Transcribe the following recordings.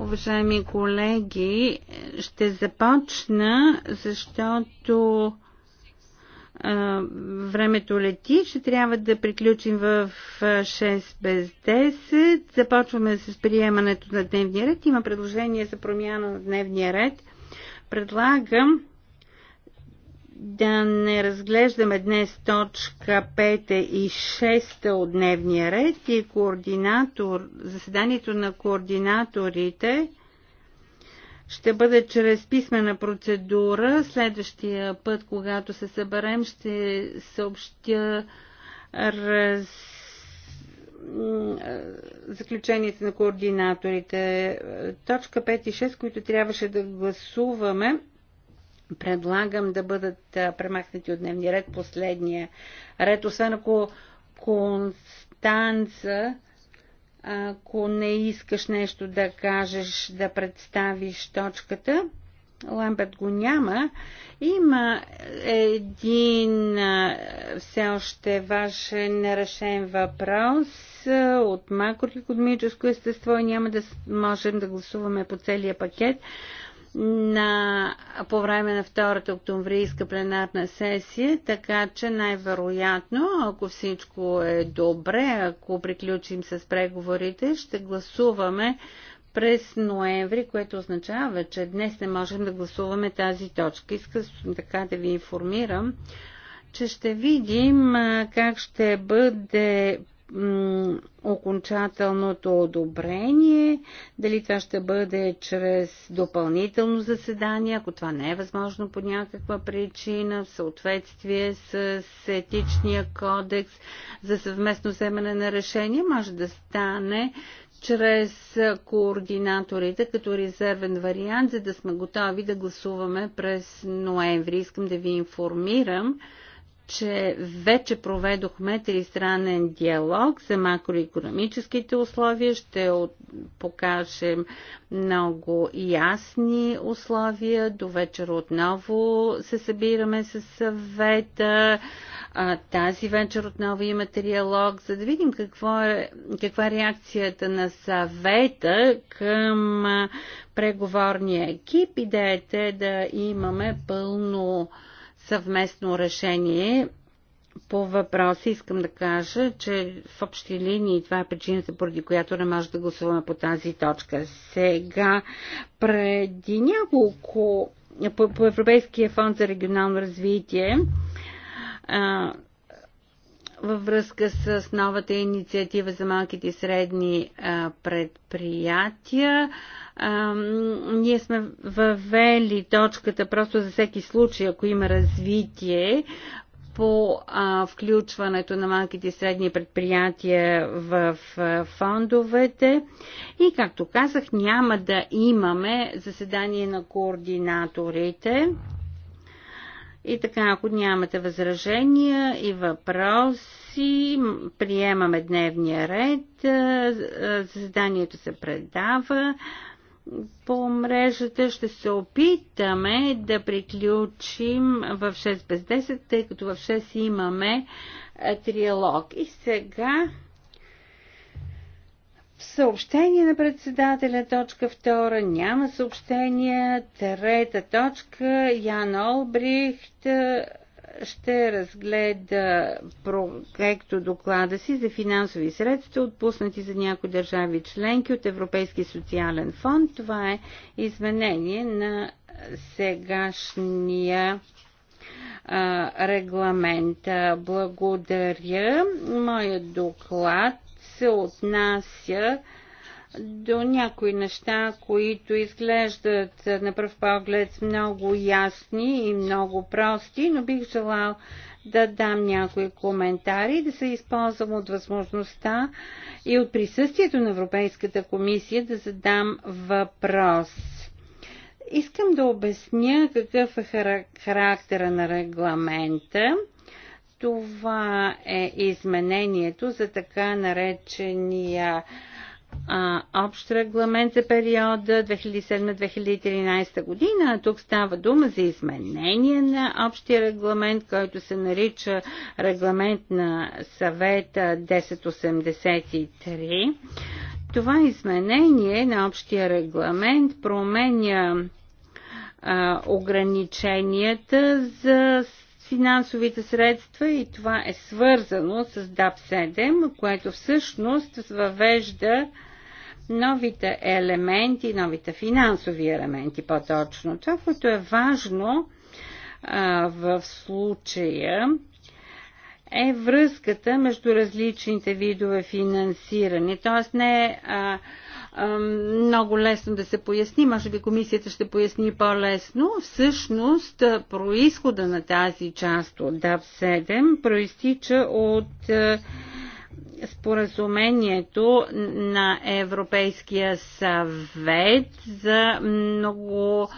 Уважаеми колеги, ще започна, защото времето лети. Ще трябва да приключим в 6 без 10. Започваме с приемането на дневния ред. Има предложение за промяна на дневния ред. Предлагам да не разглеждаме днес точка 5 и 6 от дневния ред и координатор, заседанието на координаторите ще бъде чрез писмена процедура. Следващия път, когато се съберем, ще съобщя раз... заключенията на координаторите. Точка 5 и 6, които трябваше да гласуваме, Предлагам да бъдат премахнати от дневния ред последния ред, освен ако Констанца, ако не искаш нещо да кажеш, да представиш точката. Ламберт го няма. Има един все още ваш нерешен въпрос от макроекономическо естество и няма да можем да гласуваме по целия пакет на, по време на втората октомврийска пленарна сесия, така че най-вероятно, ако всичко е добре, ако приключим с преговорите, ще гласуваме през ноември, което означава, че днес не можем да гласуваме тази точка. Искам така да ви информирам, че ще видим как ще бъде окончателното одобрение, дали това ще бъде чрез допълнително заседание, ако това не е възможно по някаква причина, в съответствие с етичния кодекс за съвместно вземане на решение, може да стане чрез координаторите като резервен вариант, за да сме готови да гласуваме през ноември. Искам да ви информирам, че вече проведохме тристранен диалог за макроекономическите условия. Ще покажем много ясни условия. До вечер отново се събираме с съвета. Тази вечер отново имате диалог, за да видим какво е, каква е реакцията на съвета към преговорния екип. Идеята е да имаме пълно съвместно решение по въпроси, Искам да кажа, че в общи линии това е причината, поради която не може да гласуваме по тази точка. Сега, преди няколко по, по Европейския фонд за регионално развитие, във връзка с новата инициатива за малките и средни предприятия. Ние сме въвели точката просто за всеки случай, ако има развитие по а, включването на малките и средни предприятия в а, фондовете. И, както казах, няма да имаме заседание на координаторите. И така, ако нямате възражения и въпроси, приемаме дневния ред. Е, е, заседанието се предава по мрежата. Ще се опитаме да приключим в 6 без 10, тъй като в 6 имаме е, триалог. И сега Съобщение на председателя, точка 2. Няма съобщение. Трета точка. Ян Олбрихт ще разгледа проекто доклада си за финансови средства, отпуснати за някои държави членки от Европейски социален фонд. Това е изменение на сегашния регламент. Благодаря. Моят доклад се отнася до някои неща, които изглеждат на пръв поглед много ясни и много прости, но бих желал да дам някои коментари, да се използвам от възможността и от присъствието на Европейската комисия да задам въпрос. Искам да обясня какъв е характера на регламента това е изменението за така наречения а, общ регламент за периода 2007-2013 година. Тук става дума за изменение на общия регламент, който се нарича регламент на съвета 1083. Това изменение на общия регламент променя а, ограниченията за финансовите средства и това е свързано с DAP7, което всъщност въвежда новите елементи, новите финансови елементи по-точно. Това, което е важно а, в случая е връзката между различните видове финансиране. Тоест не е а, много лесно да се поясни, може би комисията ще поясни по-лесно. Всъщност, происхода на тази част от DAP-7 проистича от споразумението на Европейския съвет за много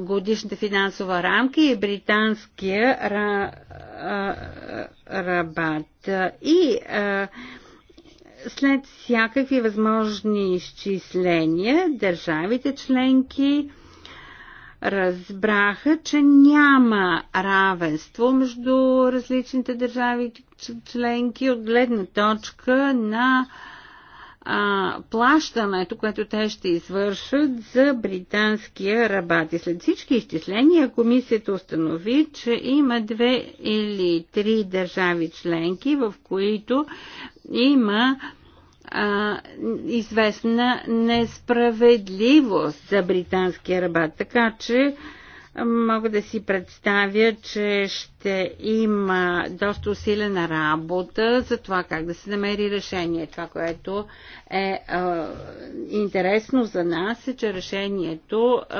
годишната финансова рамка и британския рабат. И а, след всякакви възможни изчисления, държавите членки разбраха, че няма равенство между различните държави членки от гледна точка на а, а, плащането, което те ще извършат за британския рабат. И след всички изчисления комисията установи, че има две или три държави членки, в които има а, известна несправедливост за британския рабат. Така че мога да си представя, че ще има доста усилена работа за това как да се намери решение. Това, което е, е интересно за нас е, че решението е,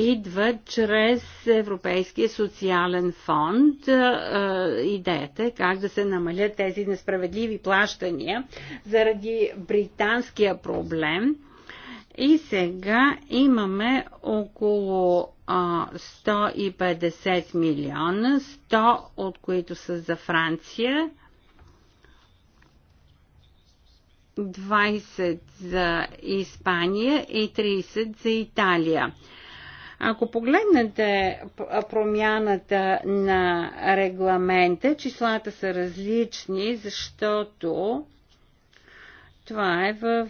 идва чрез Европейския социален фонд. Е, идеята е как да се намалят тези несправедливи плащания заради британския проблем. И сега имаме около 150 милиона, 100 от които са за Франция, 20 за Испания и 30 за Италия. Ако погледнете промяната на регламента, числата са различни, защото това е в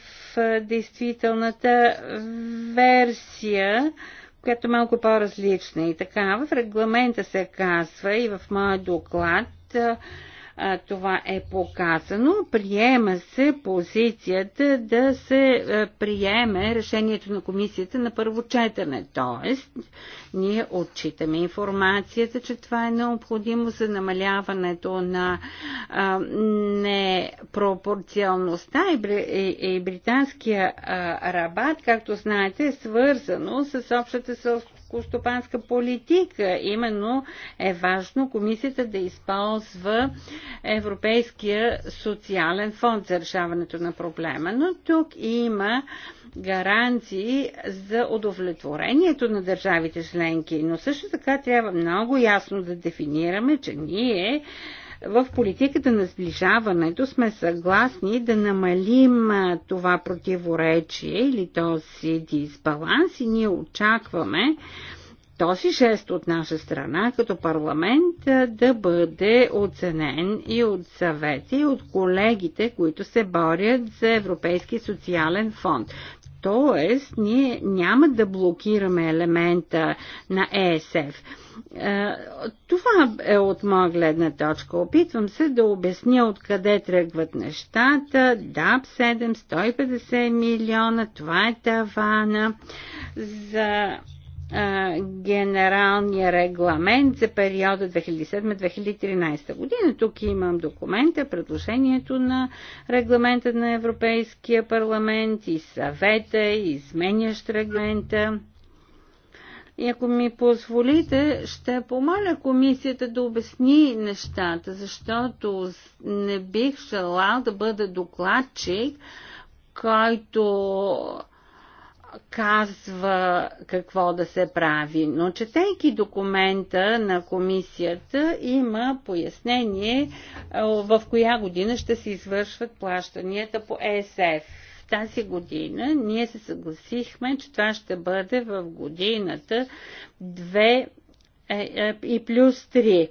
действителната версия която е малко по-различна. И така, в регламента се казва и в моя доклад, това е показано. Приема се позицията да се приеме решението на комисията на първо четене. Тоест, ние отчитаме информацията, че това е необходимо за намаляването на а, непропорционалността и, и, и британския а, рабат, както знаете, е свързано с общата селско селско-стопанска политика. Именно е важно комисията да използва Европейския социален фонд за решаването на проблема. Но тук има гаранции за удовлетворението на държавите членки. Но също така трябва много ясно да дефинираме, че ние в политиката на сближаването сме съгласни да намалим това противоречие или този дисбаланс и ние очакваме този жест от наша страна като парламент да бъде оценен и от съвети, и от колегите, които се борят за Европейски социален фонд. Тоест, ние няма да блокираме елемента на ЕСФ. Е, това е от моя гледна точка. Опитвам се да обясня откъде тръгват нещата. ДАП 7, 150 милиона, това е тавана за генералния регламент за периода 2007-2013 година. Тук имам документа, предложението на регламента на Европейския парламент и съвета, и изменящ регламента. И ако ми позволите, ще помоля комисията да обясни нещата, защото не бих желал да бъда докладчик, който казва какво да се прави, но четейки документа на комисията има пояснение е, в коя година ще се извършват плащанията по ЕСФ. Тази година ние се съгласихме, че това ще бъде в годината е, е, и плюс 3.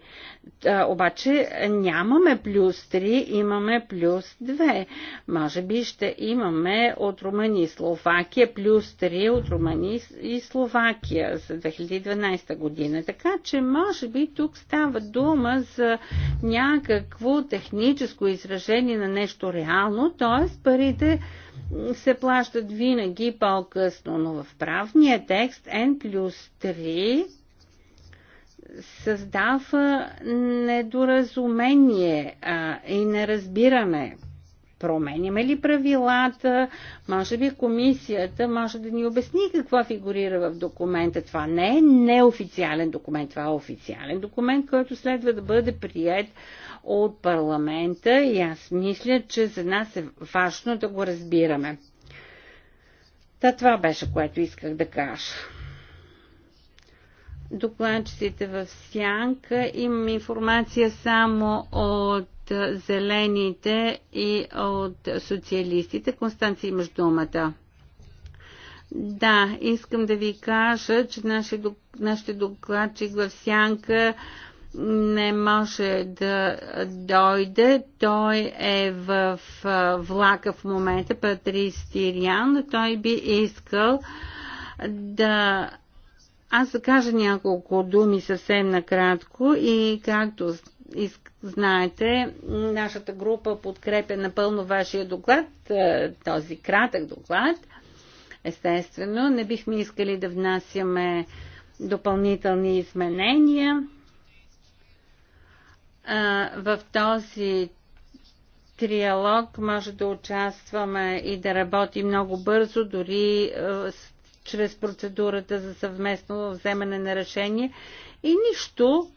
Е, обаче нямаме плюс 3, имаме плюс 2. Може би ще имаме от Румъния и Словакия плюс 3 от Румъния и Словакия за 2012 година. Така че може би тук става дума за някакво техническо изражение на нещо реално, т.е. парите се плащат винаги по-късно, но в правния текст N плюс 3 създава недоразумение а, и неразбиране. Променяме ли правилата? Може би комисията може да ни обясни какво фигурира в документа. Това не е неофициален документ, това е официален документ, който следва да бъде прият от парламента и аз мисля, че за нас е важно да го разбираме. Та това беше, което исках да кажа докладчиците в Сянка. Имам информация само от зелените и от социалистите. Констанция, имаш думата. Да, искам да ви кажа, че нашите докладчик в Сянка не може да дойде. Той е в влака в момента, Патрис Тириан. Той би искал да аз да кажа няколко думи съвсем накратко и както знаете, нашата група подкрепя напълно вашия доклад, е, този кратък доклад. Естествено, не бихме искали да внасяме допълнителни изменения. Е, в този триалог може да участваме и да работи много бързо, дори е, чрез процедурата за съвместно вземане на решение и нищо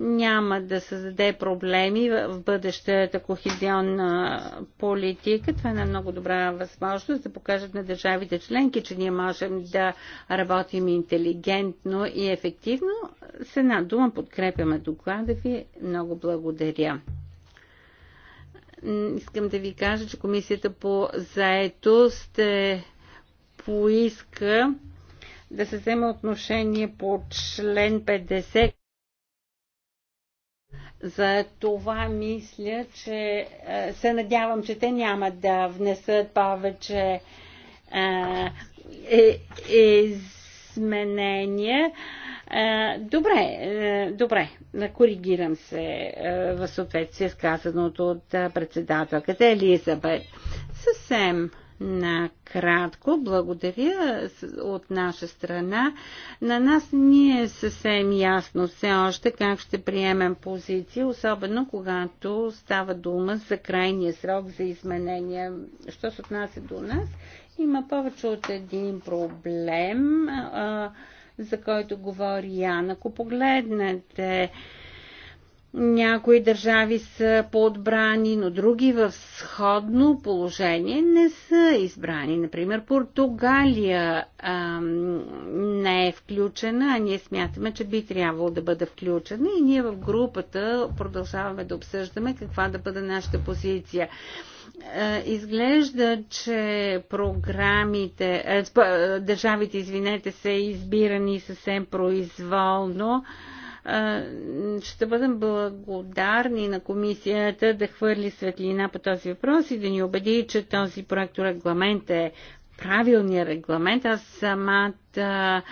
няма да създаде проблеми в бъдещата кохезионна политика. Това е една много добра възможност да покажат на държавите членки, че ние можем да работим интелигентно и ефективно. С една дума подкрепяме доклада ви. Много благодаря. Искам да ви кажа, че Комисията по заетост е поиска да се вземе отношение по член 50. За това мисля, че е, се надявам, че те няма да внесат повече е, е изменения. Е, добре, добре, коригирам се в съответствие с казаното от председателката Елизабет. Съвсем накратко. Благодаря от наша страна. На нас ни е съвсем ясно все още как ще приемем позиции, особено когато става дума за крайния срок за изменения. Що се отнася до нас, има повече от един проблем, за който говори Ян. Ако погледнете някои държави са подбрани, но други в сходно положение не са избрани. Например, Португалия а, не е включена, а ние смятаме, че би трябвало да бъде включена и ние в групата продължаваме да обсъждаме каква да бъде нашата позиция. Изглежда, че програмите, държавите, извинете, са избирани съвсем произволно ще бъдем благодарни на комисията да хвърли светлина по този въпрос и да ни убеди, че този проект регламент е правилния регламент. Аз самата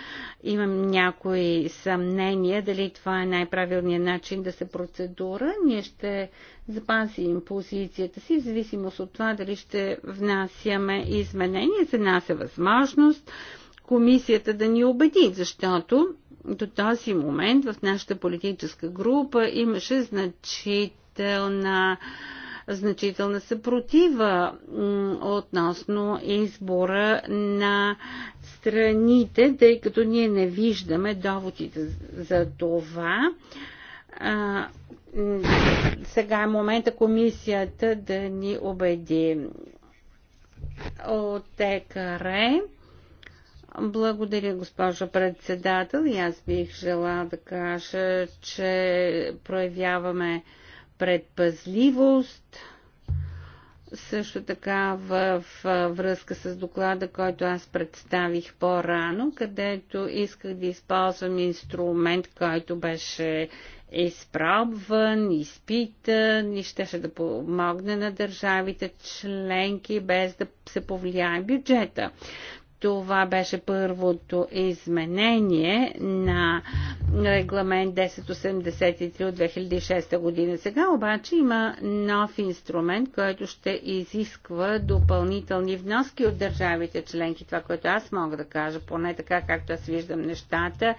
имам някои съмнения дали това е най-правилният начин да се процедура. Ние ще запазим позицията си в зависимост от това дали ще внасяме изменения. За нас е възможност комисията да ни убеди, защото до този момент в нашата политическа група имаше значителна значителна съпротива относно избора на страните, тъй като ние не виждаме доводите за това. А, сега е момента комисията да ни убеди от е благодаря, госпожо председател. И аз бих желала да кажа, че проявяваме предпазливост. Също така в връзка с доклада, който аз представих по-рано, където исках да използвам инструмент, който беше изпробван, изпитан и щеше да помогне на държавите членки без да се повлияе бюджета. Това беше първото изменение на регламент 1083 от 2006 година. Сега обаче има нов инструмент, който ще изисква допълнителни вноски от държавите членки. Това, което аз мога да кажа, поне така както аз виждам нещата.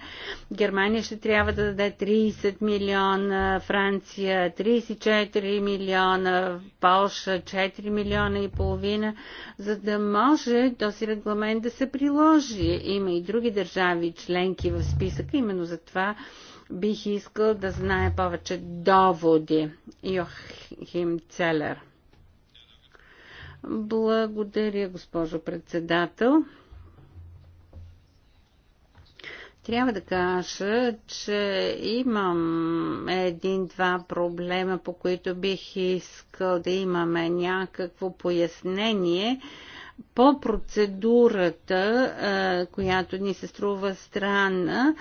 Германия ще трябва да даде 30 милиона, Франция 34 милиона, Полша 4 милиона и половина, за да може този регламент да да се приложи. Има и други държави членки в списъка, именно за това бих искал да знае повече доводи. Йохим Целер. Благодаря, госпожо председател. Трябва да кажа, че имам един-два проблема, по които бих искал да имаме някакво пояснение по процедурата, която ни се струва странна,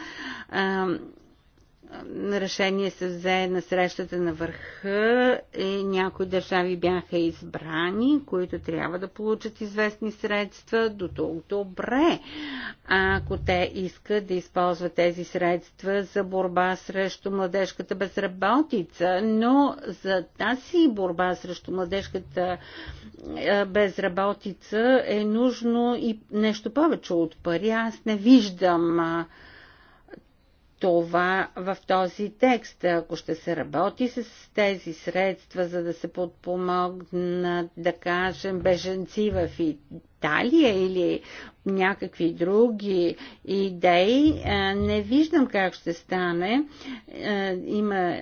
решение се взе на срещата на върха и някои държави бяха избрани, които трябва да получат известни средства. До толкова добре, ако те искат да използват тези средства за борба срещу младежката безработица, но за тази борба срещу младежката е, безработица е нужно и нещо повече от пари. Аз не виждам това в този текст. Ако ще се работи с тези средства, за да се подпомогнат, да кажем, беженци в Италия или някакви други идеи, не виждам как ще стане. Има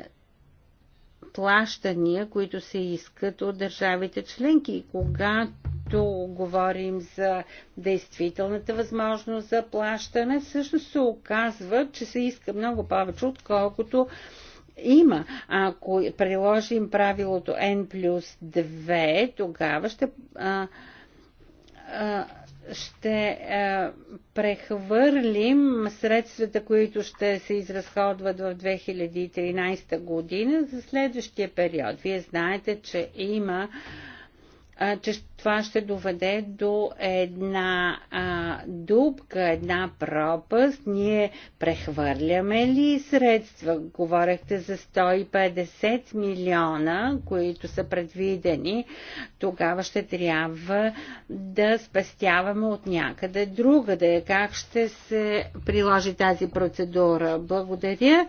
плащания, които се искат от държавите членки. И когато когато говорим за действителната възможност за плащане, всъщност се оказва, че се иска много повече, отколкото има. Ако приложим правилото N плюс 2, тогава ще, а, а, ще а, прехвърлим средствата, които ще се изразходват в 2013 година за следващия период. Вие знаете, че има а, че това ще доведе до една а, дупка, една пропаст. Ние прехвърляме ли средства? Говорехте за 150 милиона, които са предвидени. Тогава ще трябва да спестяваме от някъде другаде. Как ще се приложи тази процедура? Благодаря.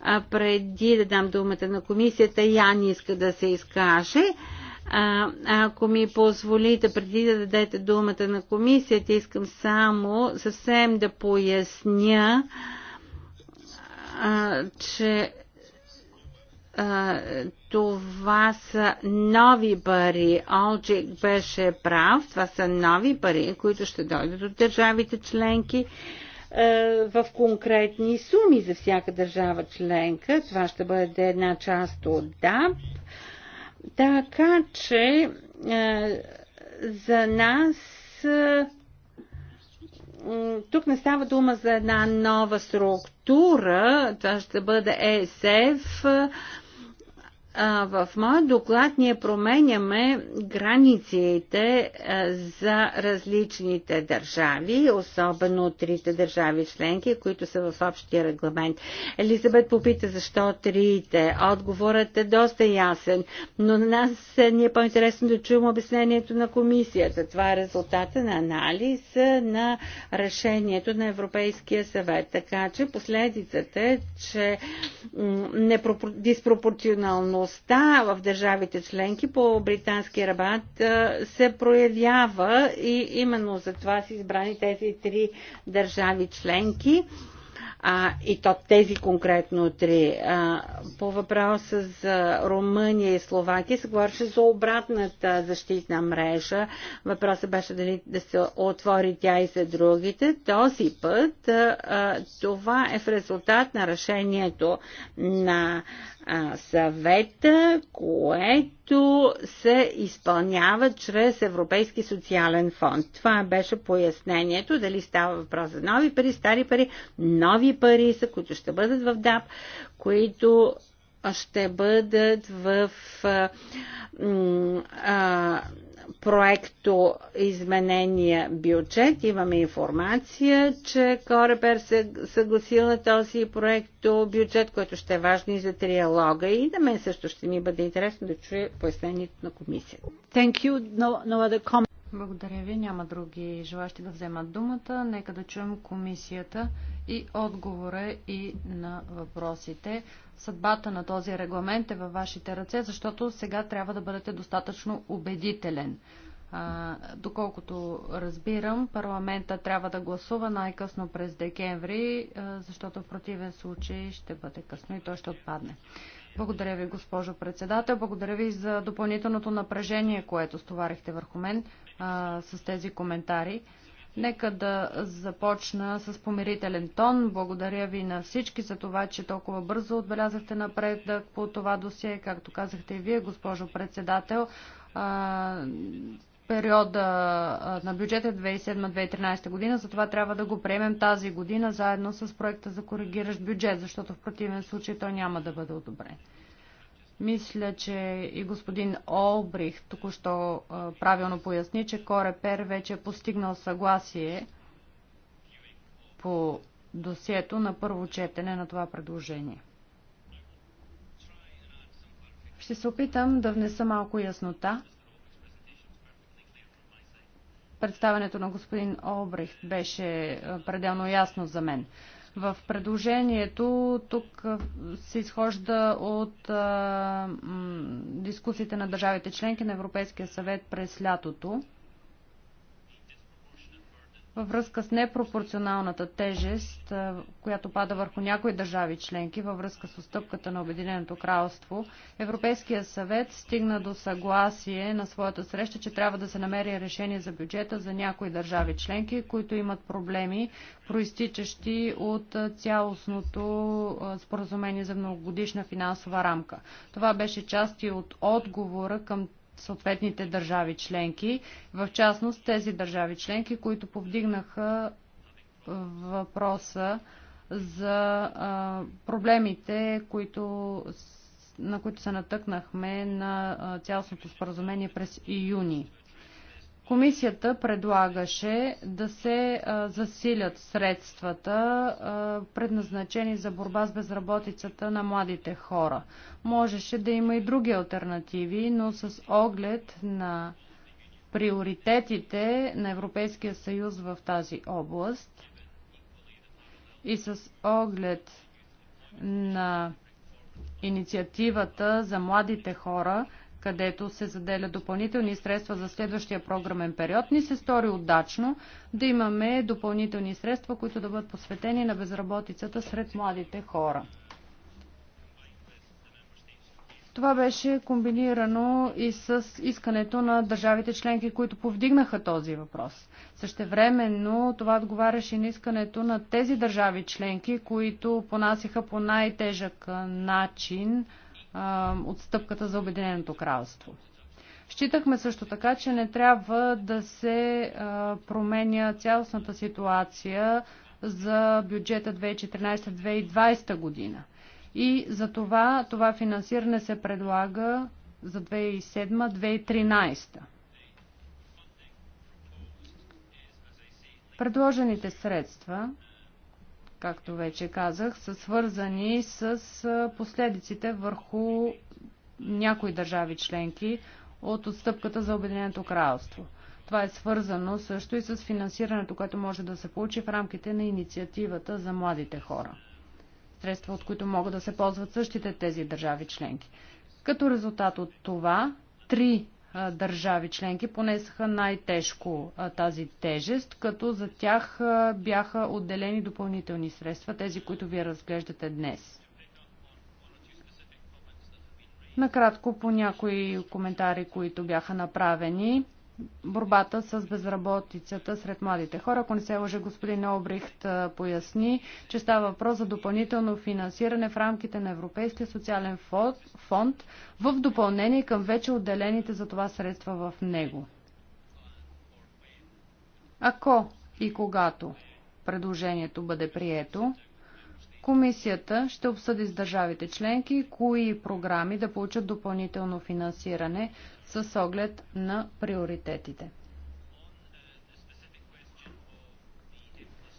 А преди да дам думата на комисията, Яни иска да се изкаже. А, ако ми позволите, преди да дадете думата на комисията, искам само съвсем да поясня, а, че а, това са нови пари. Олджик беше прав. Това са нови пари, които ще дойдат от държавите членки в конкретни суми за всяка държава членка. Това ще бъде една част от ДАП, така че е, за нас е, тук не става дума за една нова структура, това ще бъде ЕСФ. В моят доклад ние променяме границите за различните държави, особено трите държави членки, които са в общия регламент. Елизабет попита защо трите. Отговорът е доста ясен, но на нас е, ни е по-интересно да чуем обяснението на комисията. Това е резултата на анализ на решението на Европейския съвет. Така че последицата е, че диспропорционално Солидарността в държавите членки по британски рабат се проявява и именно за това са избрани тези три държави членки а, и то тези конкретно три. А, по въпроса за Румъния и Словакия се говореше за обратната защитна мрежа. Въпросът беше дали да се отвори тя и за другите. Този път а, това е в резултат на решението на а, съвета, което се изпълнява чрез Европейски социален фонд. Това беше пояснението, дали става въпрос за нови пари, стари пари, нови пари са, които ще бъдат в ДАП, които ще бъдат в а, а, проекто изменения бюджет. Имаме информация, че Корепер се съгласил на този проекто бюджет, който ще е важен и за триалога. И на мен също ще ми бъде интересно да чуя пояснението на комисията. Thank you. No, no other comment. Благодаря ви. Няма други желащи да вземат думата. Нека да чуем комисията и отговора и на въпросите. Съдбата на този регламент е във вашите ръце, защото сега трябва да бъдете достатъчно убедителен. А, доколкото разбирам, парламента трябва да гласува най-късно през декември, защото в противен случай ще бъде късно и той ще отпадне. Благодаря ви, госпожо председател. Благодаря ви за допълнителното напрежение, което стоварихте върху мен а, с тези коментари. Нека да започна с помирителен тон. Благодаря ви на всички за това, че толкова бързо отбелязахте напредък по това досие. Както казахте и вие, госпожо председател, а, периода на бюджета 2007-2013 година, затова трябва да го приемем тази година заедно с проекта за коригиращ бюджет, защото в противен случай той няма да бъде одобрен. Мисля, че и господин Олбрих току-що правилно поясни, че Корепер вече е постигнал съгласие по досието на първо четене на това предложение. Ще се опитам да внеса малко яснота. Представенето на господин Олбрих беше пределно ясно за мен. В предложението тук се изхожда от а, дискусиите на държавите членки на Европейския съвет през лятото във връзка с непропорционалната тежест, която пада върху някои държави членки във връзка с отстъпката на Обединеното кралство, Европейския съвет стигна до съгласие на своята среща, че трябва да се намери решение за бюджета за някои държави членки, които имат проблеми, проистичащи от цялостното споразумение за многогодишна финансова рамка. Това беше част и от отговора към съответните държави членки, в частност тези държави членки, които повдигнаха въпроса за а, проблемите, които, на които се натъкнахме на цялостното споразумение през июни. Комисията предлагаше да се засилят средствата, предназначени за борба с безработицата на младите хора. Можеше да има и други альтернативи, но с оглед на приоритетите на Европейския съюз в тази област и с оглед на инициативата за младите хора, където се заделя допълнителни средства за следващия програмен период, ни се стори удачно да имаме допълнителни средства, които да бъдат посветени на безработицата сред младите хора. Това беше комбинирано и с искането на държавите членки, които повдигнаха този въпрос. Същевременно това отговаряше на искането на тези държави членки, които понасяха по най-тежък начин отстъпката за Обединеното кралство. Считахме също така, че не трябва да се променя цялостната ситуация за бюджета 2014-2020 година. И за това това финансиране се предлага за 2007-2013. Предложените средства както вече казах, са свързани с последиците върху някои държави членки от отстъпката за Обединеното кралство. Това е свързано също и с финансирането, което може да се получи в рамките на инициативата за младите хора. Средства, от които могат да се ползват същите тези държави членки. Като резултат от това, три държави членки понесаха най-тежко тази тежест, като за тях бяха отделени допълнителни средства, тези, които вие разглеждате днес. Накратко по някои коментари, които бяха направени борбата с безработицата сред младите хора. Ако не се лъже, господин Обрихт поясни, че става въпрос за допълнително финансиране в рамките на Европейския социален фонд в допълнение към вече отделените за това средства в него. Ако и когато предложението бъде прието, Комисията ще обсъди с държавите членки кои програми да получат допълнително финансиране, с оглед на приоритетите.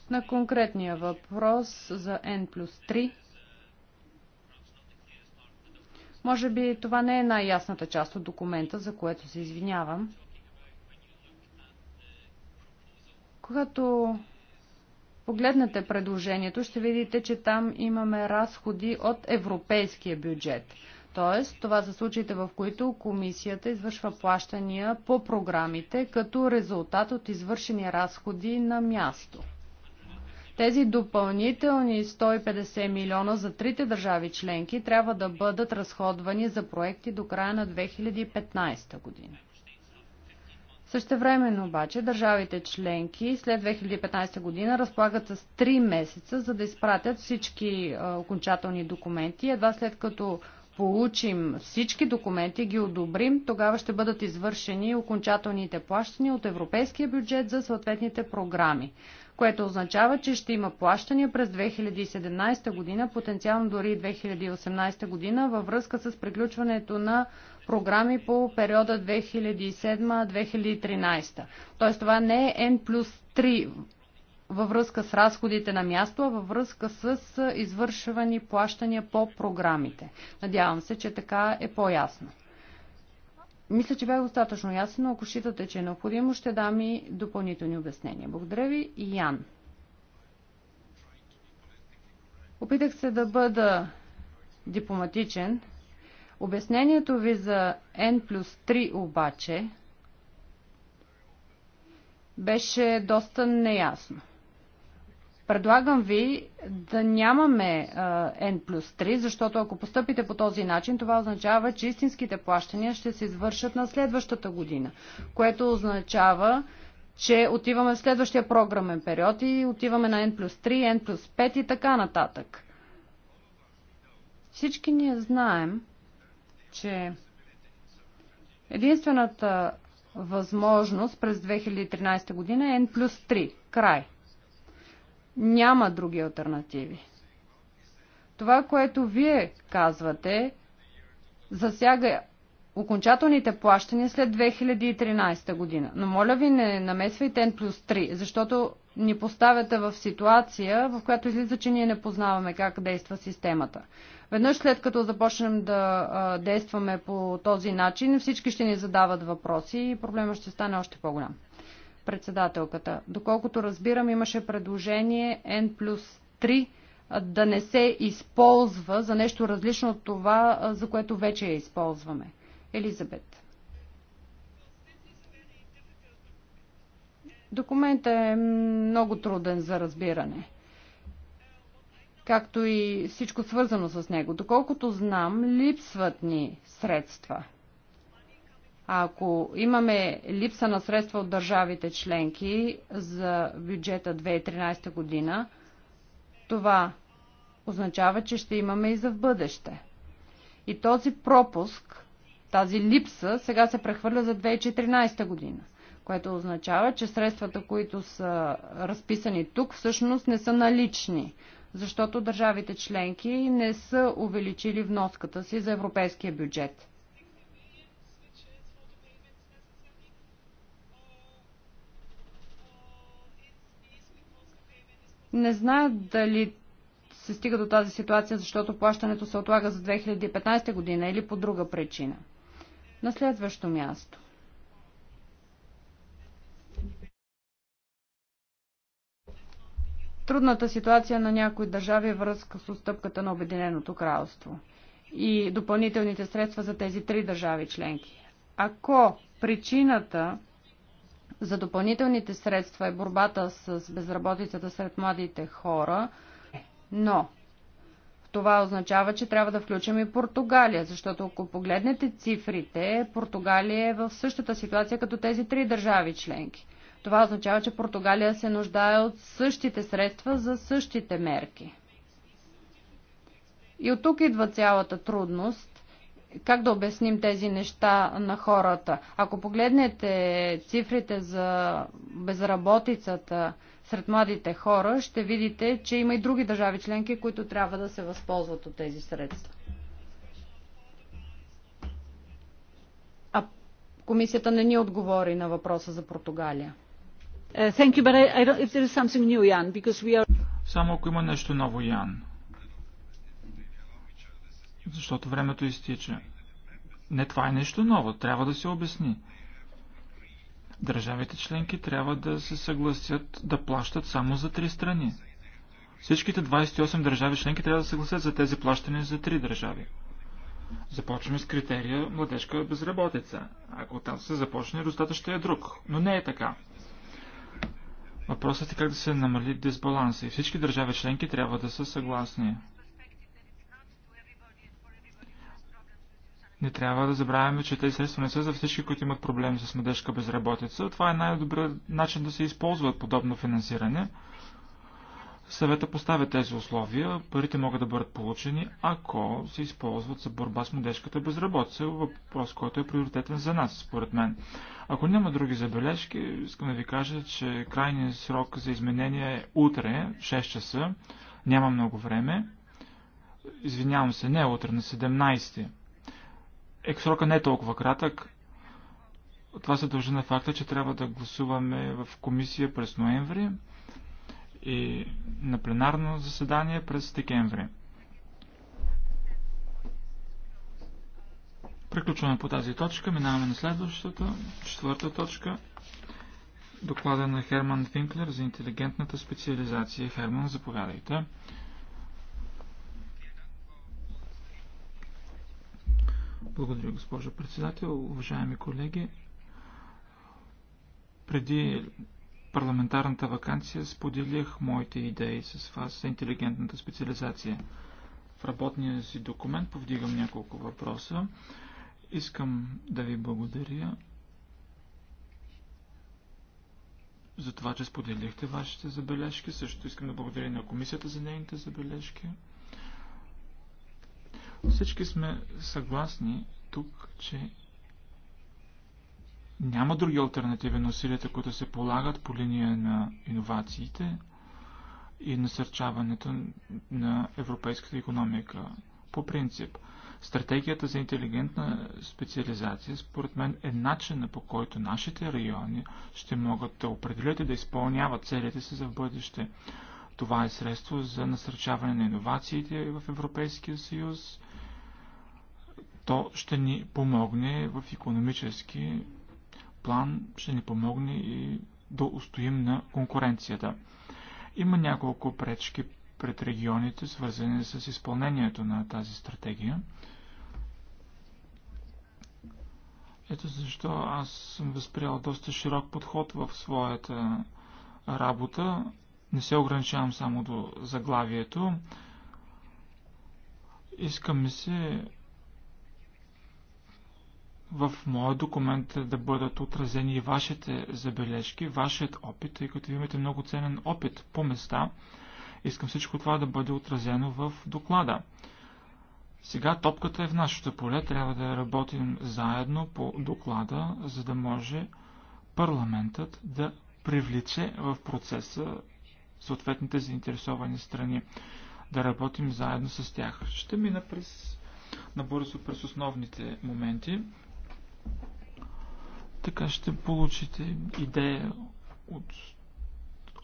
На конкретния въпрос за N плюс 3, може би това не е най-ясната част от документа, за което се извинявам. Когато погледнете предложението, ще видите, че там имаме разходи от европейския бюджет – Тоест, това са случаите, в които комисията извършва плащания по програмите като резултат от извършени разходи на място. Тези допълнителни 150 милиона за трите държави членки трябва да бъдат разходвани за проекти до края на 2015 година. Същевременно обаче държавите членки след 2015 година разполагат с 3 месеца, за да изпратят всички а, окончателни документи. Едва след като получим всички документи, ги одобрим, тогава ще бъдат извършени окончателните плащания от европейския бюджет за съответните програми, което означава, че ще има плащания през 2017 година, потенциално дори 2018 година, във връзка с приключването на програми по периода 2007-2013. Тоест това не е N плюс 3 във връзка с разходите на място, а във връзка с извършвани плащания по програмите. Надявам се, че така е по-ясно. Мисля, че бях достатъчно ясно, но ако считате, че е необходимо, ще дам и допълнителни обяснения. Благодаря ви. Ян. Опитах се да бъда дипломатичен. Обяснението ви за N плюс 3 обаче беше доста неясно. Предлагам ви да нямаме N плюс 3, защото ако постъпите по този начин, това означава, че истинските плащания ще се извършат на следващата година, което означава, че отиваме в следващия програмен период и отиваме на N плюс 3, N плюс 5 и така нататък. Всички ние знаем, че единствената възможност през 2013 година е N плюс 3. Край. Няма други альтернативи. Това, което вие казвате, засяга окончателните плащания след 2013 година. Но моля ви не намесвайте N плюс 3, защото ни поставяте в ситуация, в която излиза, че ние не познаваме как действа системата. Веднъж след като започнем да а, действаме по този начин, всички ще ни задават въпроси и проблема ще стане още по-голям. Председателката. Доколкото разбирам, имаше предложение N плюс 3 да не се използва за нещо различно от това, за което вече я използваме. Елизабет. Документът е много труден за разбиране, както и всичко свързано с него. Доколкото знам, липсват ни средства – а ако имаме липса на средства от държавите членки за бюджета 2013 година, това означава, че ще имаме и за в бъдеще. И този пропуск, тази липса, сега се прехвърля за 2014 година, което означава, че средствата, които са разписани тук, всъщност не са налични, защото държавите членки не са увеличили вноската си за европейския бюджет. Не зная дали се стига до тази ситуация, защото плащането се отлага за 2015 година или по друга причина. На следващо място. Трудната ситуация на някои държави е връзка с отстъпката на Обединеното кралство и допълнителните средства за тези три държави членки. Ако причината за допълнителните средства е борбата с безработицата сред младите хора, но това означава, че трябва да включим и Португалия, защото ако погледнете цифрите, Португалия е в същата ситуация като тези три държави членки. Това означава, че Португалия се нуждае от същите средства за същите мерки. И от тук идва цялата трудност как да обясним тези неща на хората? Ако погледнете цифрите за безработицата сред младите хора, ще видите, че има и други държави членки, които трябва да се възползват от тези средства. А комисията не ни отговори на въпроса за Португалия. Само ако има нещо ново, Ян защото времето изтича. Не, това е нещо ново, трябва да се обясни. Държавите членки трябва да се съгласят да плащат само за три страни. Всичките 28 държави членки трябва да се съгласят за тези плащания за три държави. Започваме с критерия младежка безработица. Ако там се започне, резултатът ще е друг. Но не е така. Въпросът е как да се намали дисбаланса и всички държави членки трябва да са съгласни. Не трябва да забравяме, че тези средства не са за всички, които имат проблеми с младежка безработица. Това е най-добрият начин да се използват подобно финансиране. Съвета поставя тези условия. Парите могат да бъдат получени, ако се използват за борба с младежката безработица. Въпрос, който е приоритетен за нас, според мен. Ако няма други забележки, искам да ви кажа, че крайният срок за изменение е утре, 6 часа. Няма много време. Извинявам се, не е утре, на 17 е, срока не е толкова кратък. Това се дължи на факта, че трябва да гласуваме в комисия през ноември и на пленарно заседание през декември. Приключваме по тази точка, минаваме на следващата, четвърта точка. Доклада на Херман Финклер за интелигентната специализация. Херман, заповядайте. Благодаря, госпожо председател. Уважаеми колеги, преди парламентарната вакансия споделих моите идеи с вас за интелигентната специализация. В работния си документ повдигам няколко въпроса. Искам да ви благодаря за това, че споделихте вашите забележки. Също искам да благодаря на комисията за нейните забележки. Всички сме съгласни тук, че няма други альтернативи на усилията, които се полагат по линия на иновациите и насърчаването на европейската економика. По принцип, стратегията за интелигентна специализация, според мен, е начина по който нашите райони ще могат да определят и да изпълняват целите си за в бъдеще. Това е средство за насърчаване на иновациите в Европейския съюз. То ще ни помогне в економически план, ще ни помогне и да устоим на конкуренцията. Има няколко пречки пред регионите, свързани с изпълнението на тази стратегия. Ето защо аз съм възприял доста широк подход в своята работа. Не се ограничавам само до заглавието. Искам се в моя документ да бъдат отразени и вашите забележки, вашият опит, тъй като имате много ценен опит по места. Искам всичко това да бъде отразено в доклада. Сега топката е в нашото поле, трябва да работим заедно по доклада, за да може парламентът да привлече в процеса съответните заинтересовани страни. Да работим заедно с тях. Ще мина през набързо през основните моменти. Така ще получите идея от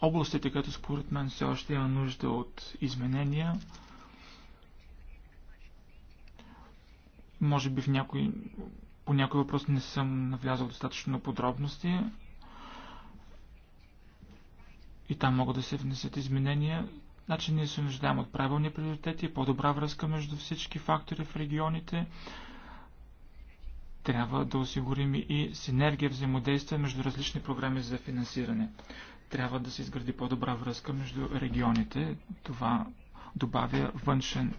областите, където според мен все още има нужда от изменения. Може би в някой, по някой въпрос не съм навлязал достатъчно на подробности, и там могат да се внесат изменения. Значи ние се нуждаем от правилни приоритети по-добра връзка между всички фактори в регионите. Трябва да осигурим и синергия взаимодействие между различни програми за финансиране. Трябва да се изгради по-добра връзка между регионите. Това добавя външен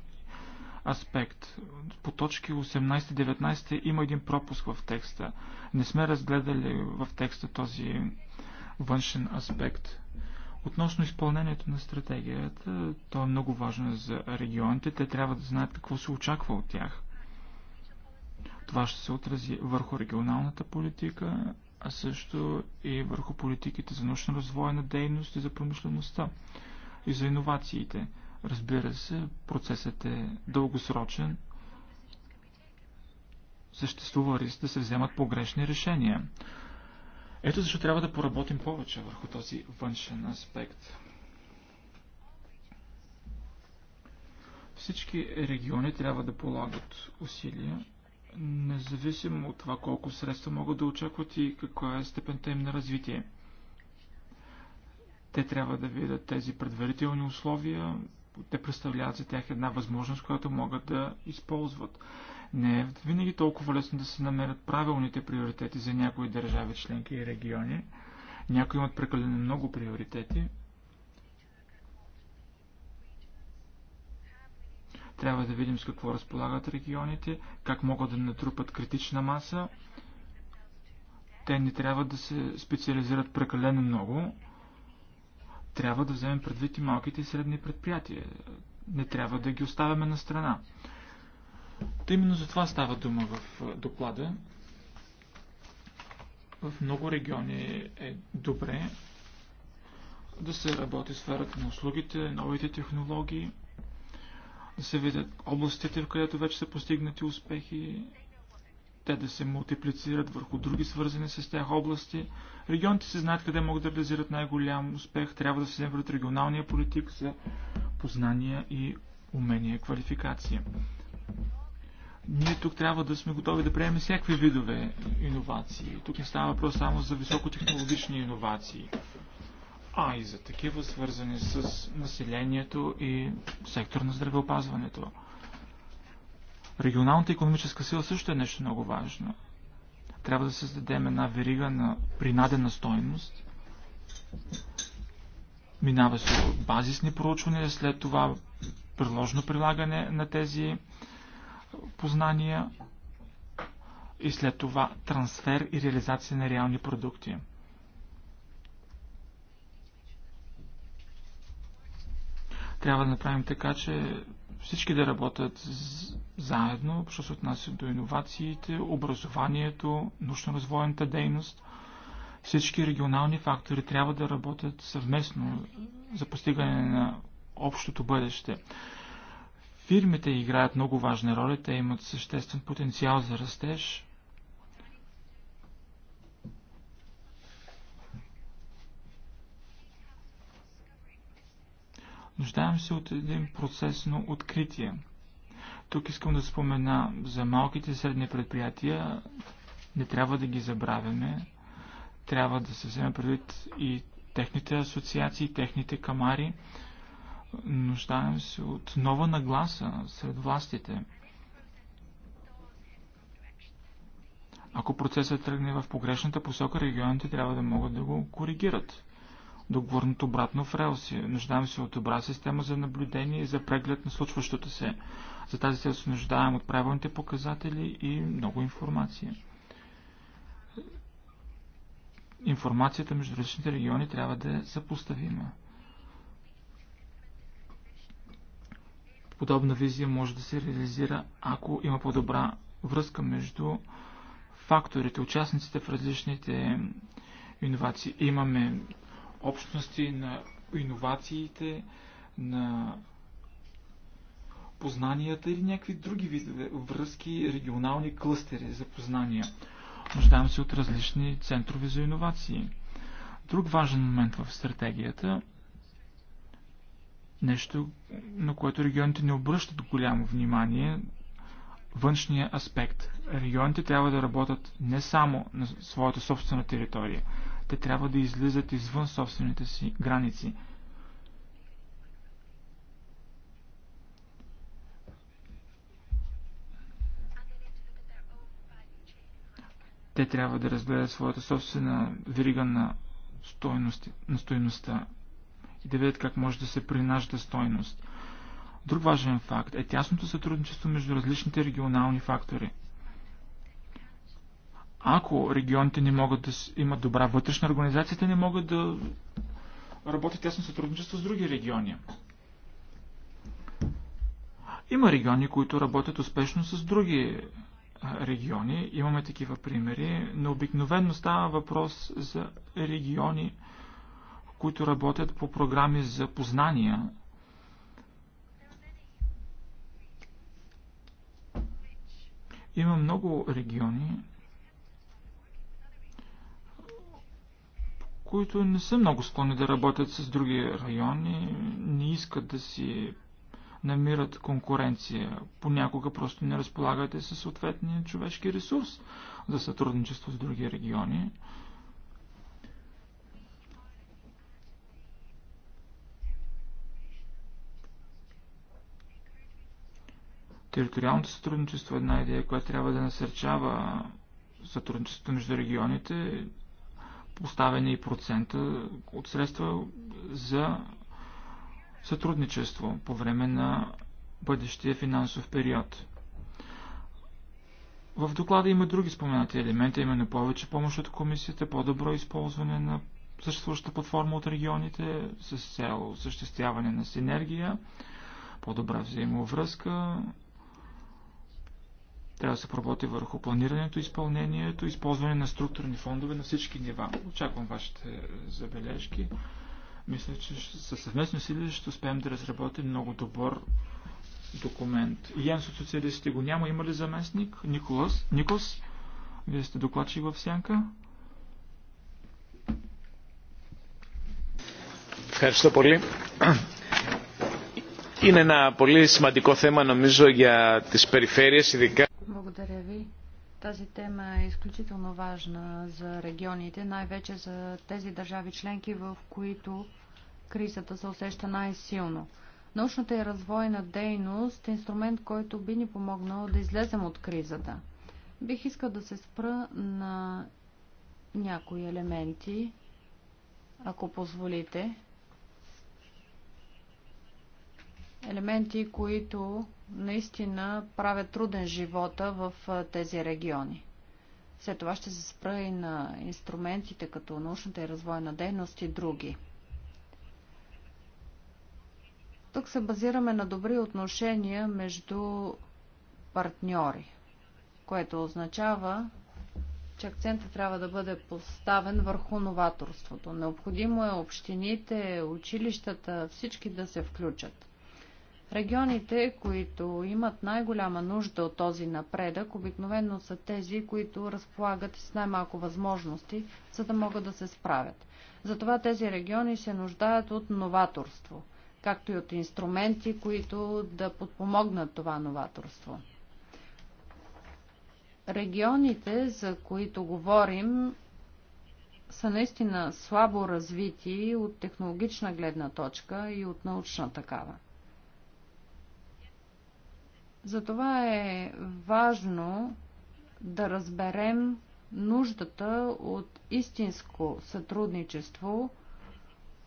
аспект. По точки 18-19 има един пропуск в текста. Не сме разгледали в текста този външен аспект. Относно изпълнението на стратегията, то е много важно за регионите. Те трябва да знаят какво се очаква от тях. Това ще се отрази върху регионалната политика, а също и върху политиките за научно на дейност и за промишлеността и за иновациите. Разбира се, процесът е дългосрочен. Съществува риск да се вземат погрешни решения. Ето защо трябва да поработим повече върху този външен аспект. Всички региони трябва да полагат усилия, независимо от това колко средства могат да очакват и каква е степента им на развитие. Те трябва да видят тези предварителни условия, те представляват за тях една възможност, която могат да използват. Не е винаги толкова лесно да се намерят правилните приоритети за някои държави, членки и региони. Някои имат прекалено много приоритети. Трябва да видим с какво разполагат регионите, как могат да натрупат критична маса. Те не трябва да се специализират прекалено много. Трябва да вземем предвид и малките и средни предприятия. Не трябва да ги оставяме на страна. Та именно за това става дума в доклада. В много региони е добре да се работи в сферата на услугите, новите технологии, да се видят областите, в където вече са постигнати успехи, те да се мултиплицират върху други свързани с тях области. Регионите се знаят къде могат да реализират най-голям успех. Трябва да се вземат регионалния политик за познания и умения, квалификация. Ние тук трябва да сме готови да приемем всякакви видове иновации. Тук не става въпрос само за високотехнологични иновации, а и за такива свързани с населението и сектор на здравеопазването. Регионалната економическа сила също е нещо много важно. Трябва да създадем една верига на принадена стойност. Минава се базисни проучвания, след това приложно прилагане на тези познания и след това трансфер и реализация на реални продукти. Трябва да направим така, че всички да работят заедно, що се отнася до иновациите, образованието, научно-развойната дейност. Всички регионални фактори трябва да работят съвместно за постигане на общото бъдеще. Фирмите играят много важна роля, те имат съществен потенциал за растеж. Нуждаем се от един процес на откритие. Тук искам да спомена за малките и средни предприятия. Не трябва да ги забравяме. Трябва да се вземе предвид и техните асоциации, техните камари. Нуждаем се от нова нагласа сред властите. Ако процесът тръгне в погрешната посока, регионите трябва да могат да го коригират. Договорното обратно в релси. Е. Нуждаем се от добра система за наблюдение и за преглед на случващото се. За тази цел се нуждаем от правилните показатели и много информация. Информацията между различните региони трябва да е съпоставима. подобна визия може да се реализира, ако има по-добра връзка между факторите, участниците в различните иновации. Имаме общности на иновациите, на познанията или някакви други видове връзки, регионални клъстери за познания. Нуждаем се от различни центрове за иновации. Друг важен момент в стратегията Нещо, на което регионите не обръщат голямо внимание, външния аспект. Регионите трябва да работят не само на своята собствена територия, те трябва да излизат извън собствените си граници. Те трябва да разгледат своята собствена верига на, стойности, на стойността и да видят как може да се принажда стойност. Друг важен факт е тясното сътрудничество между различните регионални фактори. Ако регионите не могат да имат добра вътрешна организация, те не могат да работят тясно сътрудничество с други региони. Има региони, които работят успешно с други е, региони. Имаме такива примери, но обикновенно става въпрос за региони, които работят по програми за познания. Има много региони, които не са много склонни да работят с други райони, не искат да си намират конкуренция. Понякога просто не разполагате със съответния човешки ресурс за сътрудничество с други региони. Териториалното сътрудничество е една идея, която трябва да насърчава сътрудничеството между регионите, поставяне и процента от средства за сътрудничество по време на бъдещия финансов период. В доклада има други споменати елементи, именно повече помощ от комисията, по-добро използване на съществуващата платформа от регионите с цел осъществяване на синергия, по-добра взаимовръзка, трябва да се проработи върху планирането, изпълнението, използване на структурни фондове на всички нива. Очаквам вашите забележки. Мисля, че със съвместни усилия ще успеем да разработим много добър документ. Янс от социалистите го няма. Има ли заместник? Николас? Николас? Вие сте докладчик в сянка. Ευχαριστώ πολύ. Είναι ένα πολύ σημαντικό θέμα νομίζω για τις περιφέρειες, ειδικά благодаря ви. Тази тема е изключително важна за регионите, най-вече за тези държави членки, в които кризата се усеща най-силно. Научната и развойна дейност е инструмент, който би ни помогнал да излезем от кризата. Бих искал да се спра на някои елементи, ако позволите. елементи, които наистина правят труден живота в тези региони. След това ще се спра и на инструментите, като научната и развойна дейност и други. Тук се базираме на добри отношения между партньори, което означава, че акцентът трябва да бъде поставен върху новаторството. Необходимо е общините, училищата, всички да се включат. Регионите, които имат най-голяма нужда от този напредък, обикновено са тези, които разполагат с най-малко възможности, за да могат да се справят. Затова тези региони се нуждаят от новаторство, както и от инструменти, които да подпомогнат това новаторство. Регионите, за които говорим, са наистина слабо развити от технологична гледна точка и от научна такава. Затова е важно да разберем нуждата от истинско сътрудничество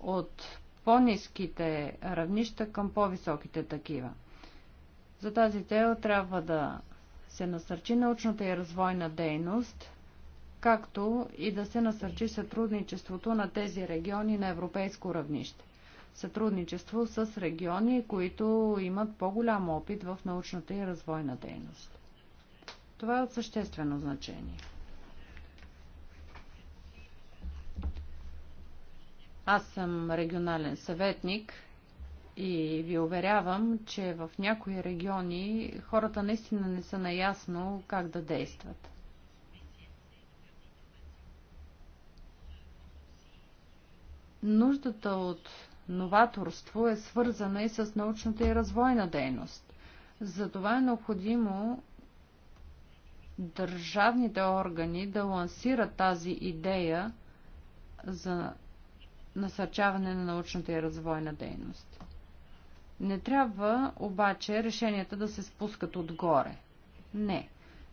от по-низките равнища към по-високите такива. За тази цел трябва да се насърчи научната и развойна дейност, както и да се насърчи сътрудничеството на тези региони на европейско равнище сътрудничество с региони, които имат по-голям опит в научната и развойна дейност. Това е от съществено значение. Аз съм регионален съветник и ви уверявам, че в някои региони хората наистина не са наясно как да действат. Нуждата от новаторство е свързана и с научната и развойна дейност. Затова е необходимо държавните органи да лансират тази идея за насърчаване на научната и развойна дейност. Не трябва обаче решенията да се спускат отгоре. Не.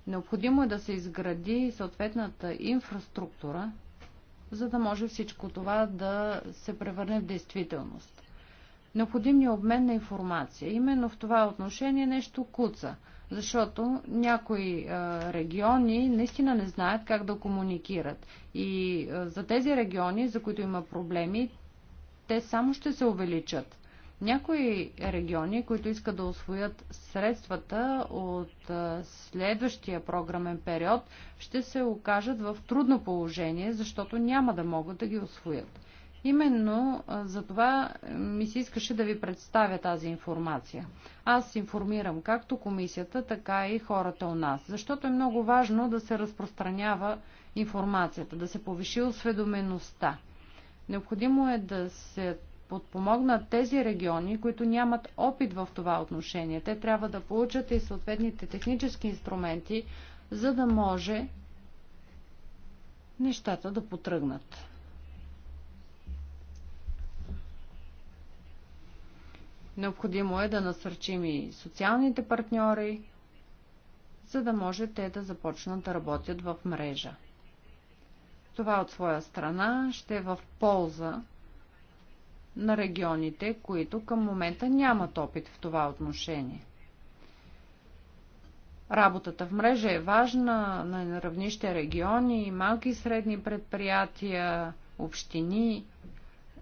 Необходимо е да се изгради съответната инфраструктура, за да може всичко това да се превърне в действителност. Необходим е обмен на информация. Именно в това отношение нещо куца, защото някои е, региони наистина не знаят как да комуникират. И е, за тези региони, за които има проблеми, те само ще се увеличат. Някои региони, които искат да освоят средствата от следващия програмен период, ще се окажат в трудно положение, защото няма да могат да ги освоят. Именно за това ми се искаше да ви представя тази информация. Аз информирам както комисията, така и хората у нас, защото е много важно да се разпространява информацията, да се повиши осведомеността. Необходимо е да се подпомогнат тези региони, които нямат опит в това отношение. Те трябва да получат и съответните технически инструменти, за да може нещата да потръгнат. Необходимо е да насърчим и социалните партньори, за да може те да започнат да работят в мрежа. Това от своя страна ще е в полза на регионите, които към момента нямат опит в това отношение. Работата в мрежа е важна на равнище региони, малки и средни предприятия, общини.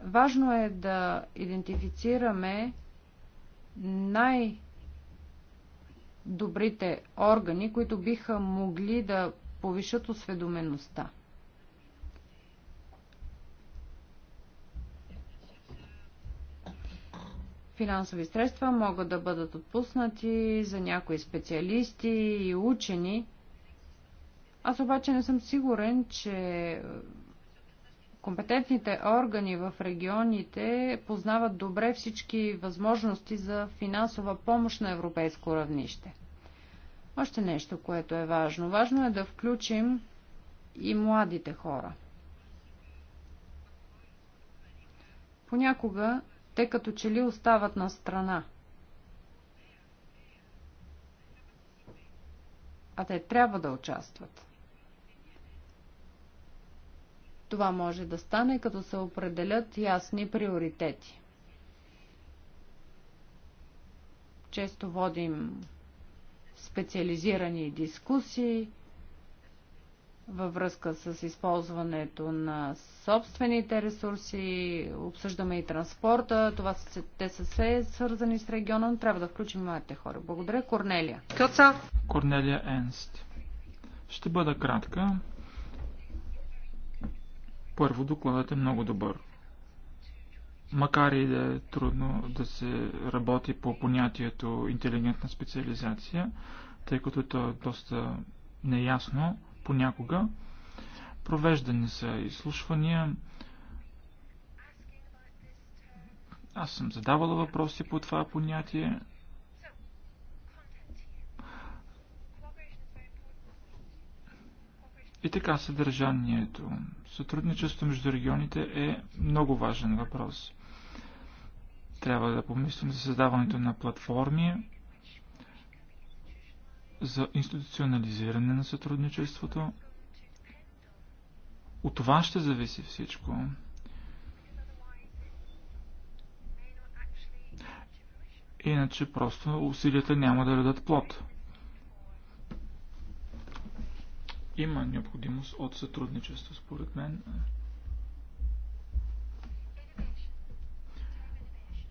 Важно е да идентифицираме най-добрите органи, които биха могли да повишат осведомеността. финансови средства могат да бъдат отпуснати за някои специалисти и учени. Аз обаче не съм сигурен, че компетентните органи в регионите познават добре всички възможности за финансова помощ на европейско равнище. Още нещо, което е важно. Важно е да включим и младите хора. Понякога те като че ли остават на страна. А те трябва да участват. Това може да стане, като се определят ясни приоритети. Често водим специализирани дискусии, във връзка с използването на собствените ресурси, обсъждаме и транспорта, това са, те са все свързани с региона, но трябва да включим младите хора. Благодаря. Корнелия. Каца. Корнелия Енст. Ще бъда кратка. Първо, докладът е много добър. Макар и да е трудно да се работи по понятието интелигентна специализация, тъй като то е доста неясно, понякога. Провеждани са изслушвания. Аз съм задавала въпроси по това понятие. И така съдържанието. Сътрудничество между регионите е много важен въпрос. Трябва да помислим за създаването на платформи, за институционализиране на сътрудничеството. От това ще зависи всичко. Иначе просто усилията няма да дадат плод. Има необходимост от сътрудничество, според мен.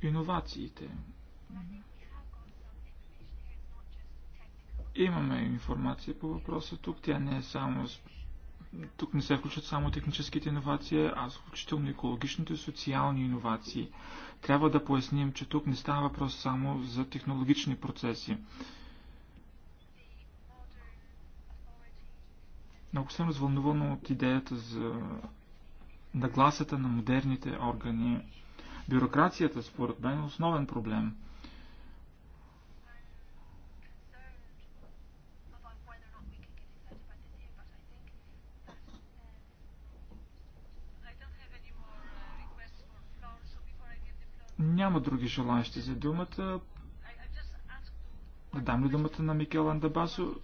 Иновациите. Mm-hmm Имаме информация по въпроса тук. Тя не е само... Тук не се включат само техническите иновации, а включително екологичните и социални иновации. Трябва да поясним, че тук не става въпрос само за технологични процеси. Много съм развълнуван от идеята за нагласата на модерните органи. Бюрокрацията, според мен, е основен проблем – Няма други желаящи за думата. Да дам ли думата на Микел Андабасо?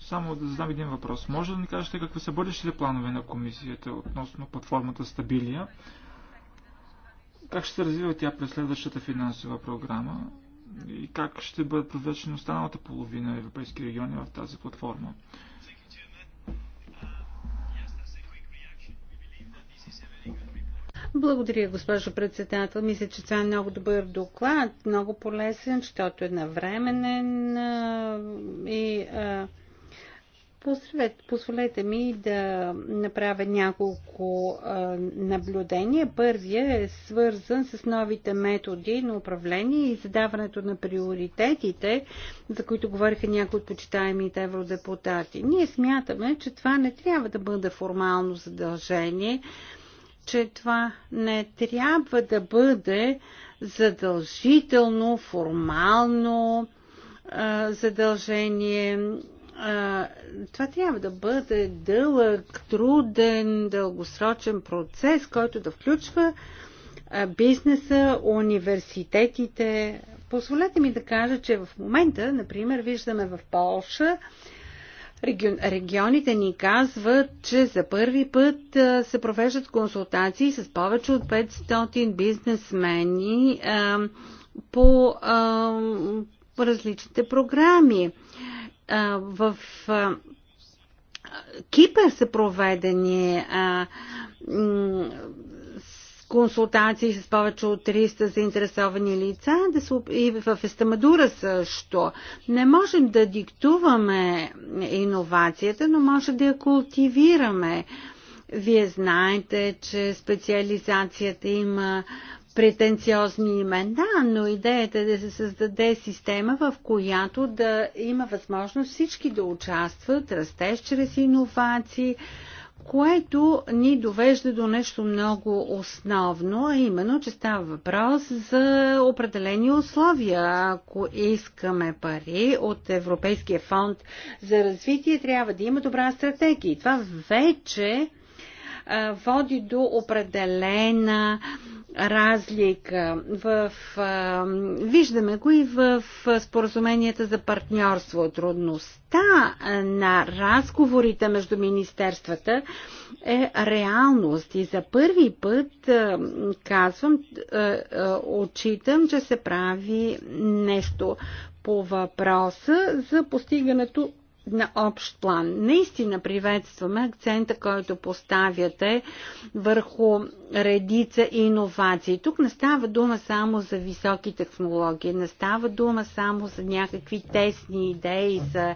Само да задам един въпрос. Може да ни кажете какви са бъдещите планове на комисията относно платформата Стабилия? Как ще се развива тя през следващата финансова програма? И как ще бъдат подвечени останалата половина европейски региони в тази платформа? Благодаря, госпожо председател. Мисля, че това е много добър доклад, много полезен, защото е навременен и а, Позволете ми да направя няколко а, наблюдения. Първия е свързан с новите методи на управление и задаването на приоритетите, за които говориха някои от почитаемите евродепутати. Ние смятаме, че това не трябва да бъде формално задължение, че това не трябва да бъде задължително, формално а, задължение. А, това трябва да бъде дълъг, труден, дългосрочен процес, който да включва а, бизнеса, университетите. Позволете ми да кажа, че в момента, например, виждаме в Полша, Регионите ни казват, че за първи път се провеждат консултации с повече от 500 бизнесмени по различните програми. В Кипър са проведени консултации с повече от 300 заинтересовани лица да се, и в Естамадура също. Не можем да диктуваме иновацията, но може да я култивираме. Вие знаете, че специализацията има претенциозни имена, но идеята е да се създаде система, в която да има възможност всички да участват, растеж чрез иновации, което ни довежда до нещо много основно, а именно, че става въпрос за определени условия. Ако искаме пари от Европейския фонд за развитие, трябва да има добра стратегия. И това вече води до определена разлика в... А, виждаме го и в споразуменията за партньорство. Трудността на разговорите между министерствата е реалност и за първи път а, казвам, а, отчитам, че се прави нещо по въпроса за постигането на общ план. Наистина приветстваме акцента, който поставяте върху редица и иновации. Тук не става дума само за високи технологии, не става дума само за някакви тесни идеи, за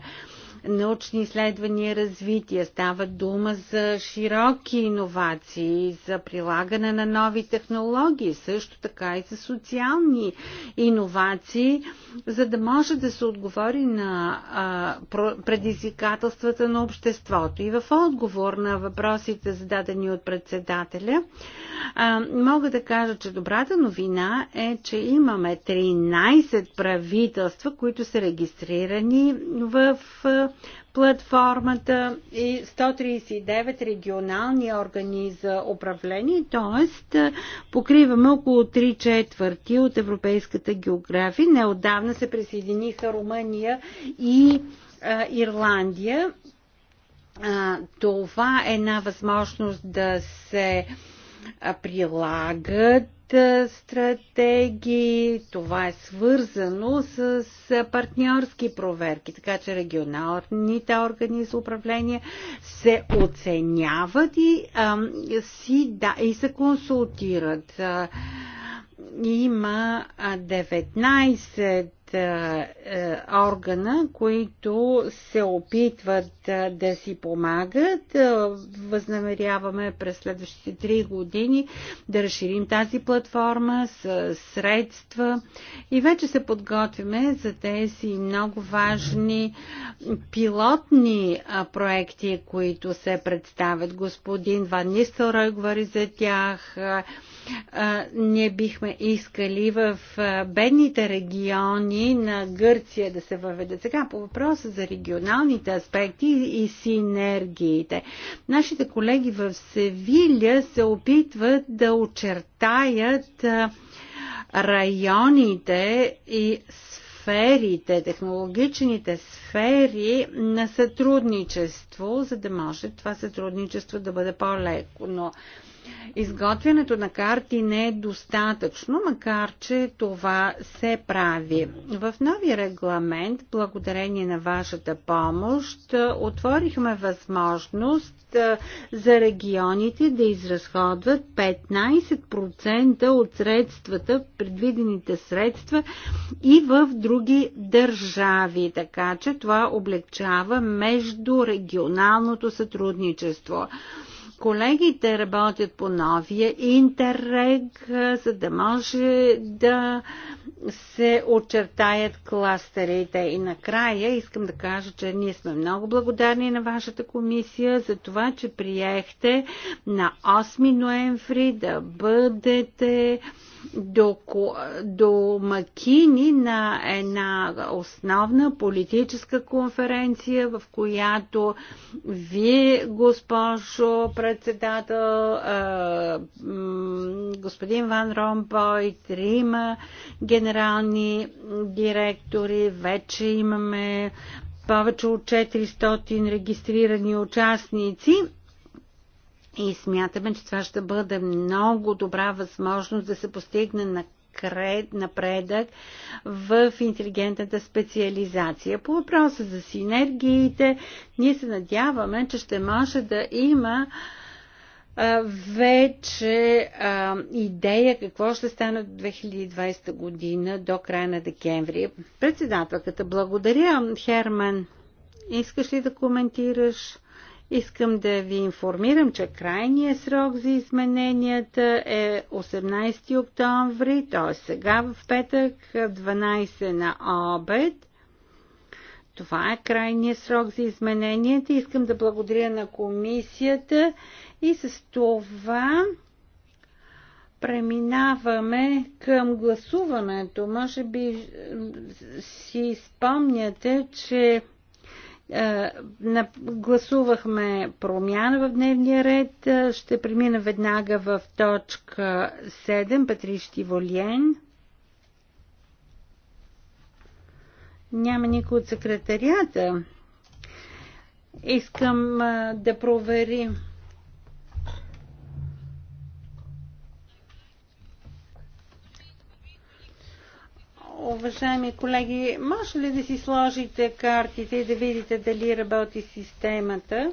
научни изследвания и развитие. Става дума за широки иновации, за прилагане на нови технологии, също така и за социални иновации, за да може да се отговори на предизвикателствата на обществото. И в отговор на въпросите, зададени от председателя, мога да кажа, че добрата новина е, че имаме 13 правителства, които са регистрирани в платформата и 139 регионални органи за управление, т.е. покриваме около 3 четвърти от европейската география. Неодавна се присъединиха Румъния и а, Ирландия. А, това е една възможност да се прилагат стратегии. Това е свързано с партньорски проверки, така че регионалните органи за управление се оценяват и, а, си, да, и се консултират. има 19 е, е, органа, които се опитват е, да си помагат. Възнамеряваме през следващите три години да разширим тази платформа с средства и вече се подготвяме за тези много важни пилотни проекти, които се представят. Господин Ван Нистелрой говори за тях. Ние бихме искали в бедните региони подобни на Гърция да се въведат. Сега по въпроса за регионалните аспекти и синергиите. Нашите колеги в Севиля се опитват да очертаят районите и сферите, технологичните сфери на сътрудничество, за да може това сътрудничество да бъде по-леко. Но Изготвянето на карти не е достатъчно, макар че това се прави. В нови регламент, благодарение на вашата помощ, отворихме възможност за регионите да изразходват 15% от средствата, предвидените средства и в други държави. Така че това облегчава междурегионалното сътрудничество колегите работят по новия интеррег, за да може да се очертаят кластерите. И накрая искам да кажа, че ние сме много благодарни на вашата комисия за това, че приехте на 8 ноември да бъдете до Макини на една основна политическа конференция, в която вие, госпожо председател, господин Ван Ромпой, трима генерални директори, вече имаме повече от 400 регистрирани участници и смятаме, че това ще бъде много добра възможност да се постигне на напредък в интелигентната специализация. По въпроса за синергиите, ние се надяваме, че ще може да има вече а, идея какво ще стане до 2020 година до края на декември. Председателката, благодаря. Херман, искаш ли да коментираш Искам да ви информирам, че крайният срок за измененията е 18 октомври, т.е. сега в петък, 12 на обед. Това е крайният срок за измененията. Искам да благодаря на комисията и с това преминаваме към гласуването. Може би си спомняте, че е, гласувахме промяна в дневния ред. Е, ще премина веднага в точка 7, Патрищи Волиен. Няма никой от секретарията. Искам е, да проверим. Уважаеми колеги, може ли да си сложите картите и да видите дали работи системата?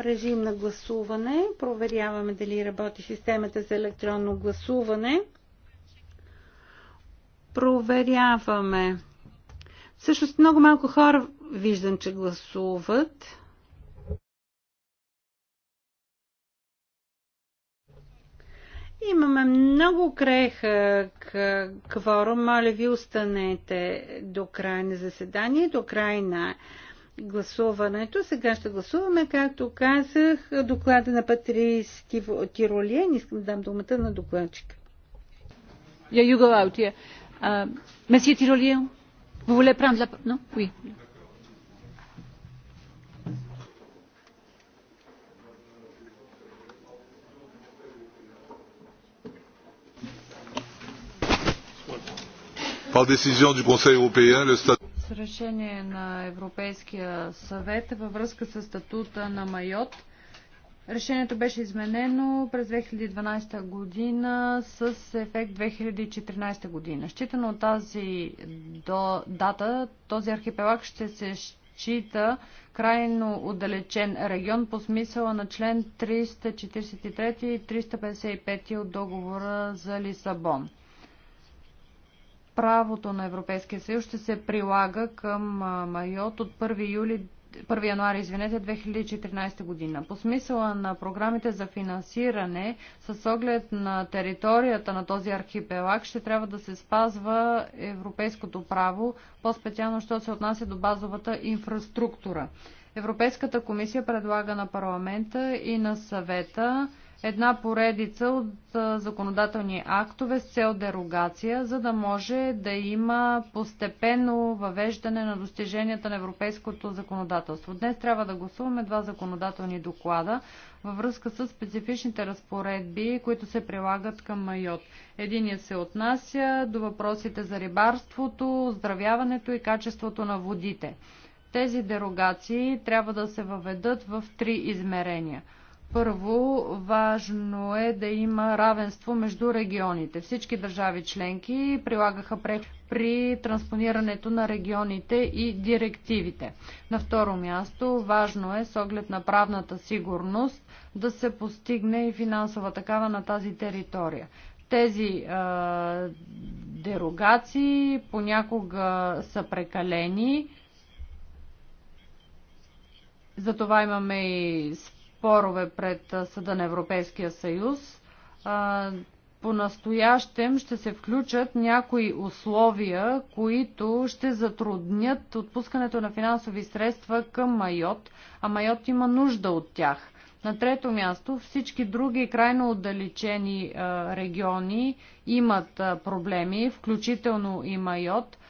Режим на гласуване. Проверяваме дали работи системата за електронно гласуване. Проверяваме. Всъщност много малко хора виждам, че гласуват. Имаме много крехък кворум. Моля ви, останете до края на заседание, до край на гласуването. Сега ще гласуваме, както казах, доклада на Тиролия. Тиролиен. Искам да дам думата на докладчика. Yeah, you go out, yeah. Uh, Monsieur Tyrolien, vous voulez prendre la... Non? Oui. Par décision du Conseil européen, le statut с решение на Европейския съвет във връзка с статута на Майот. Решението беше изменено през 2012 година с ефект 2014 година. Считано от тази до дата, този архипелаг ще се счита крайно отдалечен регион по смисъла на член 343 и 355 от договора за Лисабон правото на Европейския съюз ще се прилага към Майот от 1 юли 1 януари, извинете, 2014 година. По смисъла на програмите за финансиране, с оглед на територията на този архипелаг, ще трябва да се спазва европейското право, по-специално, що се отнася до базовата инфраструктура. Европейската комисия предлага на парламента и на съвета една поредица от законодателни актове с цел дерогация, за да може да има постепенно въвеждане на достиженията на европейското законодателство. Днес трябва да гласуваме два законодателни доклада във връзка с специфичните разпоредби, които се прилагат към Майот. Единият се отнася до въпросите за рибарството, оздравяването и качеството на водите. Тези дерогации трябва да се въведат в три измерения – първо, важно е да има равенство между регионите. Всички държави членки прилагаха прех при транспонирането на регионите и директивите. На второ място, важно е с оглед на правната сигурност да се постигне и финансова такава на тази територия. Тези е, дерогации понякога са прекалени. Затова имаме и спорове пред Съда на Европейския съюз. По-настоящем ще се включат някои условия, които ще затруднят отпускането на финансови средства към Майот, а Майот има нужда от тях. На трето място, всички други крайно отдалечени региони имат проблеми, включително и Майот –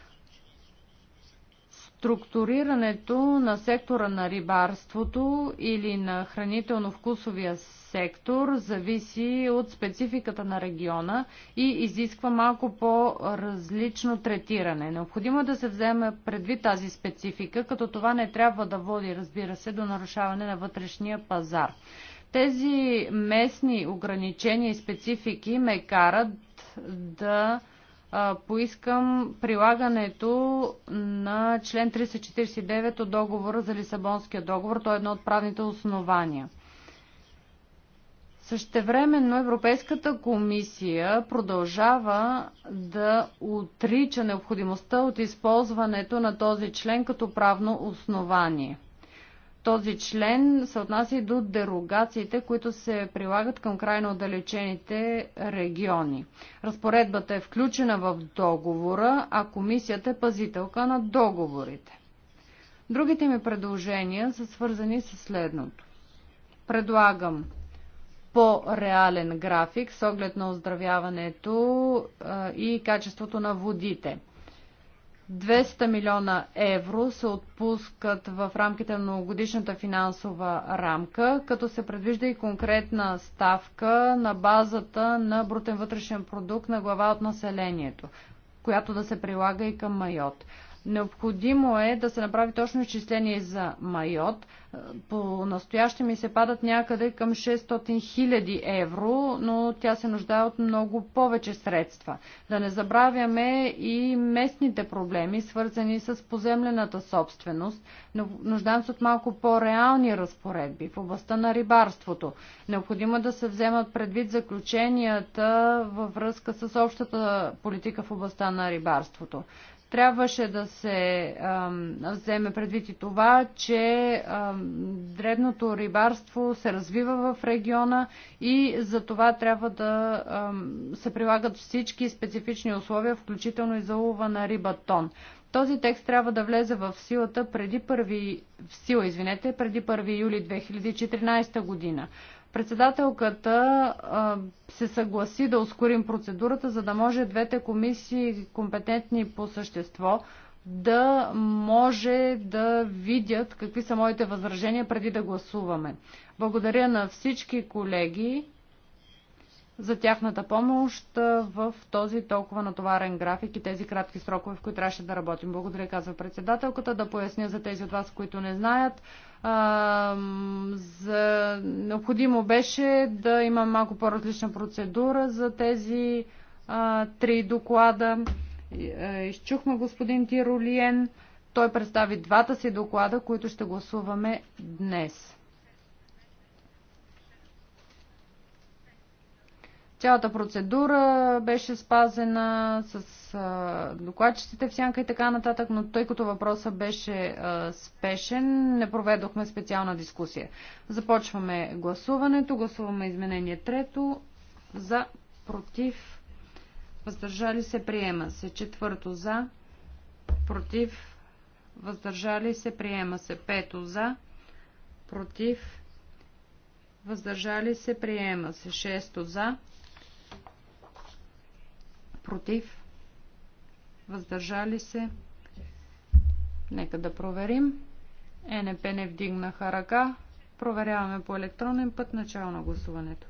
Структурирането на сектора на рибарството или на хранително-вкусовия сектор зависи от спецификата на региона и изисква малко по-различно третиране. Необходимо е да се вземе предвид тази специфика, като това не трябва да води, разбира се, до нарушаване на вътрешния пазар. Тези местни ограничения и специфики ме карат да поискам прилагането на член 349 от договора за Лисабонския договор. Той е едно от правните основания. Същевременно Европейската комисия продължава да отрича необходимостта от използването на този член като правно основание – този член се отнася и до дерогациите, които се прилагат към крайно отдалечените региони. Разпоредбата е включена в договора, а комисията е пазителка на договорите. Другите ми предложения са свързани с следното. Предлагам по-реален график с оглед на оздравяването и качеството на водите – 200 милиона евро се отпускат в рамките на годишната финансова рамка, като се предвижда и конкретна ставка на базата на брутен вътрешен продукт на глава от населението, която да се прилага и към Майот. Необходимо е да се направи точно изчисление за Майот. По настояще ми се падат някъде към 600 000 евро, но тя се нуждае от много повече средства. Да не забравяме и местните проблеми, свързани с поземлената собственост. Нуждаем се от малко по-реални разпоредби в областта на рибарството. Необходимо е да се вземат предвид заключенията във връзка с общата политика в областта на рибарството. Трябваше да се а, вземе предвид и това, че а, дребното рибарство се развива в региона и за това трябва да а, се прилагат всички специфични условия, включително и за улова на риба тон. Този текст трябва да влезе в силата преди 1, в сила, извинете, преди 1 юли 2014 година. Председателката се съгласи да ускорим процедурата, за да може двете комисии, компетентни по същество, да може да видят какви са моите възражения преди да гласуваме. Благодаря на всички колеги за тяхната помощ в този толкова натоварен график и тези кратки срокове, в които трябваше да работим. Благодаря, казва председателката, да поясня за тези от вас, които не знаят а, за... необходимо беше да има малко по-различна процедура за тези а, три доклада. Изчухме господин Тиролиен. Той представи двата си доклада, които ще гласуваме днес. Цялата процедура беше спазена с докладчиците в сянка и така нататък, но тъй като въпросът беше спешен, не проведохме специална дискусия. Започваме гласуването. Гласуваме изменение трето. За, против, въздържали се, приема се. Четвърто за, против, въздържали се, приема се. Пето за, против, въздържали се, приема се. Шесто за, против, въздържали се. Нека да проверим. Е, НП не вдигнаха ръка. Проверяваме по електронен път начало на гласуването.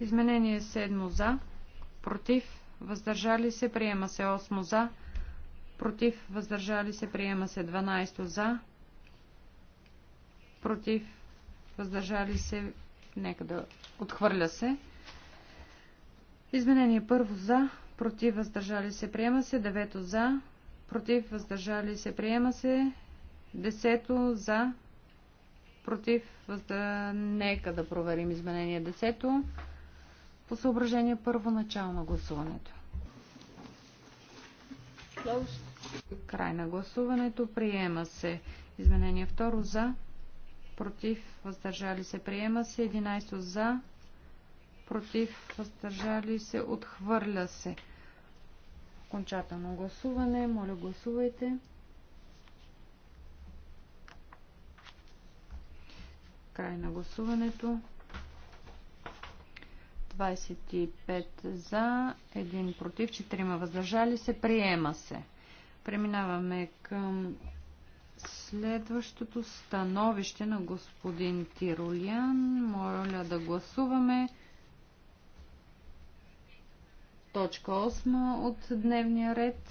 Изменение 7 за, против, въздържали се, приема се 8 за, против, въздържали се, приема се 12 за, против, въздържали се, нека да отхвърля се. Изменение първо за, против, въздържали се, приема се. Девето за, против, въздържали се, приема се. Десето за, против, възда... нека да проверим изменение десето. По съображение първо начало на гласуването. Close. Край на гласуването. Приема се. Изменение второ за против, въздържали се, приема се. 11 за, против, въздържали се, отхвърля се. Окончателно гласуване. Моля, гласувайте. Край на гласуването. 25 за, 1 против, 4 въздържали се. Приема се. Преминаваме към Следващото становище на господин Тиролян. Моля да гласуваме. Точка 8 от дневния ред.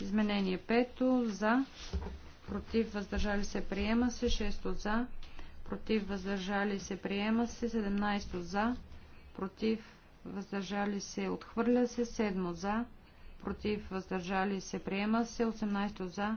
Изменение 5 за. Против въздържали се приема се. 6 за. Против въздържали се приема се. 17 за. Против въздържали се отхвърля се. 7 за. Против въздържали се приема се. 18 за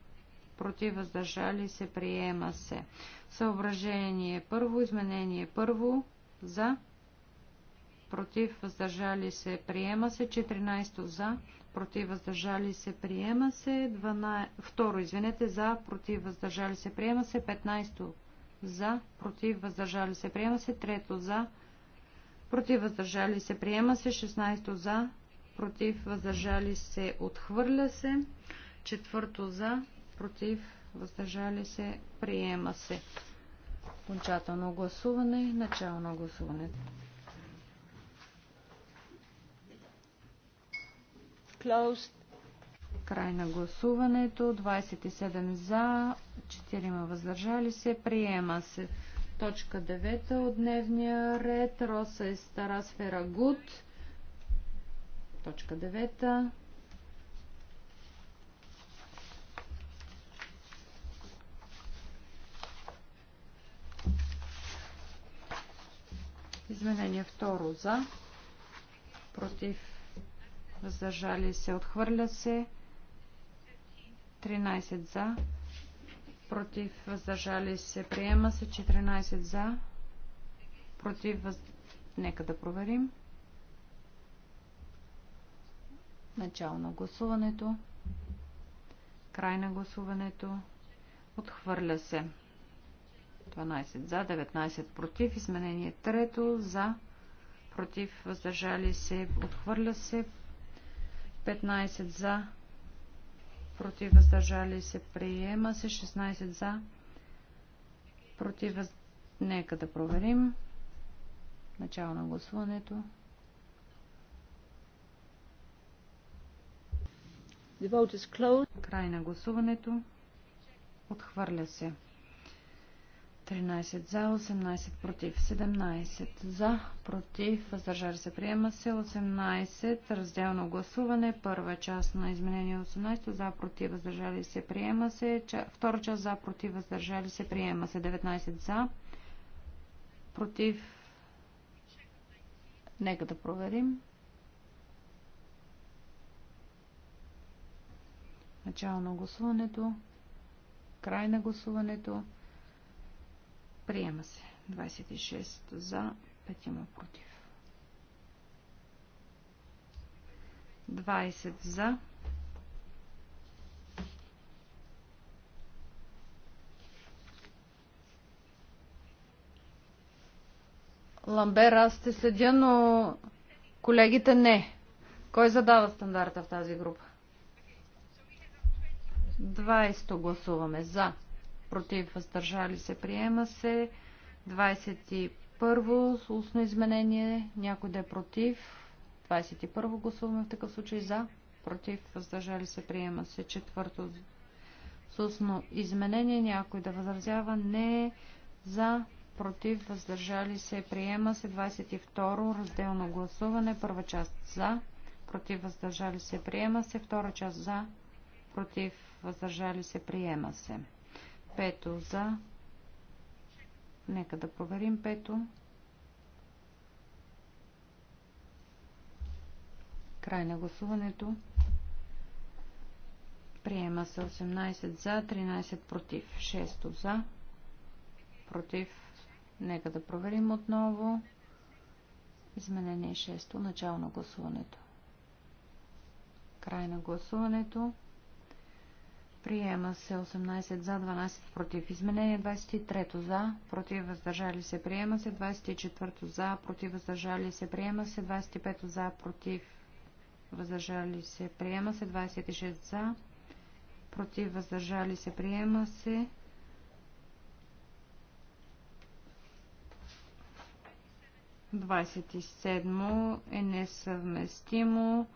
против, въздържали се, приема се. Съображение първо, изменение първо, за, против, въздържали се, приема се. 14 за, против, въздържали се, приема се. 12, второ, извинете, за, против, въздържали се, приема се. 15 за, против, въздържали се, приема се. Трето за, против, въздържали се, приема се. 16 за, против, въздържали се, отхвърля се. Четвърто за, против, въздържали се, приема се. Окончателно гласуване, начало на гласуването. Closed. Край на гласуването. 27 за, 4 въздържали се. Приема се. Точка 9 от дневния ред. Роса и сфера Гуд. Точка 9. Изменение второ за. Против. Въздържали се. Отхвърля се. 13 за. Против. Въздържали се. Приема се. 14 за. Против. Въз... Нека да проверим. Начало на гласуването. Край на гласуването. Отхвърля се. 12 за, 19 против. Изменение трето за, против, въздържали се, отхвърля се. 15 за, против, въздържали се, приема се. 16 за, против, въз... нека да проверим. Начало на гласуването. Край на гласуването. Отхвърля се. 13 за, 18 против, 17 за, против, въздържали се, приема се, 18 разделно гласуване, първа част на изменение 18 за, против, въздържали се, приема се, втора част за, против, въздържали се, приема се, 19 за, против, нека да проверим. Начало на гласуването, край на гласуването. Приема се. 26 за, 5 има против. 20 за. Ламбер, аз те следя, но колегите не. Кой задава стандарта в тази група? 20 гласуваме за против, въздържали се, приема се. 21 устно изменение, някой да е против. 21 гласуваме в такъв случай за, против, въздържали се, приема се. Четвърто с устно изменение, някой да възразява не за, против, въздържали се, приема се. 22 разделно гласуване, първа част за, против, въздържали се, приема се. Втора част за, против, въздържали се, приема се. Пето за. Нека да проверим пето. Край на гласуването. Приема се 18 за, 13 против, 6 за, против. Нека да проверим отново. Изменение 6. Начало на гласуването. Край на гласуването. Приема се 18 за, 12 против. Изменение 23 за, против въздържали се. Приема се 24 за, против въздържали се. Приема се 25 за, против въздържали се. Приема се 26 за, против въздържали се. Приема се 27 е несъвместимо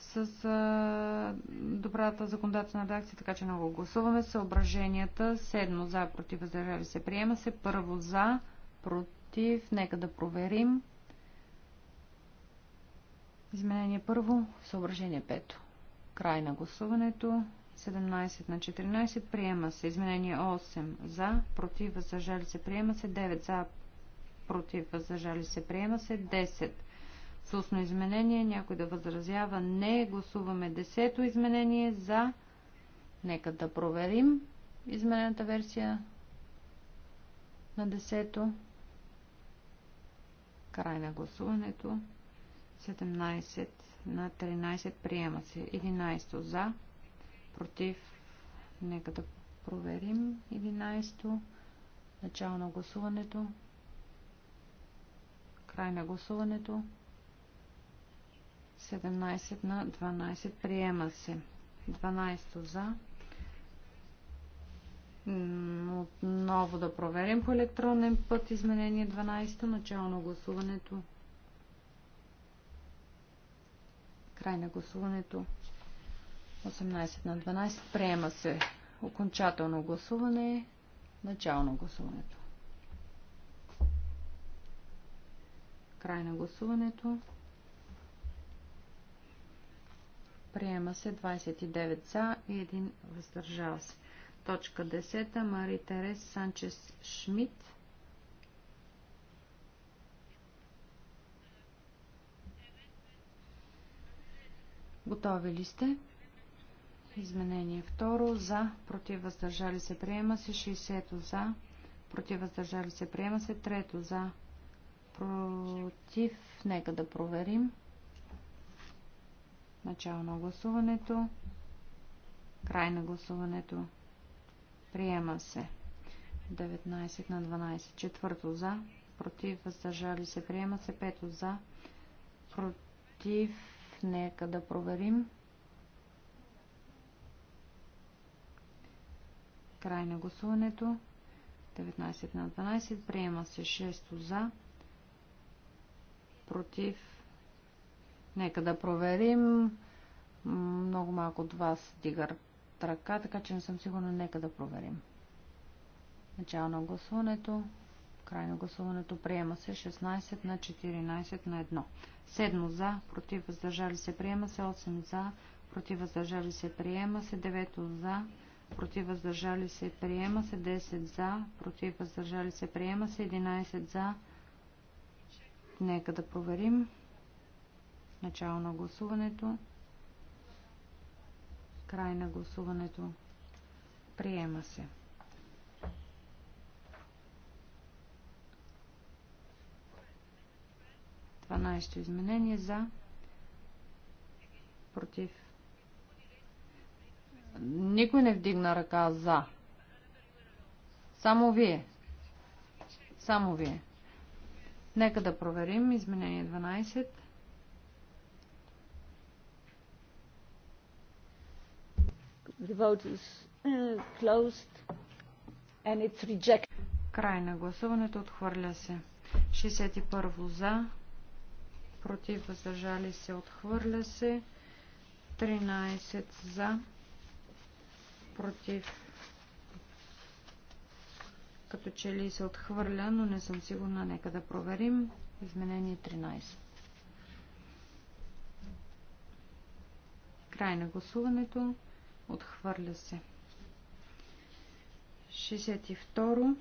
с а, добрата законодателна редакция, така че много гласуваме. Съображенията. Седмо за, против, въздържали се, приема се. Първо за, против, нека да проверим. Изменение първо, съображение пето. Край на гласуването. 17 на 14 приема се. Изменение 8 за, против, въздържали се, приема се. 9 за, против, въздържали се, приема се. 10 с устно изменение. Някой да възразява? Не. Гласуваме десето изменение за. Нека да проверим изменената версия на десето. Край на гласуването. 17 на 13 приема се. 11 за. Против. Нека да проверим. 11. Начало на гласуването. Край на гласуването. 17 на 12. Приема се. 12 за. Отново да проверим по електронен път изменение 12. Начало на гласуването. Край на гласуването. 18 на 12. Приема се. Окончателно гласуване. Начало на гласуването. Край на гласуването. Приема се 29 за и 1 въздържал се. Точка 10. Мари Терес Санчес Шмидт. Готови ли сте? Изменение второ. За. Против въздържали се. Приема се. 60 за. Против въздържали се. Приема се. Трето за. Против. Нека да проверим. Начало на гласуването. Край на гласуването. Приема се. 19 на 12. Четвърто за. Против. Въздържали се. Приема се. Пето за. Против. Нека да проверим. Край на гласуването. 19 на 12. Приема се 6 за. Против. Нека да проверим. Много малко от вас дигат ръка, така че не съм сигурна. Нека да проверим. Начало на гласуването. Край на гласуването. Приема се 16 на 14 на 1. 7 за, против въздържали се. Приема се 8 за, против въздържали се. Приема се 9 за, против въздържали се. Приема се 10 за, против въздържали се. Приема се 11 за. Нека да проверим. Начало на гласуването. Край на гласуването. Приема се. Дванайсто изменение за. Против. Никой не вдигна ръка за. Само вие. Само вие. Нека да проверим изменение 12. The vote is uh, closed and it's rejected. Край на гласуването отхвърля се. 61 за, против въздържали се, отхвърля се. 13 за, против като че ли се отхвърля, но не съм сигурна. Нека да проверим. Изменение 13. Край на гласуването. Отхвърля се. 62.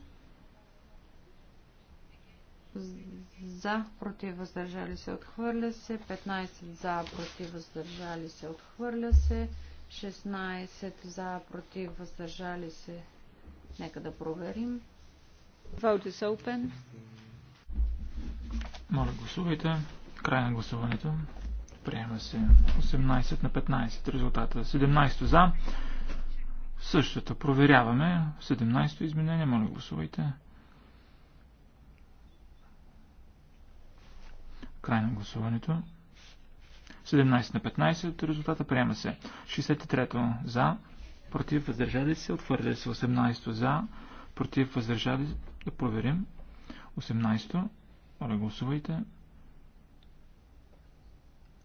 За, против, въздържали се, отхвърля се. 15 за, против, въздържали се, отхвърля се. 16 за, против, въздържали се. Нека да проверим. Vote is open. Моля, гласувайте. Край на гласуването. Приема се 18 на 15. Резултата 17 е за. Същата. Проверяваме. 17 изменение. Моля гласувайте. Край на гласуването. 17 на 15. Резултата приема се. 63 за. Против въздържали се. Отвърля се 18 за. Против въздържали. Да проверим. 18. Моля гласувайте.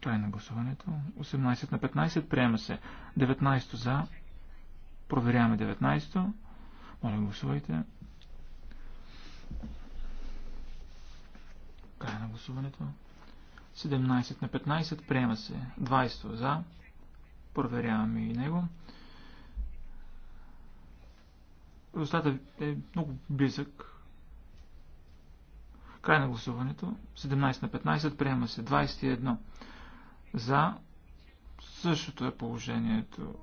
Край на гласуването. 18 на 15. Приема се. 19 за. Проверяваме 19. Моля, гласувайте. Край на гласуването. 17 на 15. Приема се. 20 за. Проверяваме и него. Резултатът е много близък. Край на гласуването. 17 на 15. Приема се. 21 за. Същото е положението.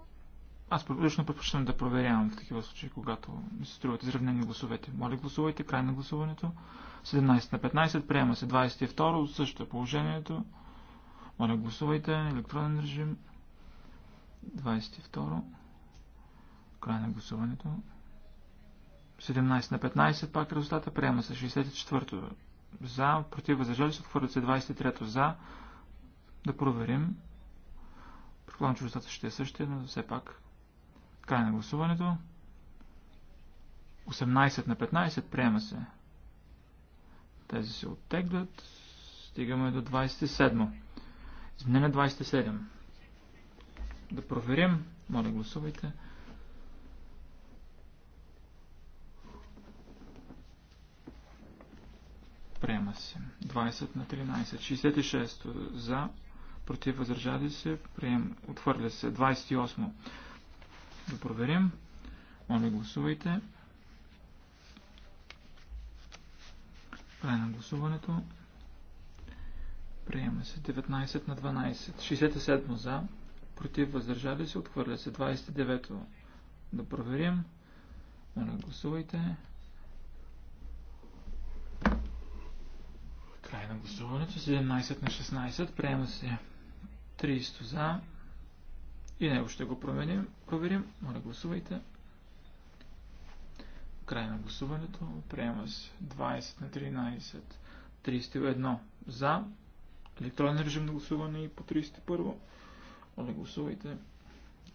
Аз лично предпочитам да проверявам в такива случаи, когато ми се струват изравнени гласовете. Моля, гласувайте. Край на гласуването. 17 на 15. Приема се 22. Същото е положението. Моля, гласувайте. Електронен режим. 22. Край на гласуването. 17 на 15. Пак резултата. Приема се 64. За. Против. Въздържали се. Отхвърлят се 23. За. Да проверим. Предполагам, че резултатът ще е същия, но все пак. Край на гласуването. 18 на 15 приема се. Тези се оттеглят. Стигаме до 27. Изменение 27. Да проверим. Моля, гласувайте. Приема се. 20 на 13. 66 за против, въздържали се, прием, отвърля се. 28. Да проверим. Моля, гласувайте. Край на гласуването. Приема се 19 на 12. 67 за. Против въздържали се. Отхвърля се 29. Да проверим. Моля, гласувайте. Край на гласуването. 17 на 16. Приема се 30 за. И него ще го променим. проверим. Моля, гласувайте. Край на гласуването. Приема се 20 на 13. 31 за. Електронен режим на гласуване и по 31. Моля, гласувайте.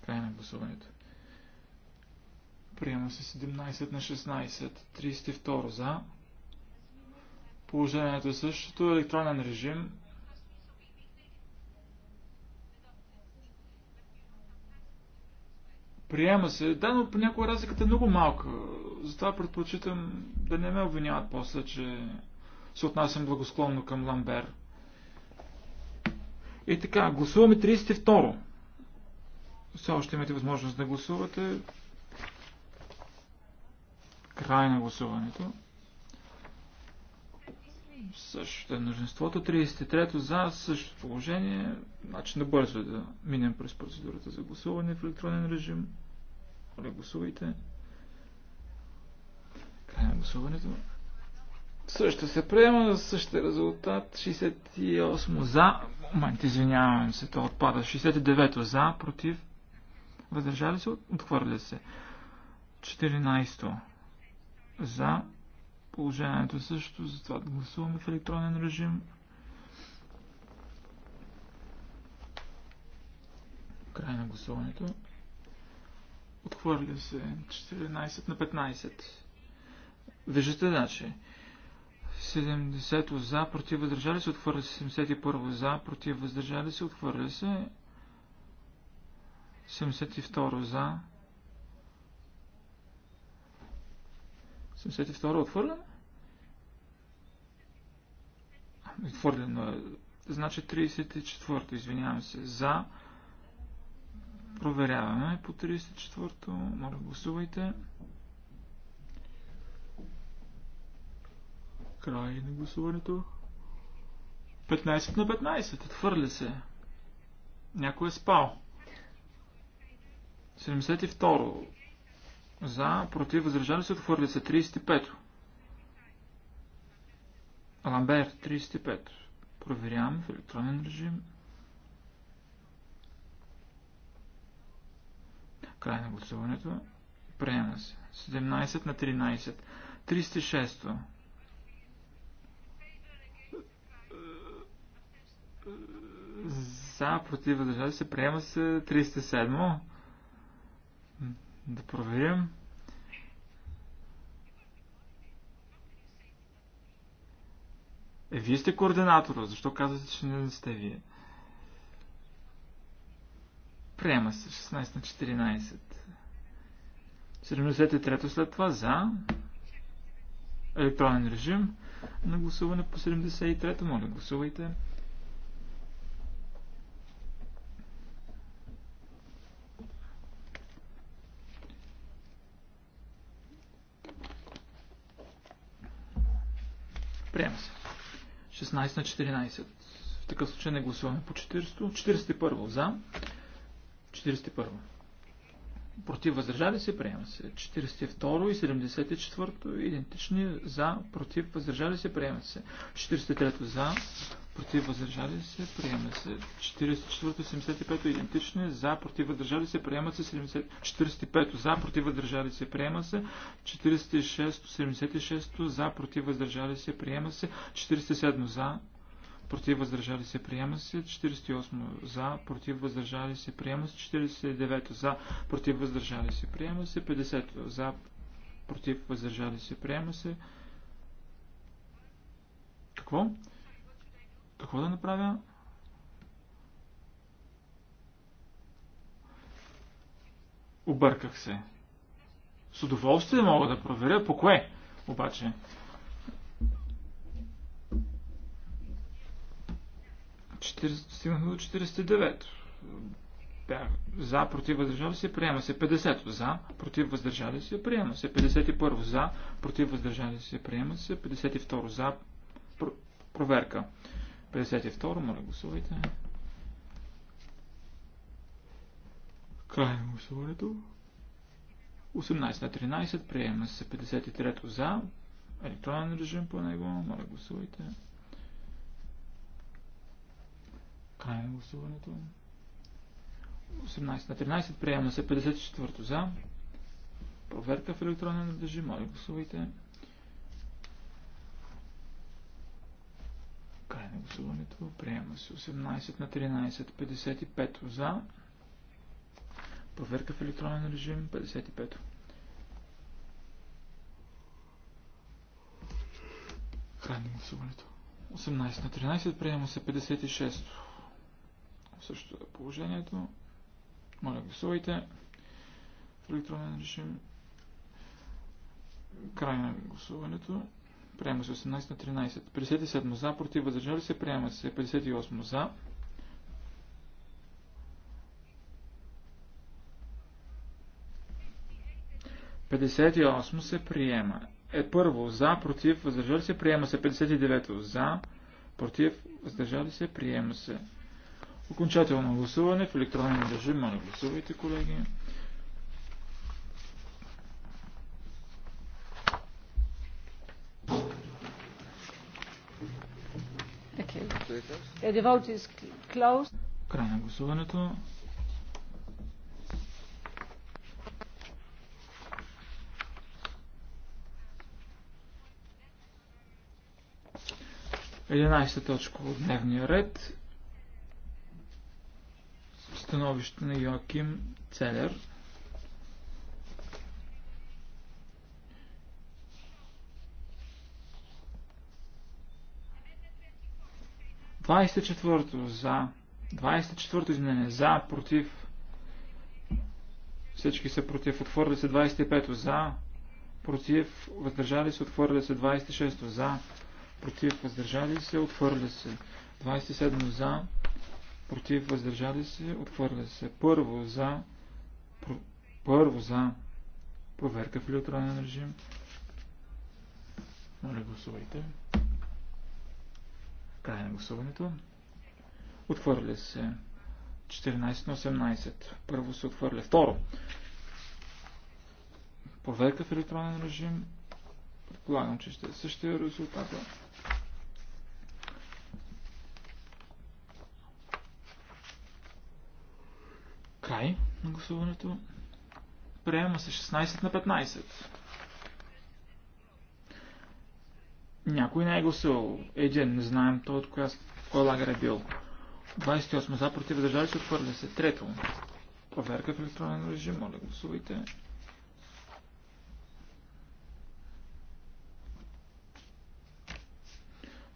Край на гласуването. Приема се 17 на 16. 32 за. Положението е същото. Електронен режим. Приема се, да, но понякога разликата е много малка. Затова предпочитам да не ме обвиняват после, че се отнасям благосклонно към Ламбер. И така, гласуваме 32. Все още имате възможност да гласувате. Край на гласуването. Същото е нужденството. 33-то за същото положение. Значи набързо да минем през процедурата за гласуване в електронен режим. Моля, гласувайте. Край на гласуването. Също се приема, същия е резултат. 68 за. Момент, извинявам се, то отпада. 69 то за, против. Въздържали се, отхвърля се. 14 за, положението е също, затова да гласуваме в електронен режим. Край на гласуването. Отхвърля се 14 на 15. Виждате, значи. 70 за, против въздържали се, отхвърля се 71 за, против въздържали се, отхвърля се 72 за, 72 отхвърлено. Ами, отхвърлено е. Значи 34, извинявам се. За. Проверяваме по 34-то. Моля, гласувайте. Край на гласуването. 15 на 15. Отхвърля се. Някой е спал. 72. За, против, възражали се, отхвърли се. 35. Ламбер, 35. Проверявам в електронен режим. Край на гласуването. Приема се. 17 на 13. 36. За, против, се, приема се 37. Да проверим. Е, вие сте координатора. Защо казвате, че не сте вие? Приема се 16 на 14. 73 след това за електронен режим на гласуване по 73. Моля, гласувайте. Приема се. 16 на 14. В такъв случай не гласуваме по 40. 41 за. 41. Против въздържали се, приема се. 42 и 74 идентични за, против въздържали се, приема се. 43 за, против въздържали се, приема се. 44-75 идентични, е. за, против въздържали се, приема се. 45 за, против въздържали се, приема се. 46-76 за, против въздържали се, приема се. 47 за, против въздържали се, приема се. 48 за, против въздържали се, приема се. 49 за, против въздържали се, приема се. 50 за, против въздържали се, приема се. Какво? Какво да направя? Обърках се. С удоволствие мога да проверя по кое, обаче. Стигнахме до 49. Бях за, против, въздържали се, приема се. 50 за, против, въздържали се, приема се. 51 за, против, въздържали се, приема се. 52 за, проверка. 52, моля гласувайте. Край на гласуването. 18 на 13, приема се 53-то за. Електронен режим по него, моля гласувайте. Край на гласуването. 18 на 13, приема се 54-то за. Проверка в електронен режим, моля гласувайте. Край на гласуването. Приема се 18 на 13. 55 за. Проверка в електронен режим. 55. Край на гласуването. 18 на 13. Приема се 56. Същото е положението. Моля, гласувайте в електронен режим. Край на гласуването. Приема се 18 на 13. 57 за, против, въздържали се. Приема се 58 за. Петдесет се приема. Е първо за, против, въздържали се, приема се. 59 за, против, въздържали се, приема се. Окончателно гласуване в електронен режим. Моля, гласувайте, колеги. Край на гласуването. Единайста точка от дневния ред. Становище на Йоаким Целер. 24 за. 24 изменение за, против. Всички са против. Отхвърля се 25 за, против. Въздържали се, отхвърля се 26 за, против. Въздържали се, отхвърля се. 27 за, против. Въздържали се, отхвърля се. Първо за, първо за. Проверка в електронен режим. Моля, гласувайте. Край на гласуването. Отвърля се. 14 на 18. Първо се отхвърля. Второ. Проверка в електронен режим. Предполагам, че ще е същия резултат. Край на гласуването. Приема се 16 на 15. Някой не е гласувал. Един, не знаем той от коя, кой лагер е бил. 28 за, против, държали се, отхвърля се. Трето. Проверка в електронен режим. Моля, гласувайте.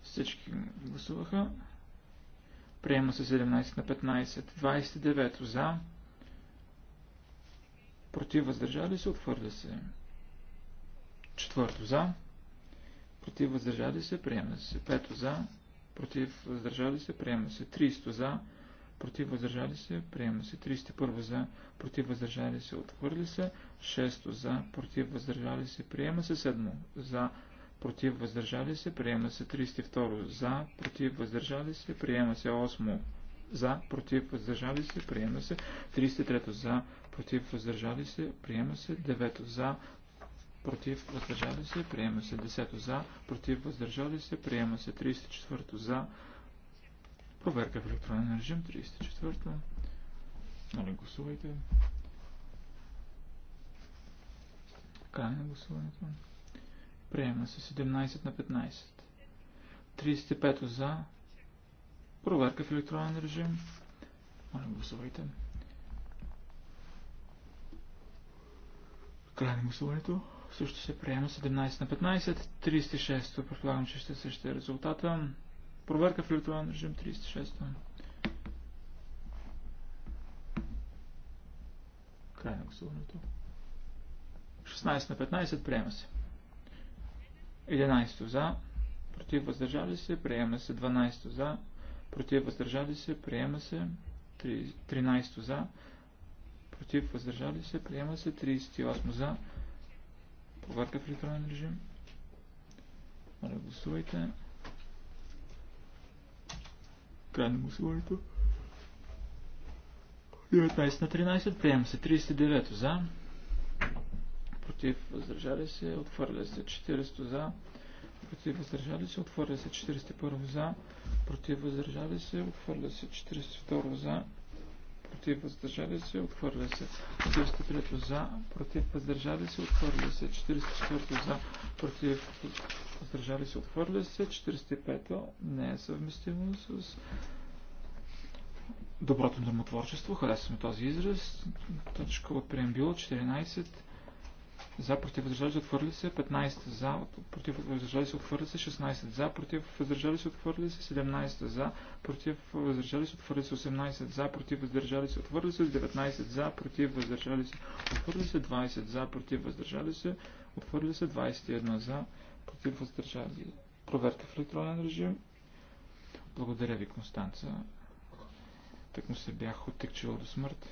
Всички гласуваха. Приема се 17 на 15. 29 за. Против въздържали се, отхвърля се. Четвърто за против въздържали се, приема се. 5 за, против въздържали се, приема се. 300 за, против въздържали се, приема се. първо за, против въздържали се, отхвърли се. 6 за, против въздържали се, приема се. седмо за, против въздържали се, приема се. 32 за, против въздържали се, приема се. 8 за, против въздържали се, приема се. 33 за, против въздържали се, приема се. 9 за, против, въздържали се, приема се 10 за, против, въздържали се, приема се 34 за, проверка в електронен режим 34 Моля, гласувайте. Край на гласуването. Приема се 17 на 15. 35 за. Проверка в електронен режим. Моля, гласувайте. Край на гласуването. Също се приема 17 на 15. 36. Предполагам, че ще е същите резултата. Проверка в лютован режим 36. Край на гласуването. 16 на 15. Приема се. 11 за. Против въздържали се. Приема се. 12 за. Против въздържали се. Приема се. 13 за. Против въздържали се. Приема се. 38 за Проверка в електронен режим. Моля, гласувайте. Край на гласуването. 19 на 13. Приема се 39 за. Против въздържали се. отвърля се 40 за. Против въздържали се. отвърля се 41 за. Против въздържали се. отвърля се 42 за против, въздържали се, отхвърля се. 43-то за, против, въздържали се, отхвърля се. 44-то за, против, въздържали се, отхвърля се. 45-то не е съвместимо с доброто нормотворчество. Харесваме този израз. Точка от преамбюла 14 за, против, въздържали се, отвърли се, 15 за, против, въздържали се, отвърли се, 16 за, против, въздържали се, отхвърли се, 17 за, против, въздържали се, отвърли се, 18 за, против, въздържали се, отвърли се, 19 за, против, въздържали се, отхвърли се, 20 за, против, въздържали се, Отвърли се, 21 за, против, въздържали Проверка в електронен режим. Благодаря ви, Констанца. Так му се бях оттекчила до смърт.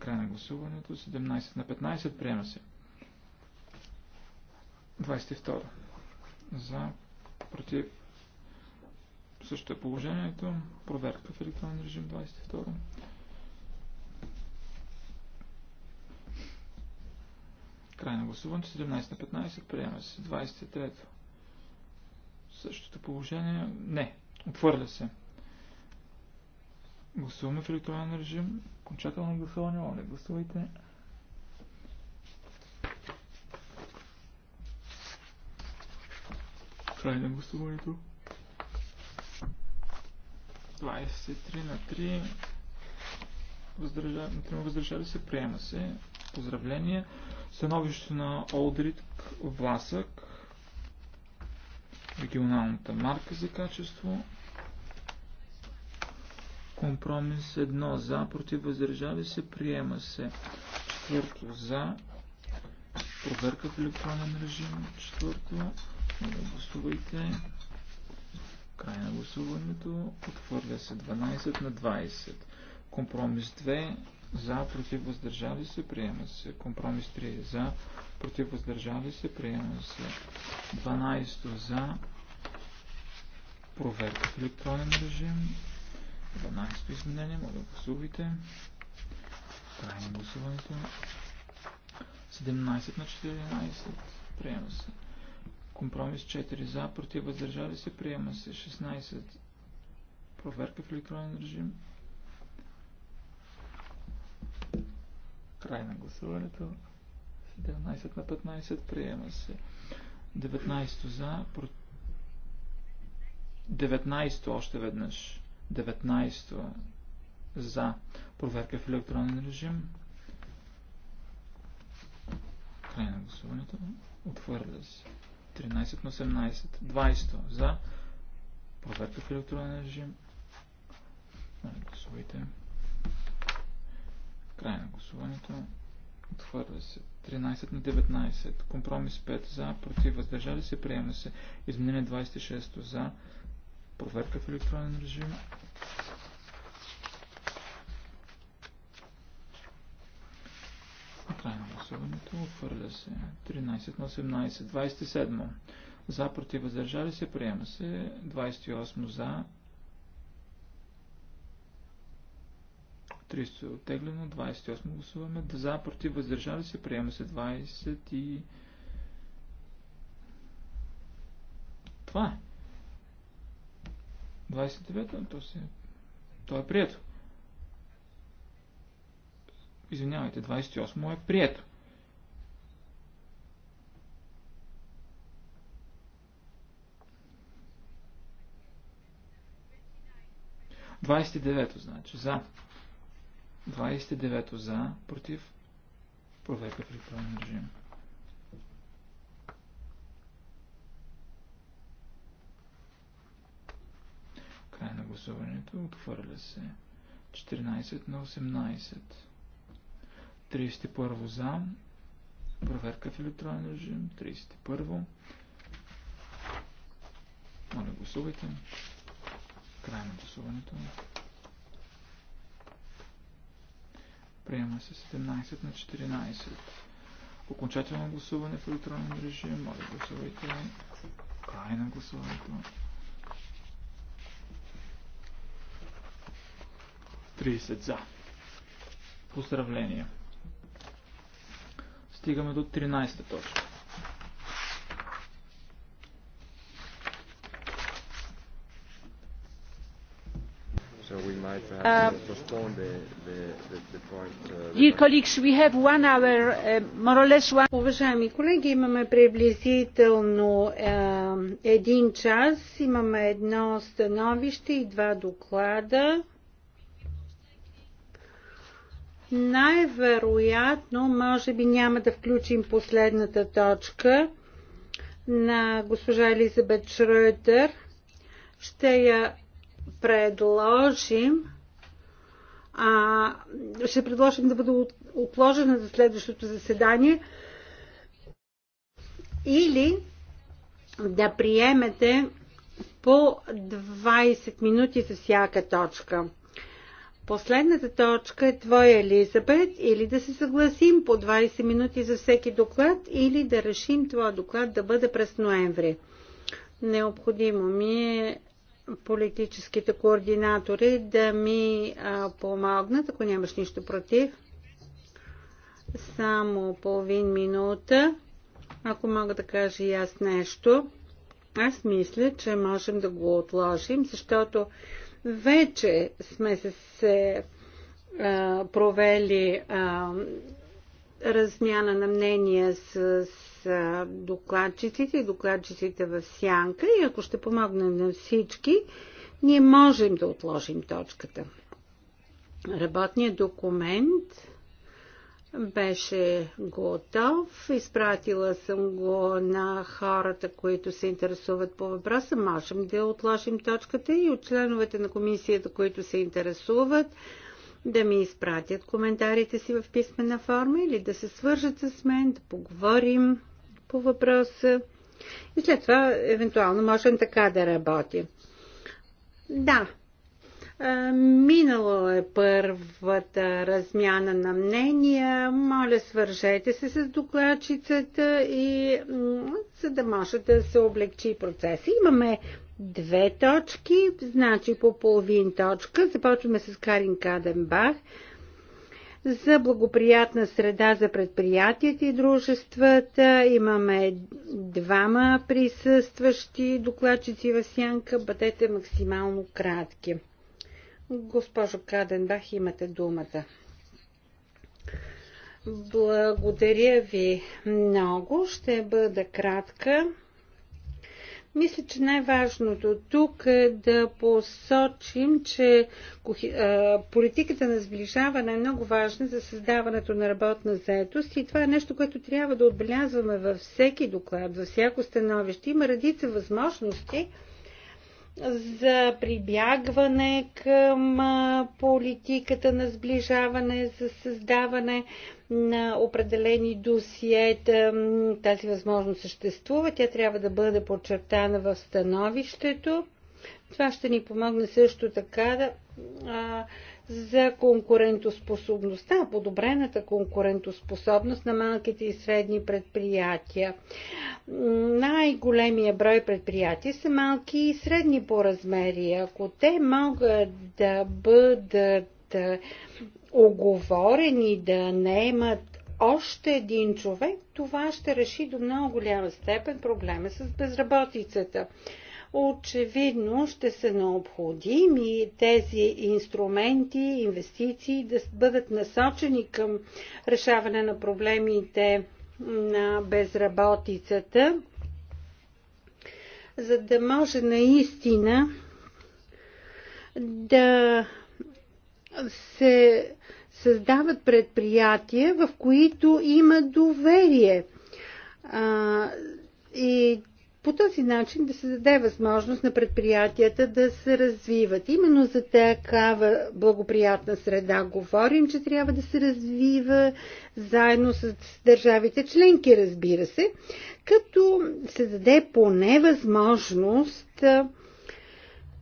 Край на гласуването. 17 на 15. Приема се. 22. За. Против. Също е положението. Проверка в електронен режим 22. Край на гласуването. 17 на 15. Приема се. 23. Същото положение. Не. Отвърля се. Гласуваме в електронен режим. Окончателно гласуване, моля гласувайте. Край на гласуването. 23 на 3. Въздържа... въздържали се, приема се. Поздравление. Становище на Олдрит Власък. Регионалната марка за качество. Компромис 1 за, против въздържали се, приема се. Четвърто за. Проверка в електронен режим. Четвърто. не Гласувайте. Край на гласуването. отвърля се 12 на 20. Компромис 2 за, против въздържали се, приема се. Компромис 3 за, против въздържали се, приема се. 12 за, проверка в електронен режим. 12-то изменение, моля да гласувайте. Край на гласуването. 17 на 14. Приема се. Компромис 4 за, против, въздържали се. Приема се 16. Проверка в електронен режим. Край на гласуването. 17 на 15. Приема се. 19 за, против. 19 още веднъж. 19 за проверка в електронен режим. Край на гласуването. Отвърля се. 13 на 18. 20 за проверка в електронен режим. Нали, гласувайте. Край на гласуването. Отхвърля се. 13 на 19. Компромис 5 за. Против. Въздържали се. Приема се. Изменение 26 за. Проверка в електронен режим. Край на гласуването. Отвърля се. 13 на 18. 27. За, против, въздържали се. Приема се. 28 за. 30 е оттеглено. 28 гласуваме. За, против, въздържали се. Приема се. 20 и... Това е. 29-та, то, се... то е прието. Извинявайте, 28 мо е прието. Двадесет девето, значи, за. 29 за, против. Проверка при правен режим. Край на гласуването. Отхвърля се. 14 на 18. 31 за. Проверка в електронен режим. 31. Моля, гласувайте. Край на гласуването. Приема се 17 на 14. Окончателно гласуване в електронен режим. Моля, гласувайте. Край на гласуването. 30 за. По сравнение. Стигаме до 13 та точка. Уважаеми колеги, имаме приблизително uh, един час, имаме едно становище и два доклада. Най-вероятно, може би няма да включим последната точка на госпожа Елизабет Шройдер. Ще я предложим. А, ще предложим да бъде отложена за следващото заседание. Или да приемете по 20 минути за всяка точка. Последната точка е твоя, Елизабет, или да се съгласим по 20 минути за всеки доклад, или да решим твоя доклад да бъде през ноември. Необходимо ми е политическите координатори да ми а, помогнат, ако нямаш нищо против. Само половин минута, ако мога да кажа и аз нещо. Аз мисля, че можем да го отложим, защото вече сме се, се а, провели а, размяна на мнения с, с докладчиците и докладчиците в сянка и ако ще помогнем на всички, ние можем да отложим точката. Работният документ беше готов. Изпратила съм го на хората, които се интересуват по въпроса. Можем да отложим точката и от членовете на комисията, които се интересуват, да ми изпратят коментарите си в писмена форма или да се свържат с мен, да поговорим по въпроса. И след това, евентуално, можем така да работим. Да, е, минало е първата размяна на мнения. Моля, свържете се с докладчицата и за да може да се облегчи процеса. Имаме две точки, значи по половин точка. Започваме с Карин Каденбах за благоприятна среда за предприятията и дружествата. Имаме двама присъстващи докладчици в сянка. Бъдете максимално кратки. Госпожо Каденбах, имате думата. Благодаря ви много. Ще бъда кратка. Мисля, че най-важното тук е да посочим, че политиката на сближаване е много важна за създаването на работна заетост и това е нещо, което трябва да отбелязваме във всеки доклад, във всяко становище. Има редица възможности за прибягване към политиката на сближаване, за създаване на определени досиета. Тази възможност съществува. Тя трябва да бъде подчертана в становището. Това ще ни помогне също така да за конкурентоспособността, подобрената конкурентоспособност на малките и средни предприятия. Най-големия брой предприятия са малки и средни по размери. Ако те могат да бъдат оговорени да не имат още един човек, това ще реши до много голяма степен проблема с безработицата очевидно ще са необходими тези инструменти, инвестиции да бъдат насочени към решаване на проблемите на безработицата, за да може наистина да се създават предприятия, в които има доверие. и по този начин да се даде възможност на предприятията да се развиват. Именно за такава благоприятна среда говорим, че трябва да се развива заедно с държавите членки, разбира се, като се даде поне възможност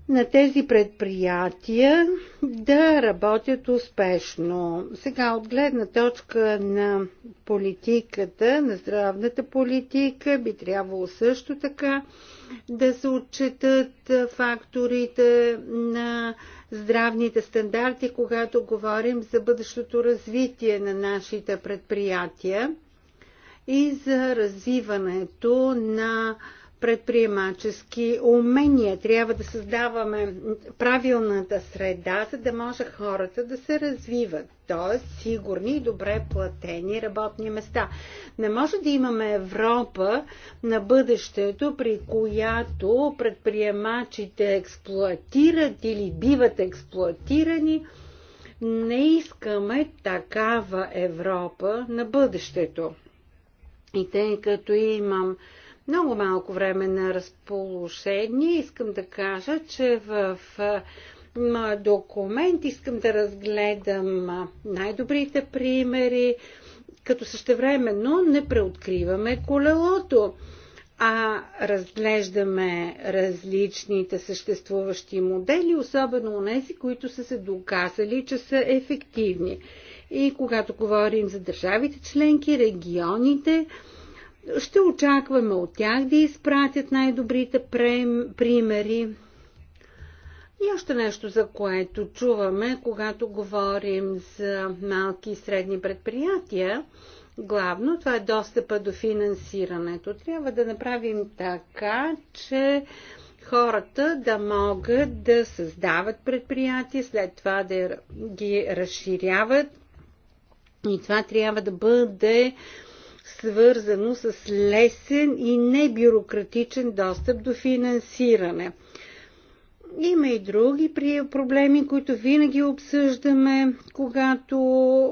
на тези предприятия да работят успешно. Сега от гледна точка на политиката, на здравната политика, би трябвало също така да се отчетат факторите на здравните стандарти, когато говорим за бъдещото развитие на нашите предприятия и за развиването на предприемачески умения. Трябва да създаваме правилната среда, за да може хората да се развиват. Тоест, сигурни и добре платени работни места. Не може да имаме Европа на бъдещето, при която предприемачите експлуатират или биват експлуатирани. Не искаме такава Европа на бъдещето. И тъй като имам много малко време на разположение. Искам да кажа, че в моя документ искам да разгледам най-добрите примери, като същевременно не преоткриваме колелото, а разглеждаме различните съществуващи модели, особено у нези, които са се доказали, че са ефективни. И когато говорим за държавите членки, регионите, ще очакваме от тях да изпратят най-добрите примери. И още нещо, за което чуваме, когато говорим за малки и средни предприятия, главно това е достъпа до финансирането. Трябва да направим така, че хората да могат да създават предприятия, след това да ги разширяват. И това трябва да бъде свързано с лесен и небюрократичен достъп до финансиране. Има и други проблеми, които винаги обсъждаме, когато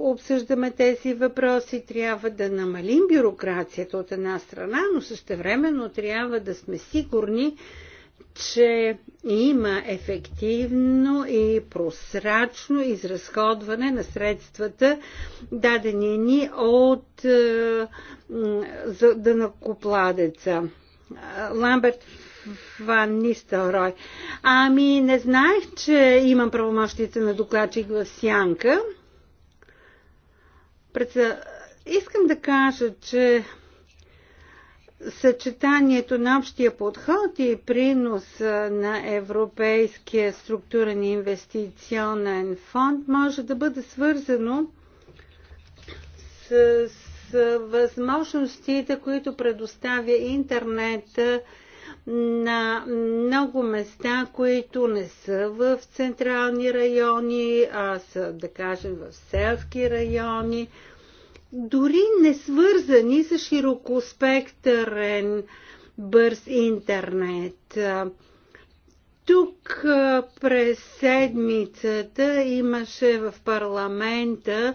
обсъждаме тези въпроси. Трябва да намалим бюрокрацията от една страна, но същевременно трябва да сме сигурни, че има ефективно и просрачно изразходване на средствата, дадени ни от е, дънакопладеца. Ламберт Ван Нистелрой. Ами, не знаех, че имам правомощите на докладчик в Сянка. Искам да кажа, че съчетанието на общия подход и принос на Европейския структурен инвестиционен фонд може да бъде свързано с, с възможностите, които предоставя интернет на много места, които не са в централни райони, а са, да кажем, в селски райони, дори не свързани с широкоспектърен бърз интернет. Тук през седмицата имаше в парламента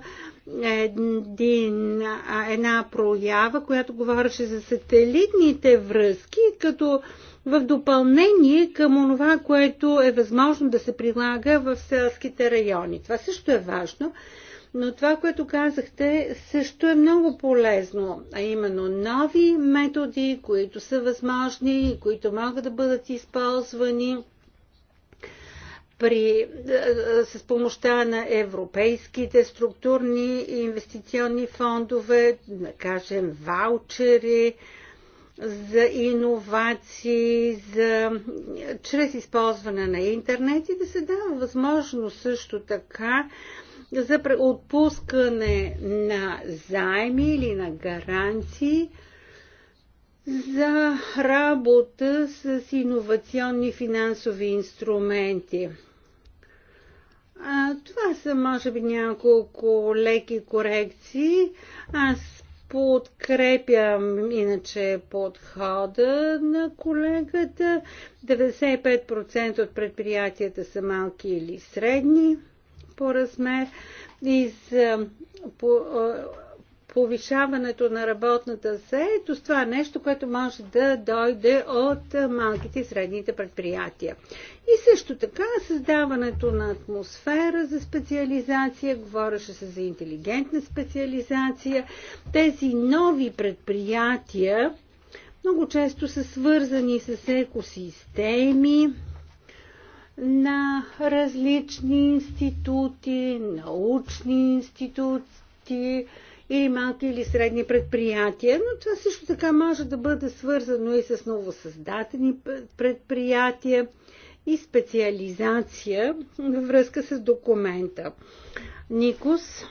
един, една проява, която говореше за сателитните връзки, като в допълнение към това, което е възможно да се прилага в селските райони. Това също е важно, но това, което казахте, също е много полезно, а именно нови методи, които са възможни и които могат да бъдат използвани при, с помощта на европейските структурни и инвестиционни фондове, да кажем ваучери за иновации, за, чрез използване на интернет и да се дава възможност също така за отпускане на заеми или на гаранции за работа с иновационни финансови инструменти. А, това са, може би, няколко леки корекции. Аз подкрепям иначе подхода на колегата. 95% от предприятията са малки или средни по размер и за по, повишаването на работната заедост. това е нещо, което може да дойде от малките и средните предприятия. И също така създаването на атмосфера за специализация, говореше се за интелигентна специализация, тези нови предприятия много често са свързани с екосистеми, на различни институти, научни институти или малки или средни предприятия, но това също така може да бъде свързано и с новосъздадени предприятия и специализация във връзка с документа. Никос.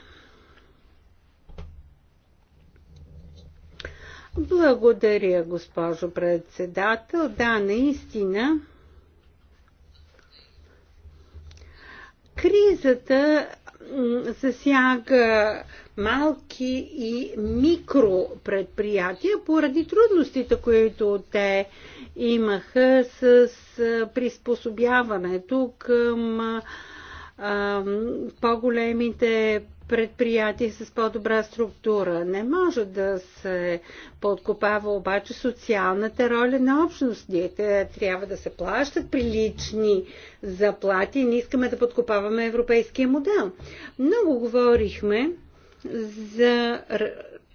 Благодаря, госпожо председател. Да, наистина. Кризата засяга малки и микропредприятия поради трудностите, които те имаха с приспособяването към по-големите предприятия с по-добра структура. Не може да се подкопава обаче социалната роля на общностите. Трябва да се плащат прилични заплати. Не искаме да подкопаваме европейския модел. Много говорихме за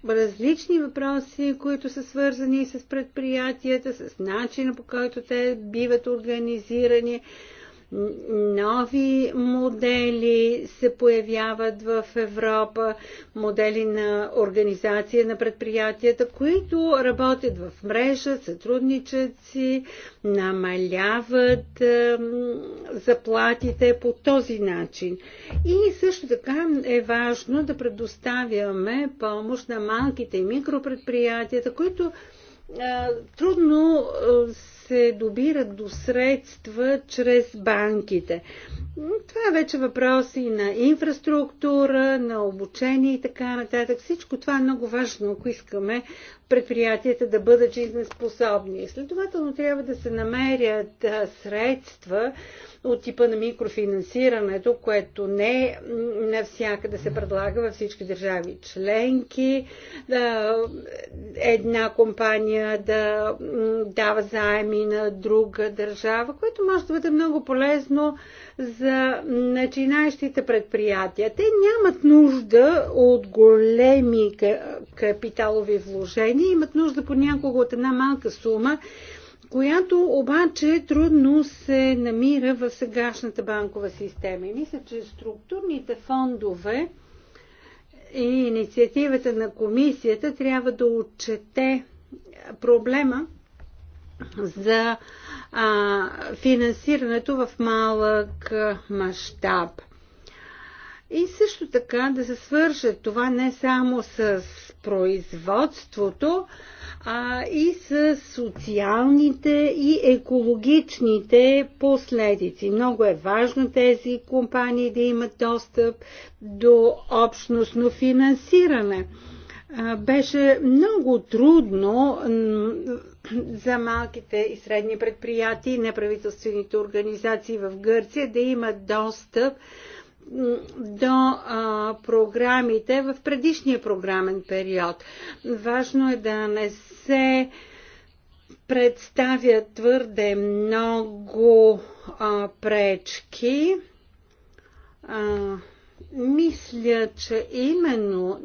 различни въпроси, които са свързани с предприятията, с начина по който те биват организирани нови модели се появяват в Европа, модели на организация на предприятията, които работят в мрежа, сътрудничат си, намаляват заплатите по този начин. И също така е важно да предоставяме помощ на малките и микропредприятията, които е, трудно е, се добират до средства чрез банките. Това е вече въпроси на инфраструктура, на обучение и така нататък. Всичко това е много важно, ако искаме предприятията да бъдат жизнеспособни. Следователно трябва да се намерят средства, от типа на микрофинансирането, което не навсякъде се предлага във всички държави членки. Една компания да дава заеми на друга държава, което може да бъде много полезно за начинаещите предприятия. Те нямат нужда от големи капиталови вложения, имат нужда понякога от една малка сума, която обаче трудно се намира в сегашната банкова система. И мисля, че структурните фондове и инициативата на комисията трябва да отчете проблема за а, финансирането в малък мащаб. И също така да се свържат това не само с производството, а и с социалните и екологичните последици. Много е важно тези компании да имат достъп до общностно финансиране. Беше много трудно за малките и средни предприятия и неправителствените организации в Гърция да имат достъп до а, програмите в предишния програмен период. Важно е да не се представя твърде много а, пречки. А, мисля, че именно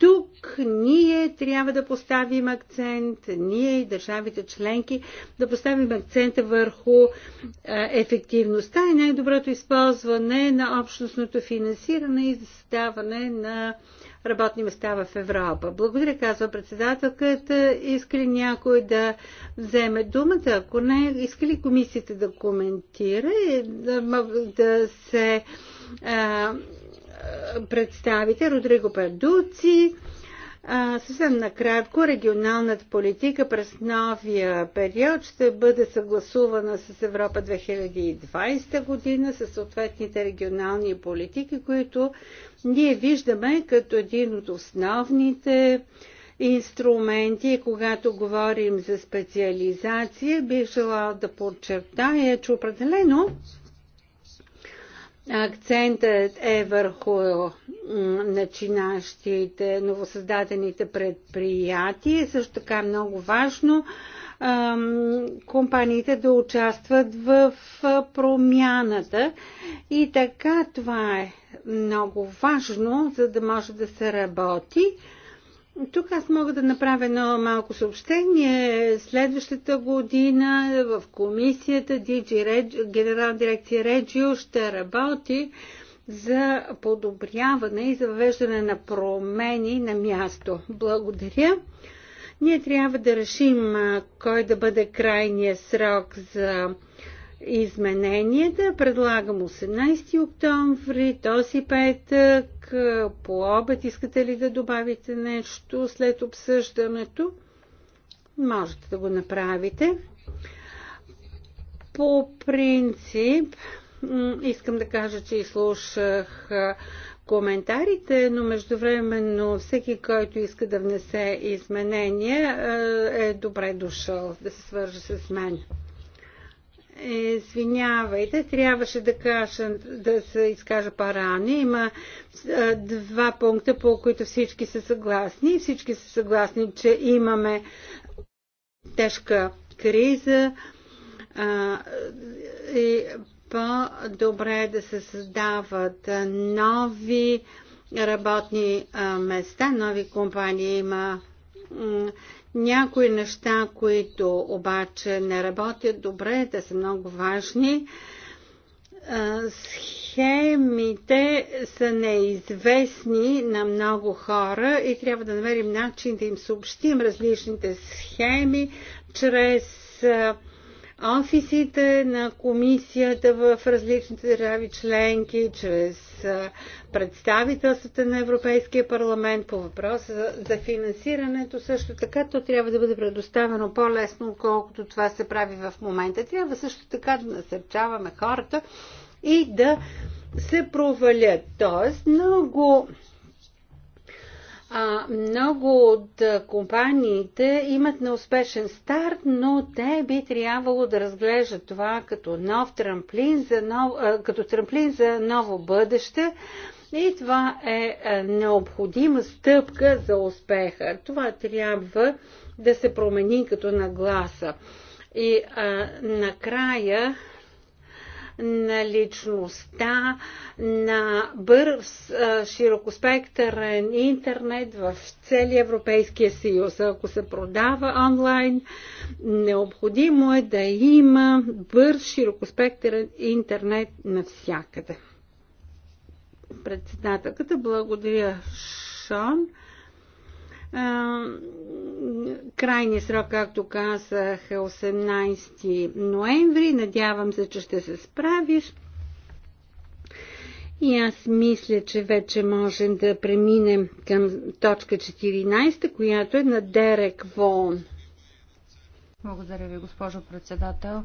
тук ние трябва да поставим акцент, ние и държавите членки, да поставим акцента върху е, ефективността и най-доброто използване на общностното финансиране и създаване на работни места в Европа. Благодаря, казва председателката. Иска ли някой да вземе думата? Ако не, иска ли комисията да коментира, е, да, да се а, е, представите Родриго Пардуци. Съвсем накратко, регионалната политика през новия период ще бъде съгласувана с Европа 2020 година, с съответните регионални политики, които ние виждаме като един от основните инструменти. Когато говорим за специализация, бих желала да подчертая, че определено Акцентът е върху начинащите, новосъздадените предприятия. Също така е много важно компаниите да участват в промяната. И така това е много важно, за да може да се работи. Тук аз мога да направя едно малко съобщение. Следващата година в комисията DG Reg, Генерал дирекция Реджио ще работи за подобряване и за въвеждане на промени на място. Благодаря. Ние трябва да решим кой да бъде крайния срок за измененията. Предлагам 18 октомври, този петък, по обед. Искате ли да добавите нещо след обсъждането? Можете да го направите. По принцип, искам да кажа, че изслушах коментарите, но междувременно всеки, който иска да внесе изменения, е добре дошъл да се свържи с мен. Извинявайте, трябваше да, кажа, да се изкажа парани. Има два пункта, по които всички са съгласни. Всички са съгласни, че имаме тежка криза а, и по-добре е да се създават нови работни места, нови компании. Има някои неща, които обаче не работят добре, те са много важни. Е, схемите са неизвестни на много хора и трябва да намерим начин да им съобщим различните схеми чрез е, офисите на комисията в различните държави членки, чрез представителствата на Европейския парламент по въпроса за финансирането. Също така то трябва да бъде предоставено по-лесно, колкото това се прави в момента. Трябва също така да насърчаваме хората и да се провалят. Тоест, много а, много от компаниите имат неуспешен старт, но те би трябвало да разглеждат това като нов трамплин за нов, като трамплин за ново бъдеще. И това е необходима стъпка за успеха. Това трябва да се промени като нагласа. И а, накрая на личността, на бърз, широкоспектърен интернет в целия Европейския съюз. Ако се продава онлайн, необходимо е да има бърз, широкоспектърен интернет навсякъде. Председателката, благодаря, Шон. Крайният срок, както казах, е 18 ноември. Надявам се, че ще се справиш. И аз мисля, че вече можем да преминем към точка 14, която е на Дерек Вон. Благодаря ви, госпожо председател.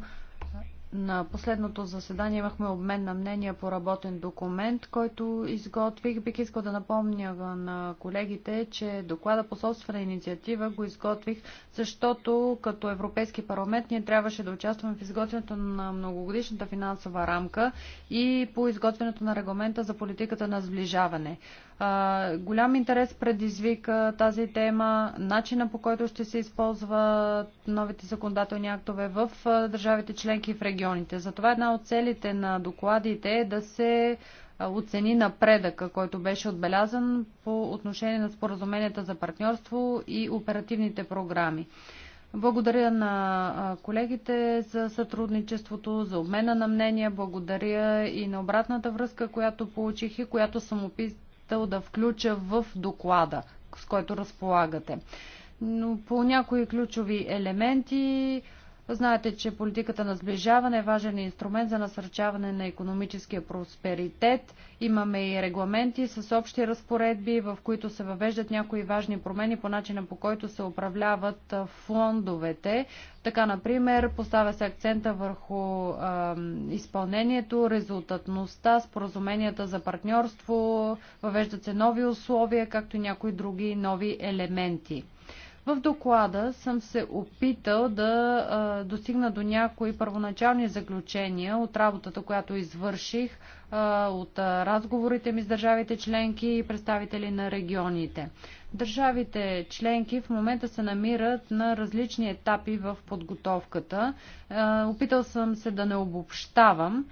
На последното заседание имахме обмен на мнения по работен документ, който изготвих. Бих искал да напомня на колегите, че доклада по собствена инициатива го изготвих, защото като Европейски парламент ние трябваше да участваме в изготвянето на многогодишната финансова рамка и по изготвянето на регламента за политиката на сближаване. А, голям интерес предизвика тази тема, начина по който ще се използват новите законодателни актове в държавите членки и в регионите. Затова една от целите на докладите е да се оцени напредъка, който беше отбелязан по отношение на споразуменията за партньорство и оперативните програми. Благодаря на колегите за сътрудничеството, за обмена на мнения. Благодаря и на обратната връзка, която получих и която съм искал да включа в доклада, с който разполагате. Но по някои ключови елементи Знаете, че политиката на сближаване е важен инструмент за насърчаване на економическия просперитет. Имаме и регламенти с общи разпоредби, в които се въвеждат някои важни промени по начина по който се управляват фондовете. Така, например, поставя се акцента върху а, изпълнението, резултатността, споразуменията за партньорство, въвеждат се нови условия, както и някои други нови елементи. В доклада съм се опитал да достигна до някои първоначални заключения от работата, която извърших, от разговорите ми с държавите членки и представители на регионите. Държавите членки в момента се намират на различни етапи в подготовката. Опитал съм се да не обобщавам,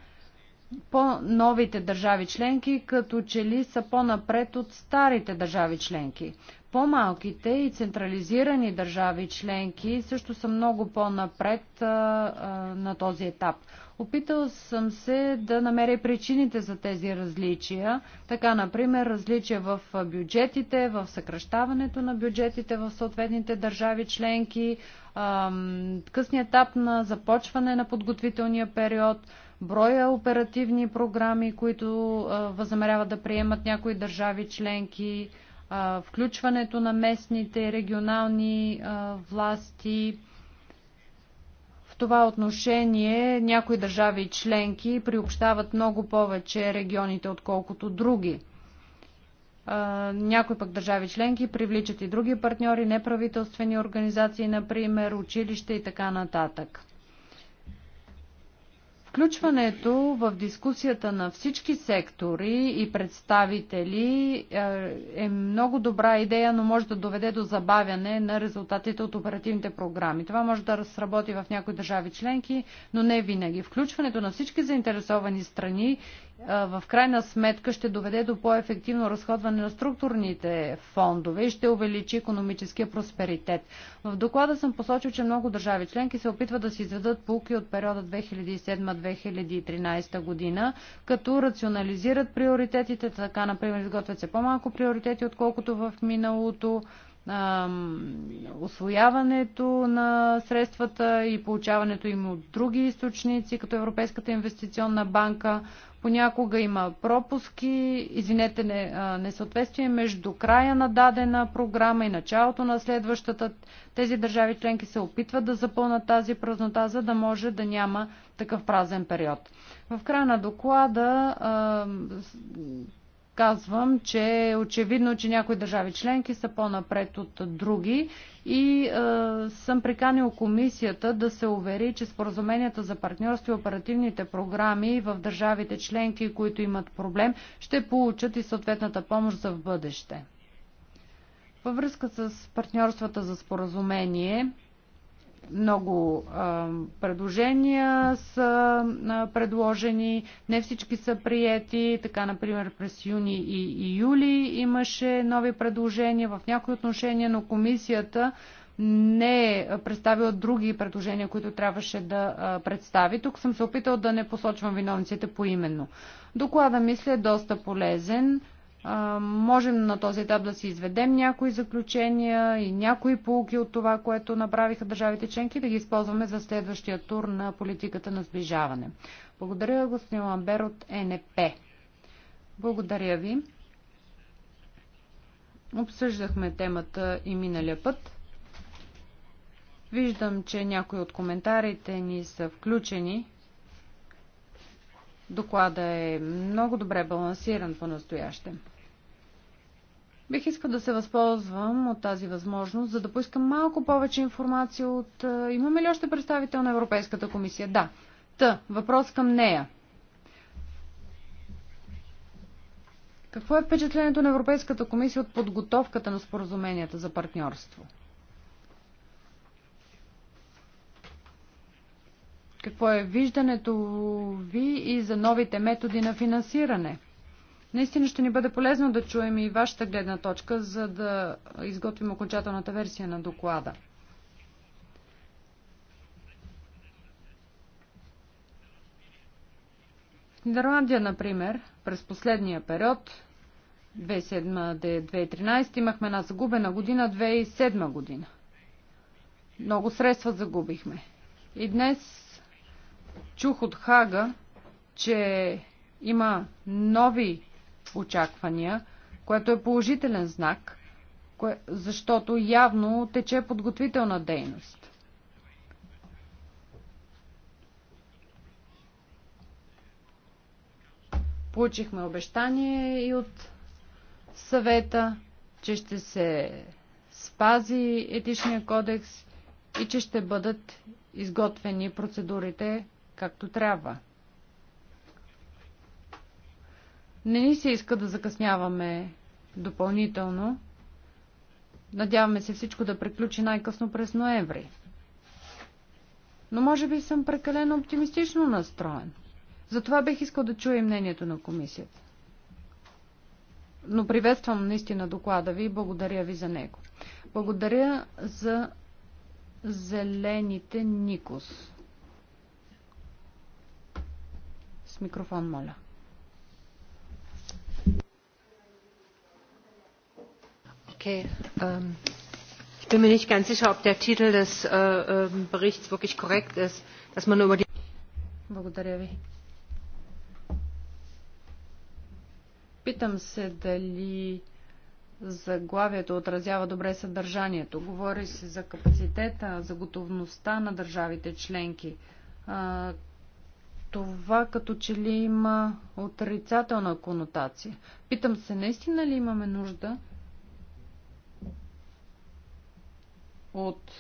по-новите държави членки, като че ли са по-напред от старите държави членки. По-малките и централизирани държави членки също са много по-напред на този етап. Опитал съм се да намеря причините за тези различия. Така, например, различия в бюджетите, в съкръщаването на бюджетите в съответните държави членки, късния етап на започване на подготвителния период, броя оперативни програми, които възнамеряват да приемат някои държави членки, включването на местните и регионални власти. В това отношение някои държави и членки приобщават много повече регионите, отколкото други. Някои пък държави членки привличат и други партньори, неправителствени организации, например, училище и така нататък. Включването в дискусията на всички сектори и представители е, е много добра идея, но може да доведе до забавяне на резултатите от оперативните програми. Това може да разработи в някои държави членки, но не винаги. Включването на всички заинтересовани страни в крайна сметка ще доведе до по-ефективно разходване на структурните фондове и ще увеличи економическия просперитет. В доклада съм посочил, че много държави членки се опитват да си изведат полки от периода 2007-2013 година, като рационализират приоритетите, така например изготвят се по-малко приоритети, отколкото в миналото, освояването на средствата и получаването им от други източници, като Европейската инвестиционна банка. Понякога има пропуски, извинете, не, несъответствие между края на дадена програма и началото на следващата. Тези държави членки се опитват да запълнат тази празнота, за да може да няма такъв празен период. В края на доклада казвам, че е очевидно, че някои държави членки са по-напред от други и е, съм приканил комисията да се увери, че споразуменията за партньорство и оперативните програми в държавите членки, които имат проблем, ще получат и съответната помощ за в бъдеще. Във връзка с партньорствата за споразумение, много а, предложения са а, предложени, не всички са приети. Така, например, през юни и, и юли имаше нови предложения в някои отношения, но комисията не е представила други предложения, които трябваше да а, представи. Тук съм се опитал да не посочвам виновниците поименно. Доклада, мисля, е доста полезен можем на този етап да си изведем някои заключения и някои полки от това, което направиха държавите членки, да ги използваме за следващия тур на политиката на сближаване. Благодаря, господин Ламбер от НП. Благодаря ви. Обсъждахме темата и миналия път. Виждам, че някои от коментарите ни са включени. Доклада е много добре балансиран по-настоящем. Бих искал да се възползвам от тази възможност, за да поискам малко повече информация от... Е, имаме ли още представител на Европейската комисия? Да. Та, въпрос към нея. Какво е впечатлението на Европейската комисия от подготовката на споразуменията за партньорство? Какво е виждането ви и за новите методи на финансиране? Наистина ще ни бъде полезно да чуем и вашата гледна точка, за да изготвим окончателната версия на доклада. В Нидерландия, например, през последния период 2007-2013 имахме една загубена година 2007 година. Много средства загубихме. И днес чух от Хага, че има нови очаквания, което е положителен знак, защото явно тече подготвителна дейност. Получихме обещание и от съвета, че ще се спази етичния кодекс и че ще бъдат изготвени процедурите както трябва. Не ни се иска да закъсняваме допълнително. Надяваме се всичко да приключи най-късно през ноември. Но може би съм прекалено оптимистично настроен. Затова бих искал да чуя и мнението на комисията. Но приветствам наистина доклада ви и благодаря ви за него. Благодаря за зелените Никос. С микрофон, моля. Okay. Ähm, ich bin mir nicht ganz sicher, ob der Titel des äh, ähm, Berichts wirklich korrekt ist, dass man nur über die. Питам се дали заглавието отразява добре съдържанието. Говори се за капацитета, за готовността на държавите членки. А, това като че ли има отрицателна конотация. Питам се, наистина ли имаме нужда от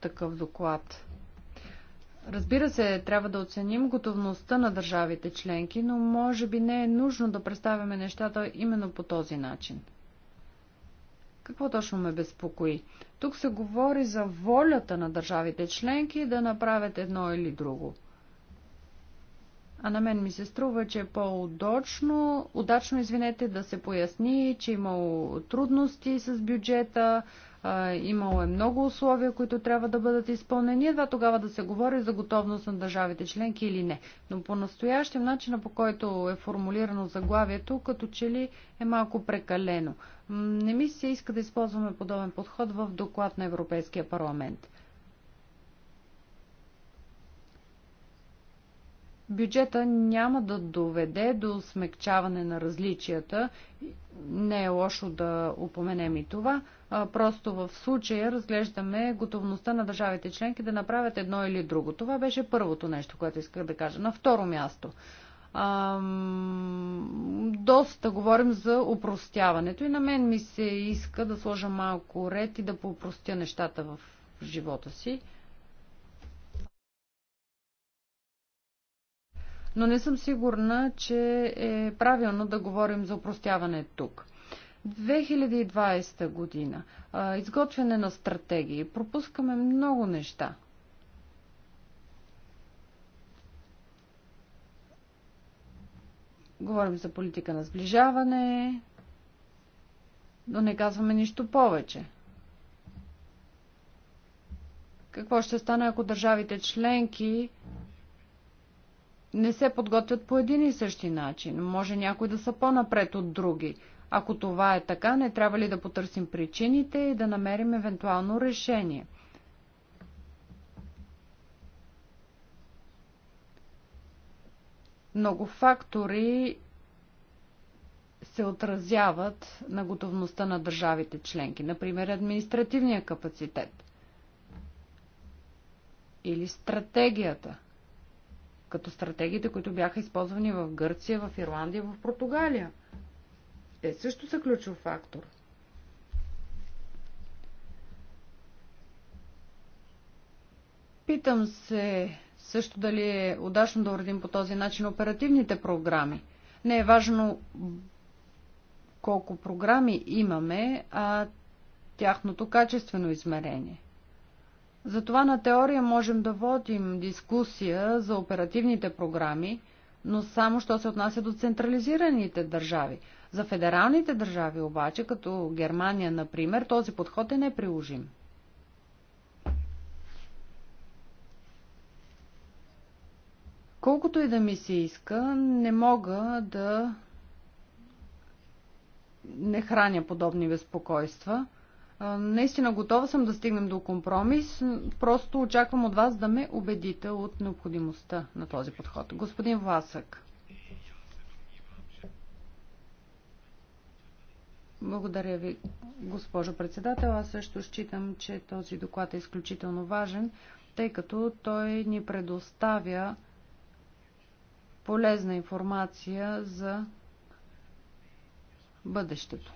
такъв доклад. Разбира се, трябва да оценим готовността на държавите членки, но може би не е нужно да представяме нещата именно по този начин. Какво точно ме безпокои? Тук се говори за волята на държавите членки да направят едно или друго – а на мен ми се струва, че е по-удачно удачно, извинете, да се поясни, че е имало трудности с бюджета, имало е много условия, които трябва да бъдат изпълнени, едва тогава да се говори за готовност на държавите членки или не. Но по настоящем начина, по който е формулирано заглавието, като че ли е малко прекалено. Не ми се иска да използваме подобен подход в доклад на Европейския парламент. бюджета няма да доведе до смекчаване на различията. Не е лошо да упоменем и това. Просто в случая разглеждаме готовността на държавите членки да направят едно или друго. Това беше първото нещо, което исках да кажа. На второ място. Ам, доста говорим за упростяването и на мен ми се иска да сложа малко ред и да поупростя нещата в живота си. но не съм сигурна, че е правилно да говорим за упростяване тук. 2020 година. Изготвяне на стратегии. Пропускаме много неща. Говорим за политика на сближаване, но не казваме нищо повече. Какво ще стане, ако държавите членки не се подготвят по един и същи начин. Може някои да са по-напред от други. Ако това е така, не трябва ли да потърсим причините и да намерим евентуално решение? Много фактори се отразяват на готовността на държавите членки. Например, административния капацитет или стратегията като стратегиите, които бяха използвани в Гърция, в Ирландия, в Португалия. Те също са ключов фактор. Питам се също дали е удачно да уредим по този начин оперативните програми. Не е важно колко програми имаме, а тяхното качествено измерение – затова на теория можем да водим дискусия за оперативните програми, но само що се отнася до централизираните държави. За федералните държави обаче, като Германия, например, този подход е неприложим. Колкото и да ми се иска, не мога да не храня подобни безпокойства – Наистина готова съм да стигнем до компромис. Просто очаквам от вас да ме убедите от необходимостта на този подход. Господин Власък. Благодаря ви, госпожо председател. Аз също считам, че този доклад е изключително важен, тъй като той ни предоставя полезна информация за бъдещето.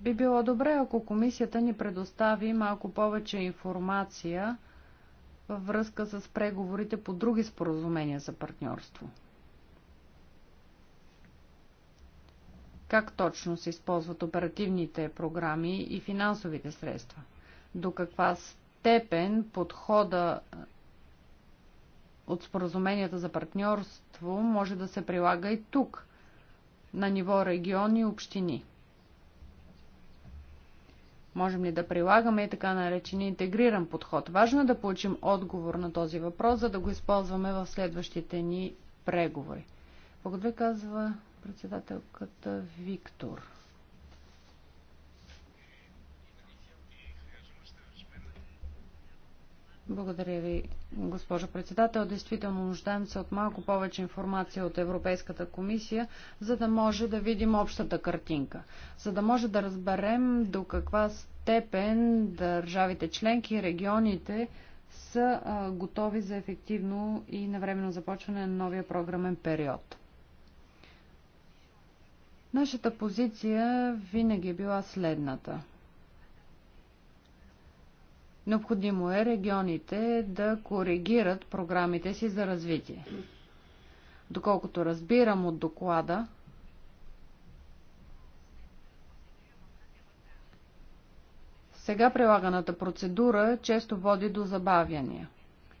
Би било добре, ако комисията ни предостави малко повече информация във връзка с преговорите по други споразумения за партньорство. Как точно се използват оперативните програми и финансовите средства? До каква степен подхода от споразуменията за партньорство може да се прилага и тук, на ниво региони и общини? Можем ли да прилагаме и така наречения интегриран подход? Важно е да получим отговор на този въпрос, за да го използваме в следващите ни преговори. Благодаря, казва председателката Виктор. Благодаря ви, госпожо председател. Действително нуждаем се от малко повече информация от Европейската комисия, за да може да видим общата картинка. За да може да разберем до каква степен държавите членки и регионите са готови за ефективно и навременно започване на новия програмен период. Нашата позиция винаги е била следната – Необходимо е регионите да коригират програмите си за развитие. Доколкото разбирам от доклада, сега прилаганата процедура често води до забавяния.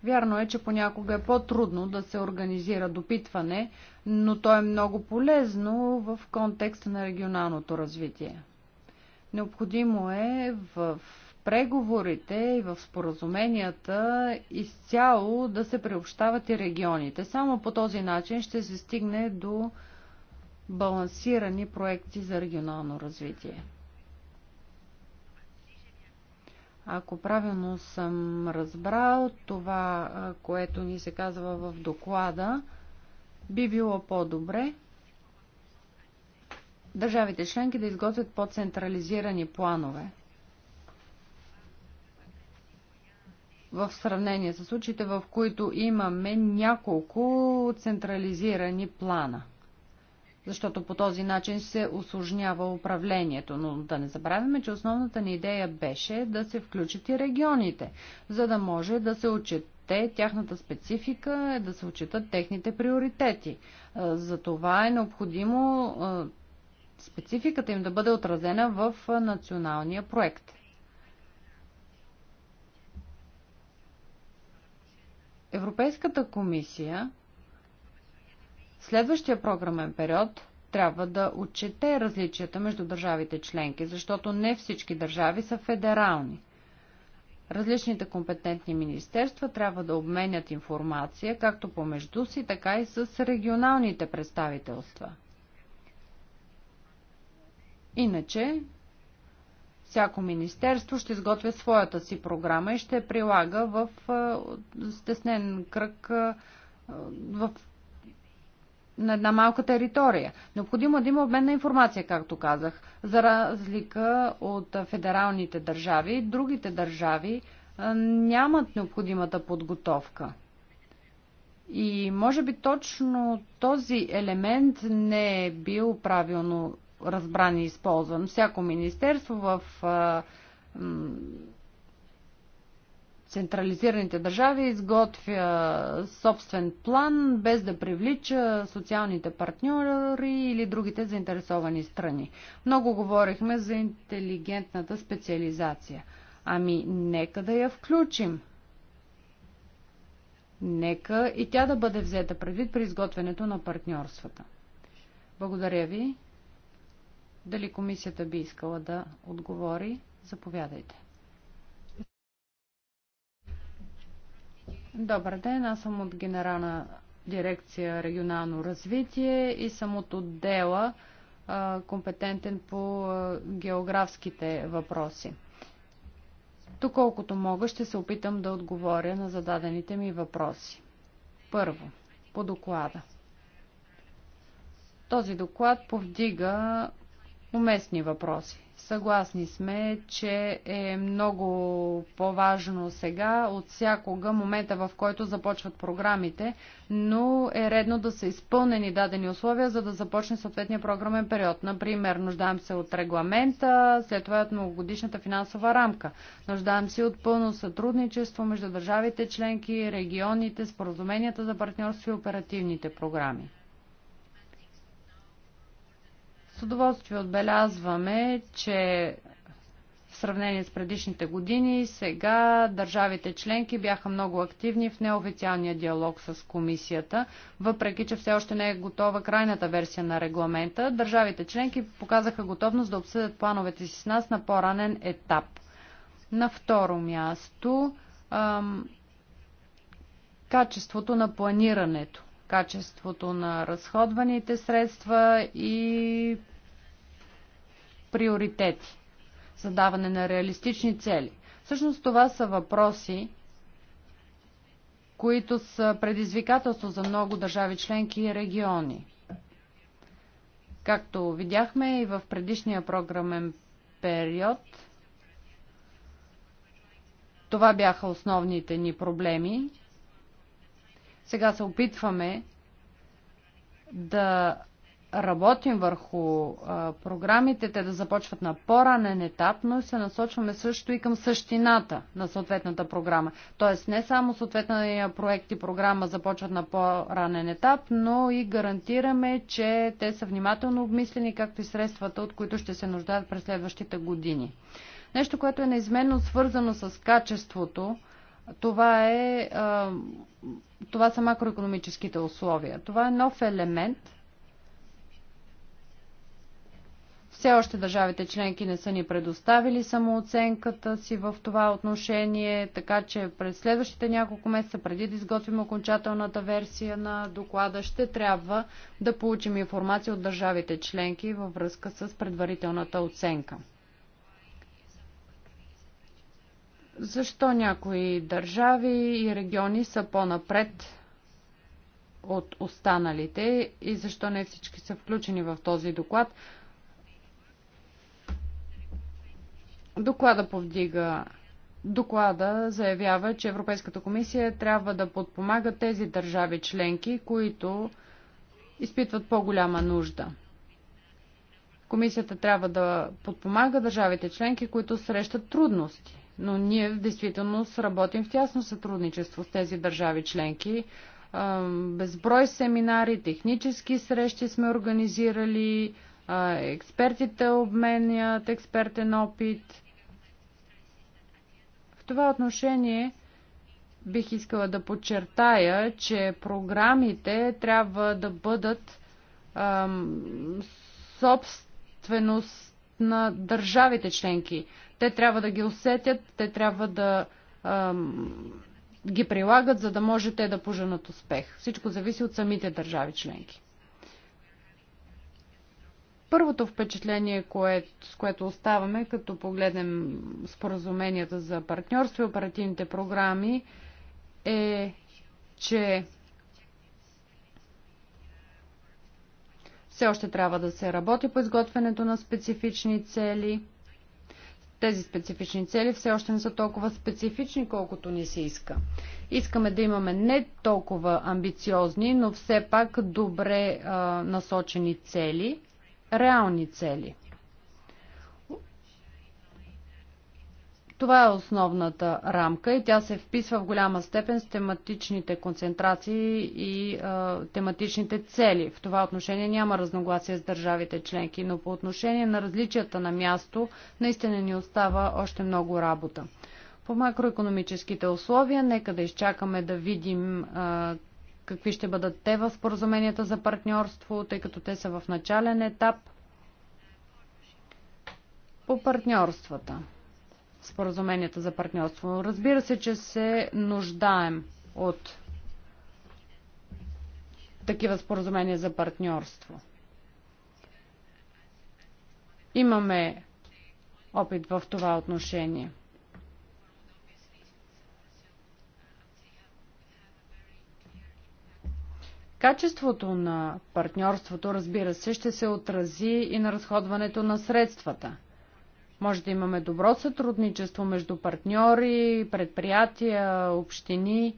Вярно е, че понякога е по-трудно да се организира допитване, но то е много полезно в контекста на регионалното развитие. Необходимо е в преговорите и в споразуменията изцяло да се преобщават и регионите. Само по този начин ще се стигне до балансирани проекти за регионално развитие. Ако правилно съм разбрал това, което ни се казва в доклада, би било по-добре държавите членки да изготвят по-централизирани планове. в сравнение с случаите, в които имаме няколко централизирани плана. Защото по този начин се осложнява управлението. Но да не забравяме, че основната ни идея беше да се включат и регионите, за да може да се отчет те, тяхната специфика е да се отчитат техните приоритети. За това е необходимо спецификата им да бъде отразена в националния проект. Европейската комисия следващия програмен период трябва да отчете различията между държавите членки, защото не всички държави са федерални. Различните компетентни министерства трябва да обменят информация както помежду си, така и с регионалните представителства. Иначе всяко министерство ще изготвя своята си програма и ще прилага в стеснен кръг в на една малка територия. Необходимо е да има обмен на информация, както казах. За разлика от федералните държави, другите държави нямат необходимата подготовка. И може би точно този елемент не е бил правилно разбран и използван. Всяко министерство в централизираните държави изготвя собствен план, без да привлича социалните партньори или другите заинтересовани страни. Много говорихме за интелигентната специализация. Ами, нека да я включим. Нека и тя да бъде взета предвид при изготвянето на партньорствата. Благодаря ви. Дали комисията би искала да отговори? Заповядайте. Добър ден, аз съм от Генерална дирекция регионално развитие и съм от отдела компетентен по географските въпроси. Доколкото мога, ще се опитам да отговоря на зададените ми въпроси. Първо, по доклада. Този доклад повдига уместни въпроси. Съгласни сме, че е много по-важно сега от всякога момента, в който започват програмите, но е редно да са изпълнени дадени условия, за да започне съответния програмен период. Например, нуждаем се от регламента, след това е от многогодишната финансова рамка. Нуждаем се от пълно сътрудничество между държавите членки, регионите, споразуменията за партньорство и оперативните програми удоволствие отбелязваме, че в сравнение с предишните години, сега държавите членки бяха много активни в неофициалния диалог с комисията, въпреки че все още не е готова крайната версия на регламента. Държавите членки показаха готовност да обсъдят плановете си с нас на по-ранен етап. На второ място, ам, качеството на планирането, качеството на разходваните средства и приоритети, задаване на реалистични цели. Всъщност това са въпроси, които са предизвикателство за много държави членки и региони. Както видяхме и в предишния програмен период, това бяха основните ни проблеми. Сега се опитваме да работим върху а, програмите, те да започват на по-ранен етап, но и се насочваме също и към същината на съответната програма. Тоест не само съответния проект и програма започват на по-ранен етап, но и гарантираме, че те са внимателно обмислени, както и средствата, от които ще се нуждаят през следващите години. Нещо, което е неизменно свързано с качеството, това, е, а, това са макроекономическите условия. Това е нов елемент – Все още държавите членки не са ни предоставили самооценката си в това отношение, така че през следващите няколко месеца, преди да изготвим окончателната версия на доклада, ще трябва да получим информация от държавите членки във връзка с предварителната оценка. Защо някои държави и региони са по-напред от останалите и защо не всички са включени в този доклад? Доклада повдига Доклада заявява, че Европейската комисия трябва да подпомага тези държави членки, които изпитват по-голяма нужда. Комисията трябва да подпомага държавите членки, които срещат трудности. Но ние в действителност работим в тясно сътрудничество с тези държави членки. Безброй семинари, технически срещи сме организирали, експертите обменят експертен опит – това отношение бих искала да подчертая, че програмите трябва да бъдат ам, собственост на държавите членки. Те трябва да ги усетят, те трябва да ам, ги прилагат, за да може те да поженат успех. Всичко зависи от самите държави членки първото впечатление, което, с което оставаме, като погледнем споразуменията за партньорство и оперативните програми, е, че все още трябва да се работи по изготвянето на специфични цели. Тези специфични цели все още не са толкова специфични, колкото ни се иска. Искаме да имаме не толкова амбициозни, но все пак добре а, насочени цели – реални цели. Това е основната рамка и тя се вписва в голяма степен с тематичните концентрации и а, тематичните цели. В това отношение няма разногласие с държавите членки, но по отношение на различията на място наистина ни остава още много работа. По макроекономическите условия, нека да изчакаме да видим а, какви ще бъдат те в споразуменията за партньорство, тъй като те са в начален етап. По партньорствата, споразуменията за партньорство. Разбира се, че се нуждаем от такива споразумения за партньорство. Имаме опит в това отношение. Качеството на партньорството, разбира се, ще се отрази и на разходването на средствата. Може да имаме добро сътрудничество между партньори, предприятия, общини.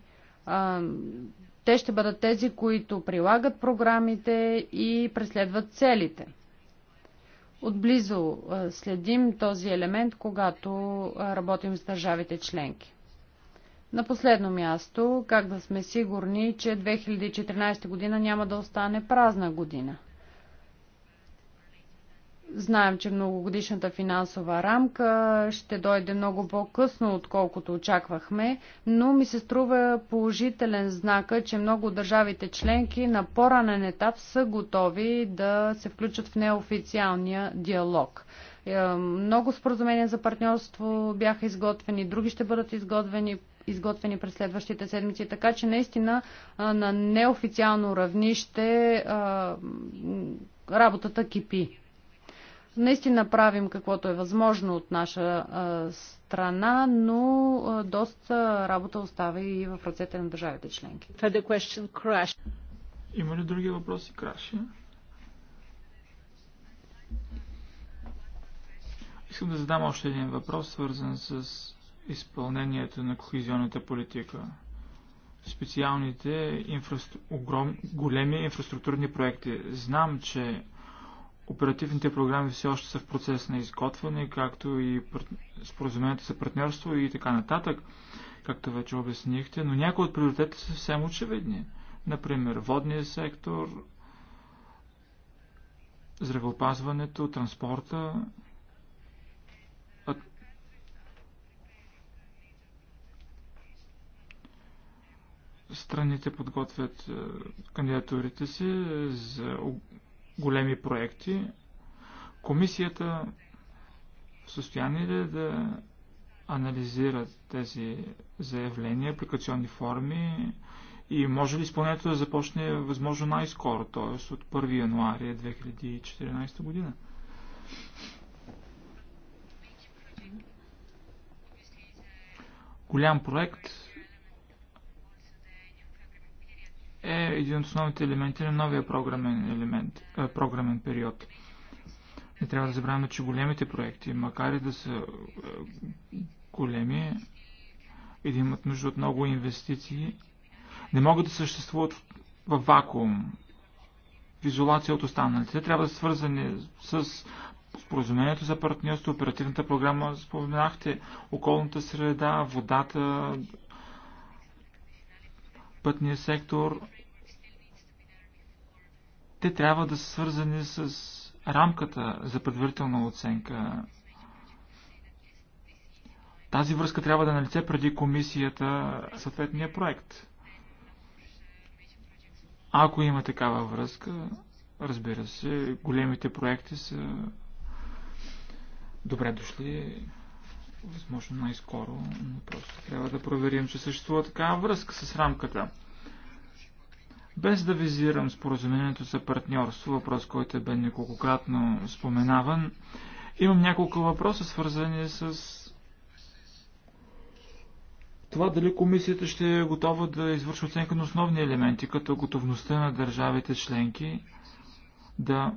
Те ще бъдат тези, които прилагат програмите и преследват целите. Отблизо следим този елемент, когато работим с държавите членки. На последно място, как да сме сигурни, че 2014 година няма да остане празна година? Знаем, че многогодишната финансова рамка ще дойде много по-късно, отколкото очаквахме, но ми се струва положителен знак, че много държавите членки на по-ранен етап са готови да се включат в неофициалния диалог. Е, много споразумения за партньорство бяха изготвени, други ще бъдат изготвени изготвени през следващите седмици. Така че наистина на неофициално равнище работата кипи. Наистина правим каквото е възможно от наша страна, но доста работа остава и в ръцете на държавите членки. Има ли други въпроси, Краши? Искам да задам още един въпрос, свързан с изпълнението на кохезионната политика. Специалните инфраструк... огром... големи инфраструктурни проекти. Знам, че оперативните програми все още са в процес на изготвяне, както и споразумението за партньорство и така нататък, както вече обяснихте, но някои от приоритетите са съвсем очевидни. Например, водния сектор, здравеопазването, транспорта, страните подготвят е, кандидатурите си е, за големи проекти. Комисията в състояние ли е да анализира тези заявления, апликационни форми и може ли изпълнението да започне възможно най-скоро, т.е. от 1 януаря 2014 година? Голям проект – е един от основните елементи на новия програмен, елемент, е, програмен период. Не трябва да забравяме, че големите проекти, макар и да са е, големи и да имат нужда от много инвестиции, не могат да съществуват в вакуум, в изолация от останалите. Те трябва да са свързани с споразумението за партньорство, оперативната програма, споменахте, околната среда, водата, пътния сектор, те трябва да са свързани с рамката за предварителна оценка. Тази връзка трябва да е налице преди комисията съответния проект. Ако има такава връзка, разбира се, големите проекти са добре дошли възможно най-скоро, но просто трябва да проверим, че съществува такава връзка с рамката. Без да визирам споразумението за партньорство, въпрос, който е бе неколкократно споменаван, имам няколко въпроса, свързани с това дали комисията ще е готова да извърши оценка на основни елементи, като готовността на държавите членки да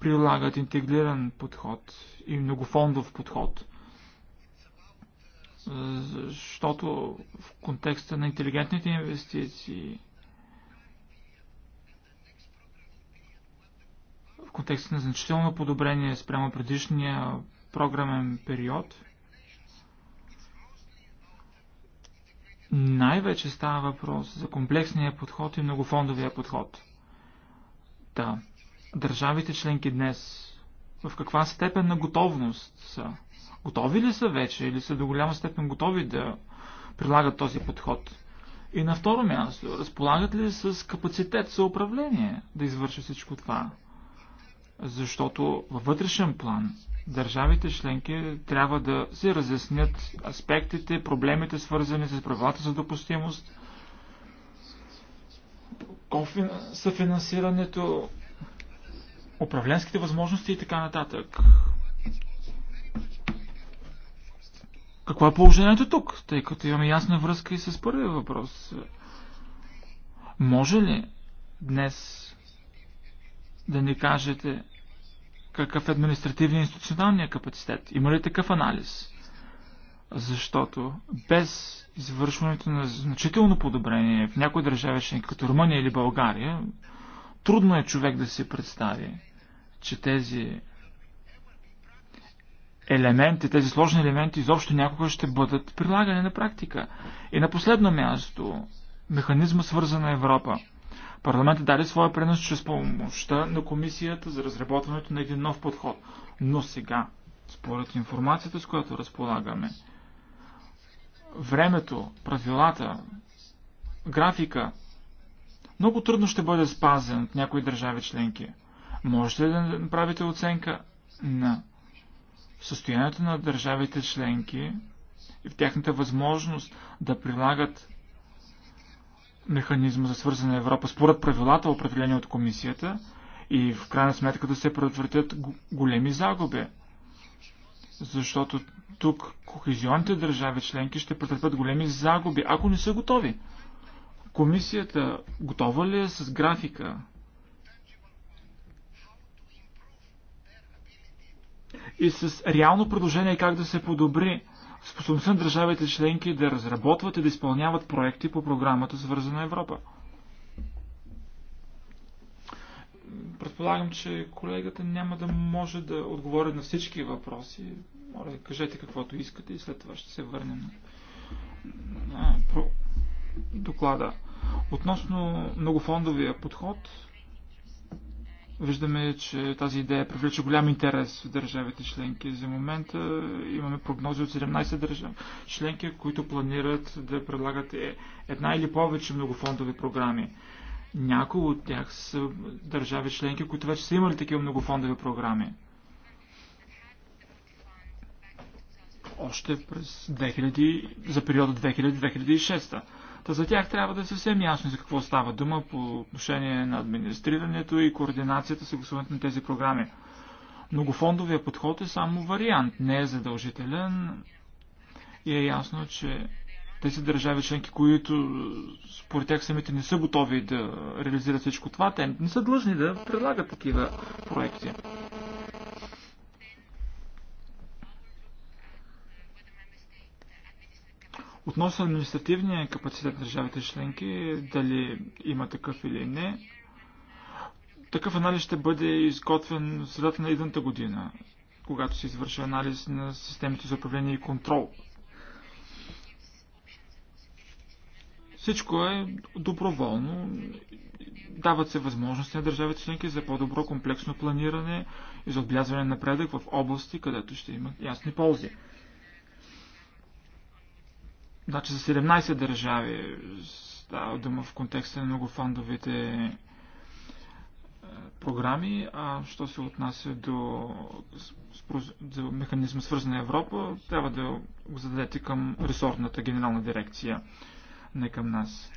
прилагат интегриран подход и многофондов подход. Защото в контекста на интелигентните инвестиции, в контекста на значително подобрение спрямо предишния програмен период, най-вече става въпрос за комплексния подход и многофондовия подход. Да, Държавите членки днес в каква степен на готовност са? Готови ли са вече или са до голяма степен готови да прилагат този подход? И на второ място, разполагат ли с капацитет за управление да извършат всичко това? Защото във вътрешен план държавите членки трябва да се разяснят аспектите, проблемите свързани с правилата за допустимост, съфинансирането, управленските възможности и така нататък. Какво е положението тук? Тъй като имаме ясна връзка и с първия въпрос. Може ли днес да ни кажете какъв е административния и институционалния капацитет? Има ли такъв анализ? Защото без извършването на значително подобрение в някои държави, като Румъния или България, Трудно е човек да си представи, че тези елементи, тези сложни елементи изобщо някога ще бъдат прилагани на практика. И на последно място, механизма свързана Европа. Парламентът даде своя принос чрез помощта на комисията за разработването на един нов подход. Но сега, според информацията, с която разполагаме, времето, правилата, графика, много трудно ще бъде спазен от някои държави членки. Можете ли да направите оценка на състоянието на държавите членки и в тяхната възможност да прилагат механизма за свързана Европа според правилата, определени от комисията, и в крайна сметка да се предотвратят големи загуби. Защото тук кохезионните държави членки ще претърпят големи загуби, ако не са готови. Комисията готова ли е с графика? И с реално предложение как да се подобри способността на държавите членки да разработват и да изпълняват проекти по програмата Свързана Европа. Предполагам, че колегата няма да може да отговори на всички въпроси. Моля, кажете каквото искате и след това ще се върнем на, на про... доклада. Относно многофондовия подход, виждаме, че тази идея привлича голям интерес в държавите членки. За момента имаме прогнози от 17 държави членки, които планират да предлагат е една или повече многофондови програми. Някои от тях са държави членки, които вече са имали такива многофондови програми. Още през 2000, за периода 2000-2006. Та за тях трябва да е съвсем ясно за какво става дума по отношение на администрирането и координацията с гласуването на тези програми. Многофондовия подход е само вариант, не е задължителен и е ясно, че тези държави членки, които според тях самите не са готови да реализират всичко това, те не са длъжни да предлагат такива проекти. Относно административния капацитет на държавите членки, дали има такъв или не, такъв анализ ще бъде изготвен в средата на едната година, когато се извърши анализ на системите за управление и контрол. Всичко е доброволно. Дават се възможности на държавите членки за по-добро комплексно планиране и за отблязване на напредък в области, където ще има ясни ползи. Значи за 17 държави става дума в контекста на много фондовите е, програми, а що се отнася до, до механизма свързана Европа, трябва да го зададете към ресортната генерална дирекция, не към нас.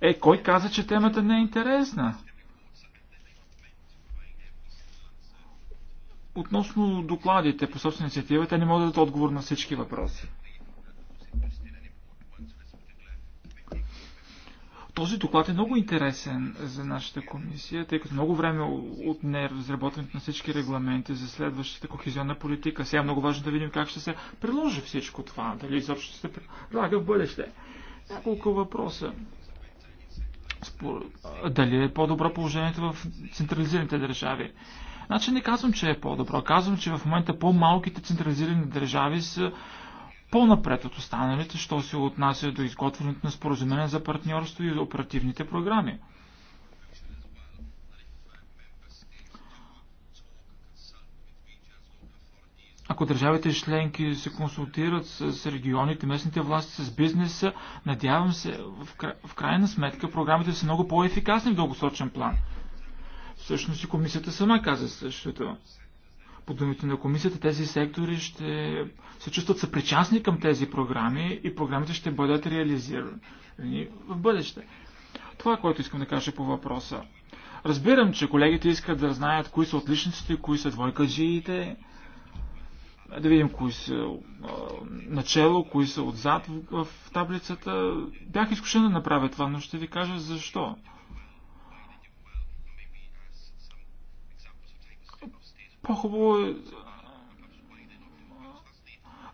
Е, кой каза, че темата не е интересна? Относно докладите по собствена инициатива, те не могат да дадат отговор на всички въпроси. Този доклад е много интересен за нашата комисия, тъй като много време от не е разработването на всички регламенти за следващата кохезионна политика. Сега е много важно да видим как ще се приложи всичко това, дали изобщо ще се прилага в бъдеще. Няколко въпроса. Спор... Дали е по-добро положението в централизираните държави? Значи не казвам, че е по-добро. Казвам, че в момента по-малките централизирани държави са по-напред от останалите, що се отнася до изготвянето на споразумение за партньорство и за оперативните програми. Ако държавите членки се консултират с регионите, местните власти, с бизнеса, надявам се, в, в крайна сметка, програмите са много по-ефикасни в дългосрочен план. Всъщност и комисията сама каза същото. По думите на комисията, тези сектори ще се чувстват съпричастни към тези програми и програмите ще бъдат реализирани в бъдеще. Това е което искам да кажа по въпроса. Разбирам, че колегите искат да знаят кои са отличниците, кои са двойка жиите, да видим кои са а, начало, кои са отзад в, в таблицата. Бях изкушен да направя това, но ще ви кажа защо. По-хубаво е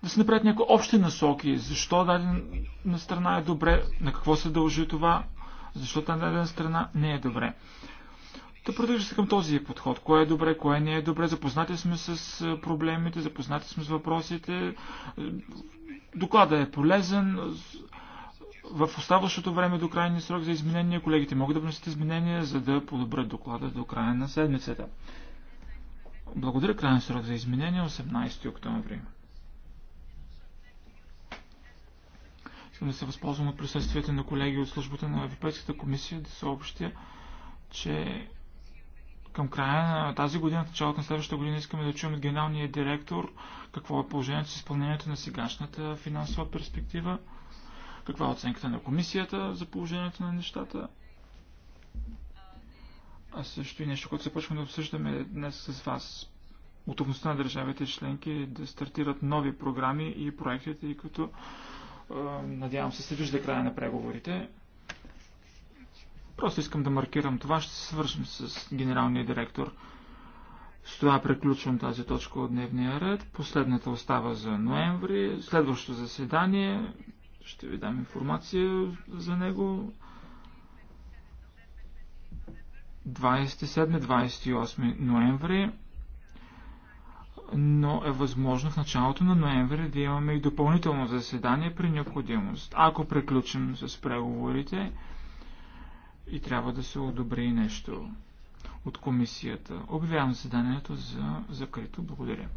да се направят някои общи насоки. Защо дадена страна е добре, на какво се дължи това, защо дадена страна не е добре. Да продължи се към този подход. Кое е добре, кое не е добре. Запознати сме с проблемите, запознати сме с въпросите. Доклада е полезен. В оставащото време до крайния срок за изменения колегите могат да внесат изменения, за да подобрят доклада до края на седмицата. Благодаря крайен срок за изменение 18 е октомври. Искам да се възползвам от присъствието на колеги от службата на Европейската комисия да съобщя, че към края на тази година, в началото на следващата година, искаме да чуем от генералния директор какво е положението с изпълнението на сегашната финансова перспектива, каква е оценката на комисията за положението на нещата а също и нещо, което започваме да обсъждаме днес с вас. Готовността на държавите членки да стартират нови програми и проекти, тъй като надявам се се вижда края на преговорите. Просто искам да маркирам това. Ще се свършим с генералния директор. С това приключвам тази точка от дневния ред. Последната остава за ноември. Следващото заседание ще ви дам информация за него. 27-28 ноември, но е възможно в началото на ноември да имаме и допълнително заседание при необходимост. Ако приключим с преговорите и трябва да се одобри нещо от комисията. Обявявам заседанието за закрито. Благодаря.